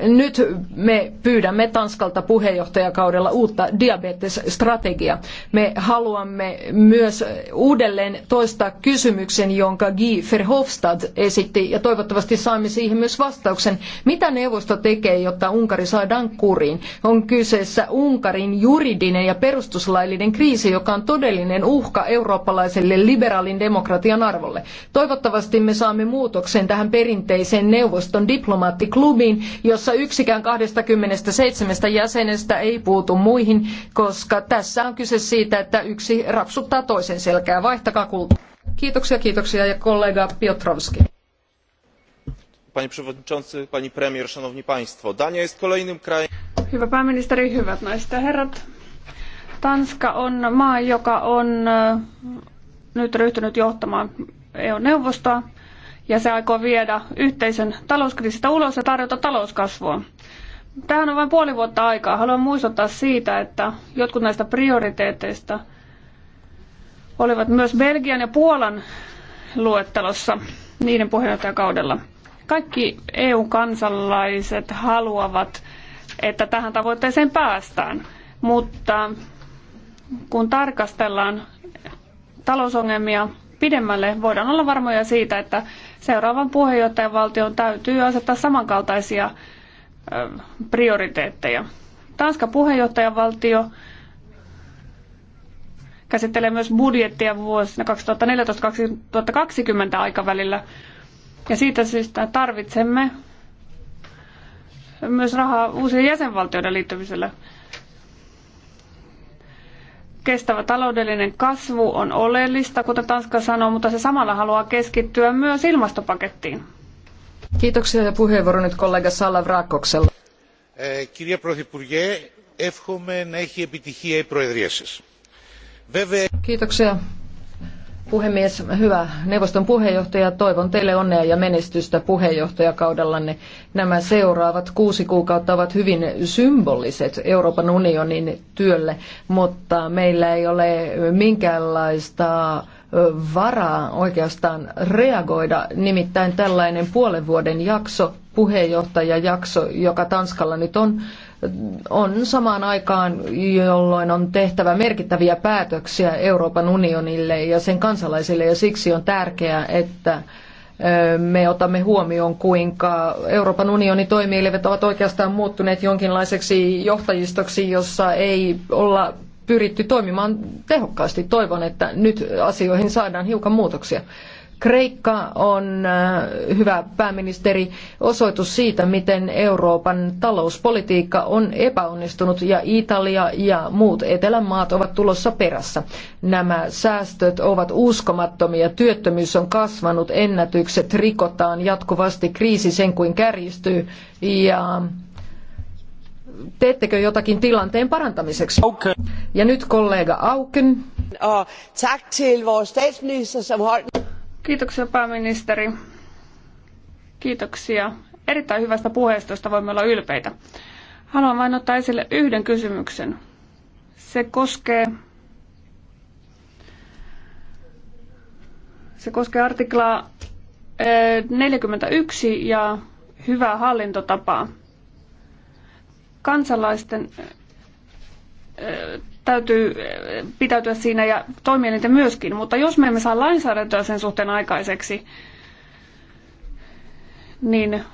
Nyt me pyydämme Tanskalta puheenjohtajakaudella uutta diabetesstrategiaa. Me haluamme myös uudelleen toistaa kysymyksen, jonka Guy Verhofstadt esitti, ja toivottavasti saamme siihen myös vastauksen. Mitä neuvosto tekee, jotta Unkari saadaan kuriin? On kyseessä edessä Unkarin juridinen ja perustuslaillinen kriisi, joka on todellinen uhka eurooppalaiselle liberaalin demokratian arvolle. Toivottavasti me saamme muutoksen tähän perinteiseen neuvoston diplomaattiklubiin, jossa yksikään 27 jäsenestä ei puutu muihin, koska tässä on kyse siitä, että yksi rapsuttaa toisen selkää. Vaihtakaa kulttuuria. Kiitoksia, kiitoksia ja kollega Piotrowski panie przewodniczący pani premier! dania jest kolejnym krajem. hyvä pääministeri hyvät naiset ja herrat tanska on maa joka on nyt ryhtynyt johtamaan eu neuvostoa ja se aikoo viedä yhteisen talouskriisistä ulos ja tarjota talouskasvua. Tähän on vain puoli vuotta aikaa. Haluan muistuttaa siitä, että jotkut näistä prioriteeteista olivat myös Belgian ja Puolan luettelossa niiden puheenjohtajakaudella. Kaikki EU-kansalaiset haluavat, että tähän tavoitteeseen päästään, mutta kun tarkastellaan talousongelmia pidemmälle, voidaan olla varmoja siitä, että seuraavan puheenjohtajavaltion täytyy asettaa samankaltaisia prioriteetteja. Tanska puheenjohtajavaltio käsittelee myös budjettia vuosina 2014-2020 aikavälillä. Ja siitä syystä tarvitsemme myös rahaa uusien jäsenvaltioiden liittymiselle. Kestävä taloudellinen kasvu on oleellista, kuten Tanska sanoo, mutta se samalla haluaa keskittyä myös ilmastopakettiin. Kiitoksia ja puheenvuoro nyt kollega Salla Vrakoksella. Eh, kirja Πρωθυπουργέ, εύχομαι να έχει επιτυχία Kiitoksia Puhemies, hyvä neuvoston puheenjohtaja, toivon teille onnea ja menestystä puheenjohtajakaudellanne. Nämä seuraavat kuusi kuukautta ovat hyvin symboliset Euroopan unionin työlle, mutta meillä ei ole minkäänlaista varaa oikeastaan reagoida. Nimittäin tällainen puolen vuoden jakso, puheenjohtajajakso, joka Tanskalla nyt on, on samaan aikaan, jolloin on tehtävä merkittäviä päätöksiä Euroopan unionille ja sen kansalaisille, ja siksi on tärkeää, että me otamme huomioon, kuinka Euroopan unionin toimielimet ovat oikeastaan muuttuneet jonkinlaiseksi johtajistoksi, jossa ei olla pyritty toimimaan tehokkaasti. Toivon, että nyt asioihin saadaan hiukan muutoksia. Kreikka on äh, hyvä pääministeri osoitus siitä, miten Euroopan talouspolitiikka on epäonnistunut ja Italia ja muut etelän maat ovat tulossa perässä. Nämä säästöt ovat uskomattomia, työttömyys on kasvanut, ennätykset rikotaan jatkuvasti, kriisi sen kuin kärjistyy ja teettekö jotakin tilanteen parantamiseksi? Okay. Ja nyt kollega Auken. Och tack till vår statsminister som har... Kiitoksia pääministeri. Kiitoksia erittäin hyvästä puheesta, josta voimme olla ylpeitä. Haluan vain ottaa esille yhden kysymyksen. Se koskee, se koskee artiklaa 41 ja hyvää hallintotapaa. Kansalaisten täytyy pitäytyä siinä ja toimielinten myöskin, mutta jos me emme saa lainsäädäntöä sen suhteen aikaiseksi, niin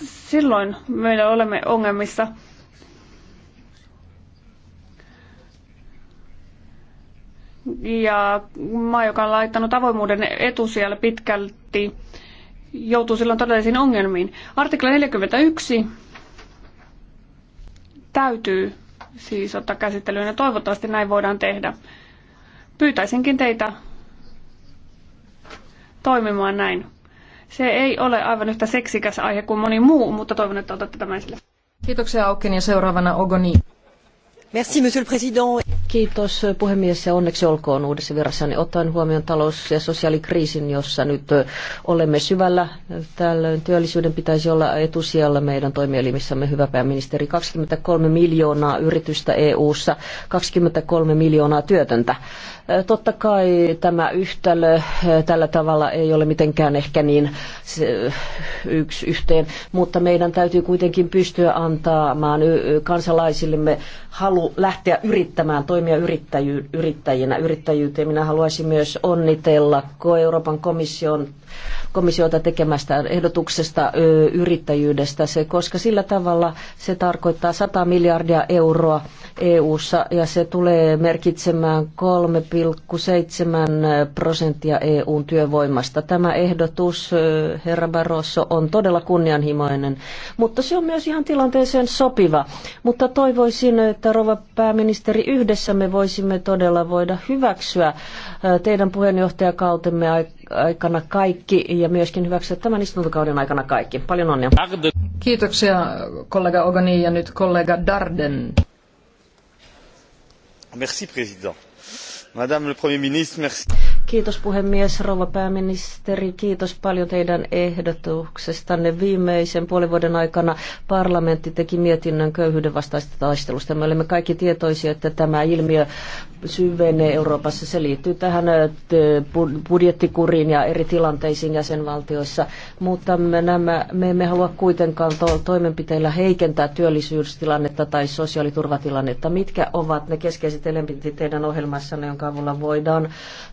silloin meillä olemme ongelmissa. Ja maa, joka on laittanut avoimuuden etusijalle pitkälti, joutuu silloin todellisiin ongelmiin. Artikla 41 täytyy siis ottaa käsittelyyn ja toivottavasti näin voidaan tehdä. Pyytäisinkin teitä toimimaan näin. Se ei ole aivan yhtä seksikäs aihe kuin moni muu, mutta toivon, että otatte tämän esille. Kiitoksia Aukin ja seuraavana Ogoni. Merci, monsieur le président. Kiitos puhemies ja onneksi olkoon uudessa virassani. Ottaen huomioon talous- ja sosiaalikriisin, jossa nyt olemme syvällä, tällöin työllisyyden pitäisi olla etusijalla meidän toimielimissämme, hyvä pääministeri. 23 miljoonaa yritystä EU-ssa, 23 miljoonaa työtöntä. Totta kai tämä yhtälö tällä tavalla ei ole mitenkään ehkä niin yksi yhteen, mutta meidän täytyy kuitenkin pystyä antamaan kansalaisillemme halu lähteä yrittämään toimimaan toimia yrittäjy, yrittäjinä, yrittäjyyteen. Minä haluaisin myös onnitella Euroopan komission komissiota tekemästä ehdotuksesta yrittäjyydestä, se, koska sillä tavalla se tarkoittaa 100 miljardia euroa EU-ssa ja se tulee merkitsemään 3,7 prosenttia EUn työvoimasta. Tämä ehdotus, herra Barroso, on todella kunnianhimoinen, mutta se on myös ihan tilanteeseen sopiva. Mutta toivoisin, että rouva pääministeri, yhdessä me voisimme todella voida hyväksyä teidän puheenjohtajakautemme aikaa aikana kaikki ja myöskin hyväksyä tämän istuntokauden aikana kaikki. Paljon onnea. Kiitoksia kollega Ogani ja nyt kollega Darden. Merci, président. Madame le Premier ministre, merci. Kiitos puhemies, rouva pääministeri. Kiitos paljon teidän ehdotuksestanne. Viimeisen puolen vuoden aikana parlamentti teki mietinnön köyhyyden vastaista taistelusta. Me olemme kaikki tietoisia, että tämä ilmiö syvenee Euroopassa. Se liittyy tähän budjettikuriin ja eri tilanteisiin jäsenvaltioissa. Mutta me, nämä, me emme halua kuitenkaan to- toimenpiteillä heikentää työllisyystilannetta tai sosiaaliturvatilannetta. Mitkä ovat ne keskeiset elementit teidän ohjelmassanne, jonka avulla voidaan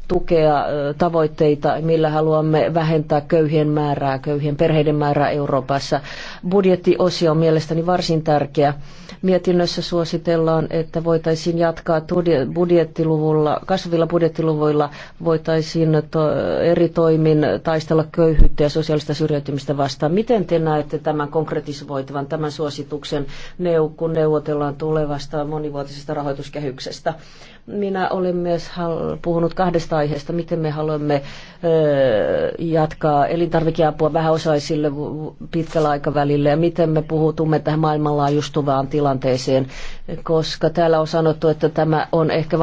tukea tukea tavoitteita, millä haluamme vähentää köyhien määrää, köyhien perheiden määrää Euroopassa. Budjettiosio on mielestäni varsin tärkeä. Mietinnössä suositellaan, että voitaisiin jatkaa budjettiluvulla, kasvavilla budjettiluvuilla voitaisiin eri toimin taistella köyhyyttä ja sosiaalista syrjäytymistä vastaan. Miten te näette tämän konkretisoituvan, tämän suosituksen, kun neuvotellaan tulevasta monivuotisesta rahoituskehyksestä? Minä olen myös puhunut kahdesta aiheesta miten me haluamme jatkaa elintarvikeapua vähäosaisille pitkällä aikavälillä ja miten me puhutumme tähän maailmanlaajustuvaan tilanteeseen, koska täällä on sanottu, että tämä on ehkä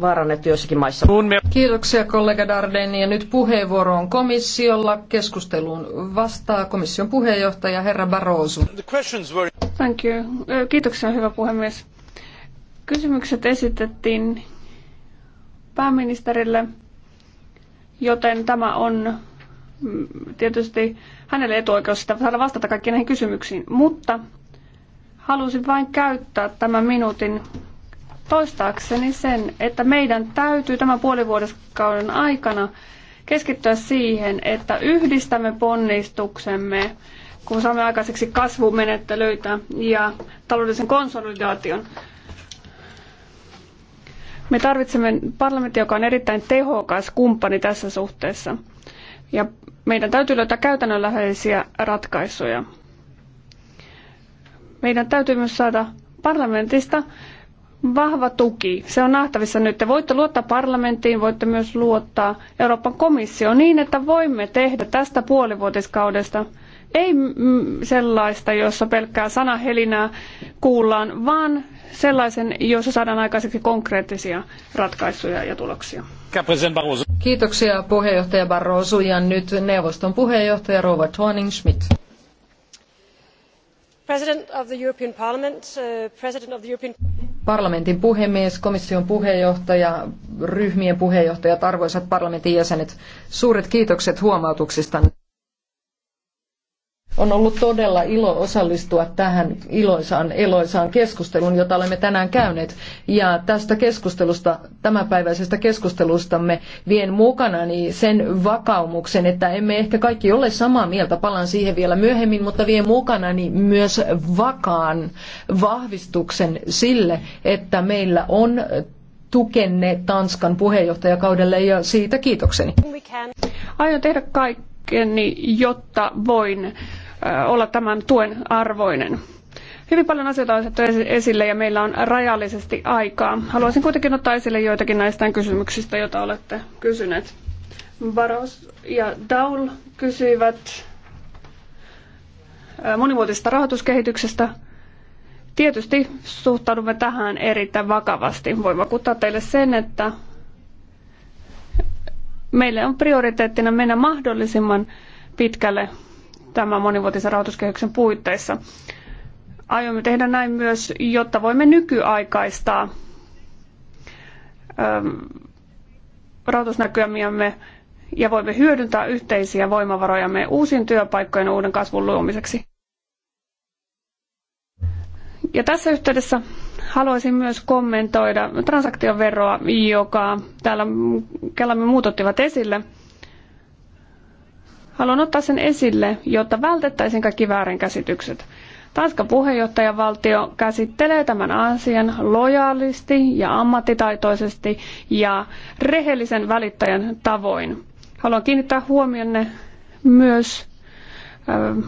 vaarannettu joissakin maissa. Kiitoksia kollega Dardeni ja nyt puheenvuoro on komissiolla. Keskusteluun vastaa komission puheenjohtaja herra Barroso. Thank you. Kiitoksia hyvä puhemies. Kysymykset esitettiin pääministerille joten tämä on mm, tietysti hänelle etuoikeus sitä saada vastata kaikkiin näihin kysymyksiin, mutta halusin vain käyttää tämän minuutin toistaakseni sen, että meidän täytyy tämän puolivuodeskauden aikana keskittyä siihen, että yhdistämme ponnistuksemme, kun saamme aikaiseksi kasvumenettelyitä ja taloudellisen konsolidaation. Me tarvitsemme parlamentti, joka on erittäin tehokas kumppani tässä suhteessa. Ja meidän täytyy löytää käytännönläheisiä ratkaisuja. Meidän täytyy myös saada parlamentista vahva tuki. Se on nähtävissä nyt. Te voitte luottaa parlamenttiin, voitte myös luottaa Euroopan komissioon niin, että voimme tehdä tästä puolivuotiskaudesta ei sellaista, jossa pelkkää sanahelinää kuullaan, vaan sellaisen, jossa saadaan aikaiseksi konkreettisia ratkaisuja ja tuloksia. Kiitoksia puheenjohtaja Barroso ja nyt neuvoston puheenjohtaja Rova Thorning Schmidt. President of the European Parliament, uh, President of the European... Parlamentin puhemies, komission puheenjohtaja, ryhmien puheenjohtajat, arvoisat parlamentin jäsenet, suuret kiitokset huomautuksistanne. On ollut todella ilo osallistua tähän iloisaan, eloisaan keskusteluun, jota olemme tänään käyneet. Ja tästä keskustelusta, tämänpäiväisestä keskustelustamme vien mukanani sen vakaumuksen, että emme ehkä kaikki ole samaa mieltä, palaan siihen vielä myöhemmin, mutta vien mukanani myös vakaan vahvistuksen sille, että meillä on tukenne Tanskan puheenjohtajakaudelle ja siitä kiitokseni. Aion tehdä kaikkeni, jotta voin Äh, olla tämän tuen arvoinen. Hyvin paljon asioita on otettu esille ja meillä on rajallisesti aikaa. Haluaisin kuitenkin ottaa esille joitakin näistä kysymyksistä, joita olette kysyneet. Varos ja Daul kysyivät äh, monimuotoisesta rahoituskehityksestä. Tietysti suhtaudumme tähän erittäin vakavasti. Voin vakuuttaa teille sen, että meille on prioriteettina mennä mahdollisimman pitkälle tämän monivuotisen rahoituskehyksen puitteissa. Aiomme tehdä näin myös, jotta voimme nykyaikaistaa ähm, rahoitusnäkymiämme ja voimme hyödyntää yhteisiä voimavarojamme uusien työpaikkojen ja uuden kasvun luomiseksi. Ja tässä yhteydessä haluaisin myös kommentoida transaktioveroa, joka täällä Kelamme muut ottivat esille – Haluan ottaa sen esille, jotta vältettäisiin kaikki väärinkäsitykset. Tanskan puheenjohtajavaltio käsittelee tämän asian lojaalisti ja ammattitaitoisesti ja rehellisen välittäjän tavoin. Haluan kiinnittää huomionne myös ähm,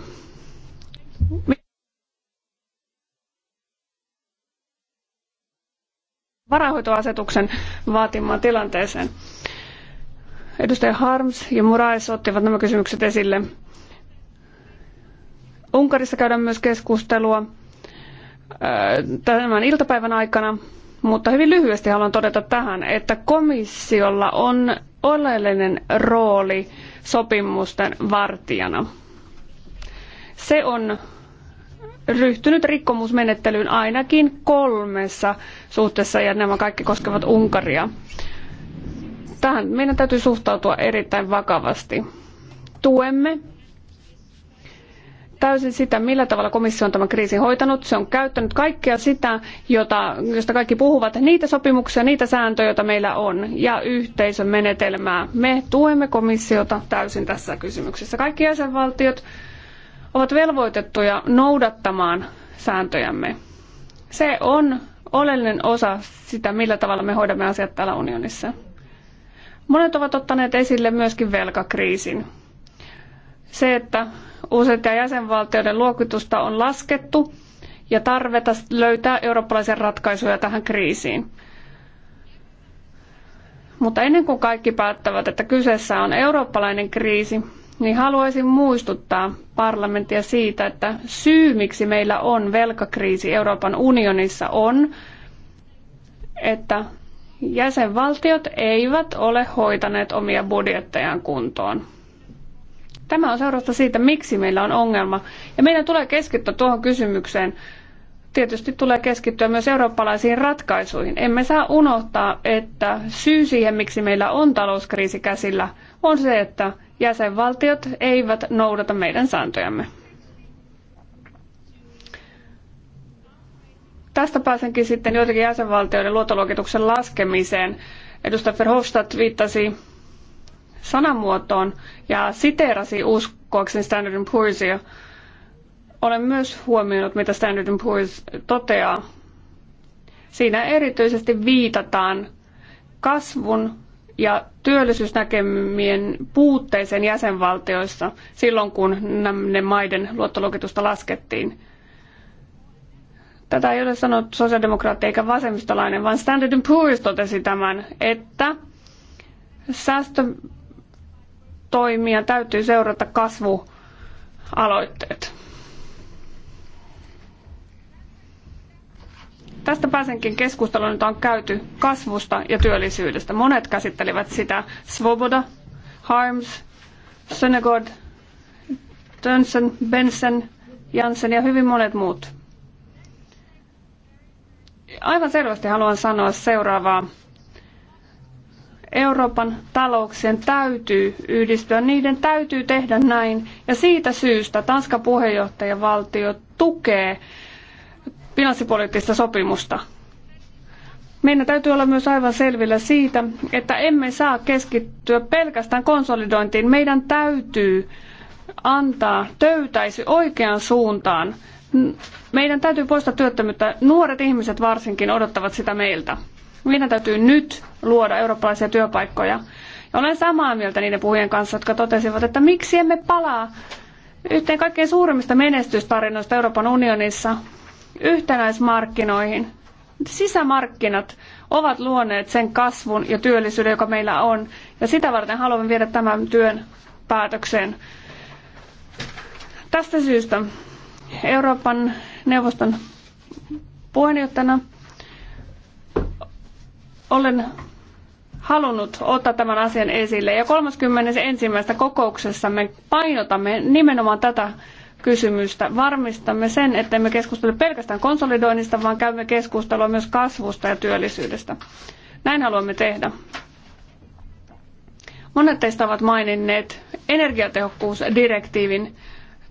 varainhoitoasetuksen vaatimaan tilanteeseen. Edustaja Harms ja Moraes ottivat nämä kysymykset esille. Unkarissa käydään myös keskustelua äh, tämän iltapäivän aikana, mutta hyvin lyhyesti haluan todeta tähän, että komissiolla on oleellinen rooli sopimusten vartijana. Se on ryhtynyt rikkomusmenettelyyn ainakin kolmessa suhteessa ja nämä kaikki koskevat Unkaria. Tähän meidän täytyy suhtautua erittäin vakavasti. Tuemme täysin sitä, millä tavalla komissio on tämän kriisin hoitanut. Se on käyttänyt kaikkea sitä, jota, josta kaikki puhuvat, niitä sopimuksia, niitä sääntöjä, joita meillä on, ja yhteisön menetelmää. Me tuemme komissiota täysin tässä kysymyksessä. Kaikki jäsenvaltiot ovat velvoitettuja noudattamaan sääntöjämme. Se on oleellinen osa sitä, millä tavalla me hoidamme asiat täällä unionissa. Monet ovat ottaneet esille myöskin velkakriisin. Se, että useita jäsenvaltioiden luokitusta on laskettu ja tarvetta löytää eurooppalaisia ratkaisuja tähän kriisiin. Mutta ennen kuin kaikki päättävät, että kyseessä on eurooppalainen kriisi, niin haluaisin muistuttaa parlamenttia siitä, että syy, miksi meillä on velkakriisi Euroopan unionissa on, että jäsenvaltiot eivät ole hoitaneet omia budjettejaan kuntoon. Tämä on seurausta siitä, miksi meillä on ongelma. Ja meidän tulee keskittyä tuohon kysymykseen. Tietysti tulee keskittyä myös eurooppalaisiin ratkaisuihin. Emme saa unohtaa, että syy siihen, miksi meillä on talouskriisi käsillä, on se, että jäsenvaltiot eivät noudata meidän sääntöjämme. Tästä pääsenkin sitten joitakin jäsenvaltioiden luottoluokituksen laskemiseen. Edustaja Verhofstadt viittasi sanamuotoon ja siteerasi uskoakseni Standard Poor'sia. Olen myös huomioinut, mitä Standard Poor's toteaa. Siinä erityisesti viitataan kasvun ja työllisyysnäkemien puutteeseen jäsenvaltioissa silloin, kun näiden maiden luottoluokitusta laskettiin – Tätä ei ole sanonut sosiaalidemokraatti eikä vasemmistolainen, vaan Standard Poor's totesi tämän, että säästötoimia täytyy seurata kasvualoitteet. Tästä pääsenkin keskusteluun, jota on käyty kasvusta ja työllisyydestä. Monet käsittelivät sitä Svoboda, Harms, Sönegod, Tönsen, Benson, Jansen ja hyvin monet muut. Aivan selvästi haluan sanoa seuraavaa. Euroopan talouksien täytyy yhdistyä, niiden täytyy tehdä näin. Ja siitä syystä Tanskan puheenjohtajavaltio tukee finanssipoliittista sopimusta. Meidän täytyy olla myös aivan selvillä siitä, että emme saa keskittyä pelkästään konsolidointiin. Meidän täytyy antaa töytäisi oikeaan suuntaan meidän täytyy poistaa työttömyyttä. Nuoret ihmiset varsinkin odottavat sitä meiltä. Meidän täytyy nyt luoda eurooppalaisia työpaikkoja. Ja olen samaa mieltä niiden puhujien kanssa, jotka totesivat, että miksi emme palaa yhteen kaikkein suurimmista menestystarinoista Euroopan unionissa, yhtenäismarkkinoihin. Sisämarkkinat ovat luoneet sen kasvun ja työllisyyden, joka meillä on, ja sitä varten haluamme viedä tämän työn päätökseen. Tästä syystä Euroopan neuvoston puheenjohtajana olen halunnut ottaa tämän asian esille. Ja 31. kokouksessa me painotamme nimenomaan tätä kysymystä. Varmistamme sen, että me keskustele pelkästään konsolidoinnista, vaan käymme keskustelua myös kasvusta ja työllisyydestä. Näin haluamme tehdä. Monet teistä ovat maininneet energiatehokkuusdirektiivin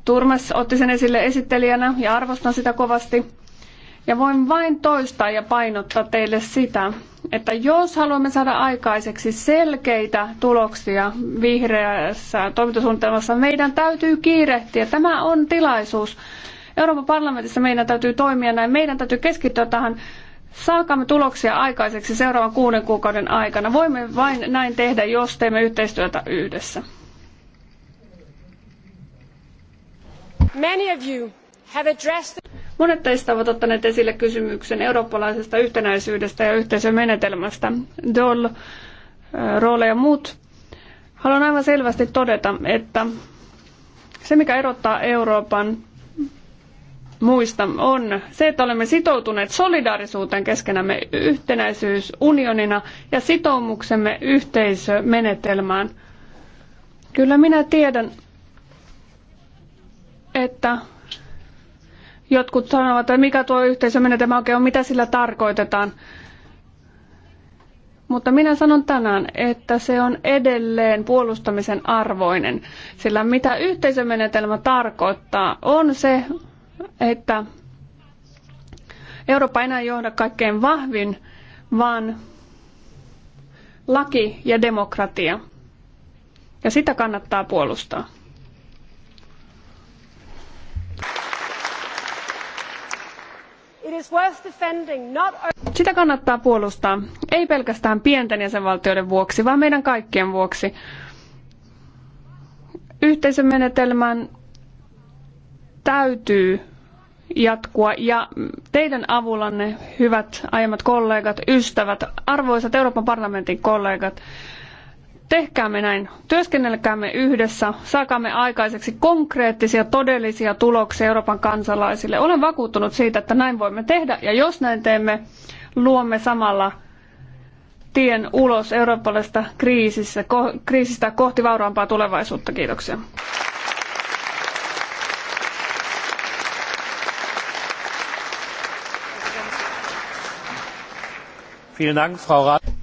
Turmes otti sen esille esittelijänä ja arvostan sitä kovasti. Ja voin vain toistaa ja painottaa teille sitä, että jos haluamme saada aikaiseksi selkeitä tuloksia vihreässä toimintasuunnitelmassa, meidän täytyy kiirehtiä. Tämä on tilaisuus. Euroopan parlamentissa meidän täytyy toimia näin. Meidän täytyy keskittyä tähän Saakamme tuloksia aikaiseksi seuraavan kuuden kuukauden aikana. Voimme vain näin tehdä, jos teemme yhteistyötä yhdessä. Monet teistä ovat ottaneet esille kysymyksen eurooppalaisesta yhtenäisyydestä ja yhteisömenetelmästä. Doll, eh, Roole ja muut. Haluan aivan selvästi todeta, että se mikä erottaa Euroopan muista on se, että olemme sitoutuneet solidaarisuuteen keskenämme yhtenäisyys unionina ja sitoumuksemme yhteisömenetelmään. Kyllä minä tiedän, että jotkut sanovat, että mikä tuo yhteisömenetelmä oikein on, mitä sillä tarkoitetaan. Mutta minä sanon tänään, että se on edelleen puolustamisen arvoinen, sillä mitä yhteisömenetelmä tarkoittaa, on se, että Eurooppa ei enää johda kaikkein vahvin, vaan laki ja demokratia. Ja sitä kannattaa puolustaa. Sitä kannattaa puolustaa, ei pelkästään pienten jäsenvaltioiden vuoksi, vaan meidän kaikkien vuoksi. Yhteisömenetelmän täytyy jatkua. Ja teidän avullanne, hyvät aiemmat kollegat, ystävät, arvoisat Euroopan parlamentin kollegat, Tehkäämme näin, työskennelkäämme yhdessä, saakaamme aikaiseksi konkreettisia, todellisia tuloksia Euroopan kansalaisille. Olen vakuuttunut siitä, että näin voimme tehdä ja jos näin teemme, luomme samalla tien ulos eurooppalaisesta kriisistä kohti vauraampaa tulevaisuutta. Kiitoksia.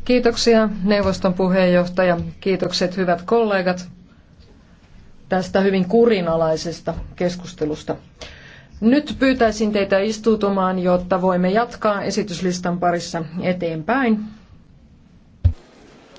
Kiitoksia neuvoston puheenjohtaja. Kiitokset hyvät kollegat tästä hyvin kurinalaisesta keskustelusta. Nyt pyytäisin teitä istuutumaan, jotta voimme jatkaa esityslistan parissa eteenpäin.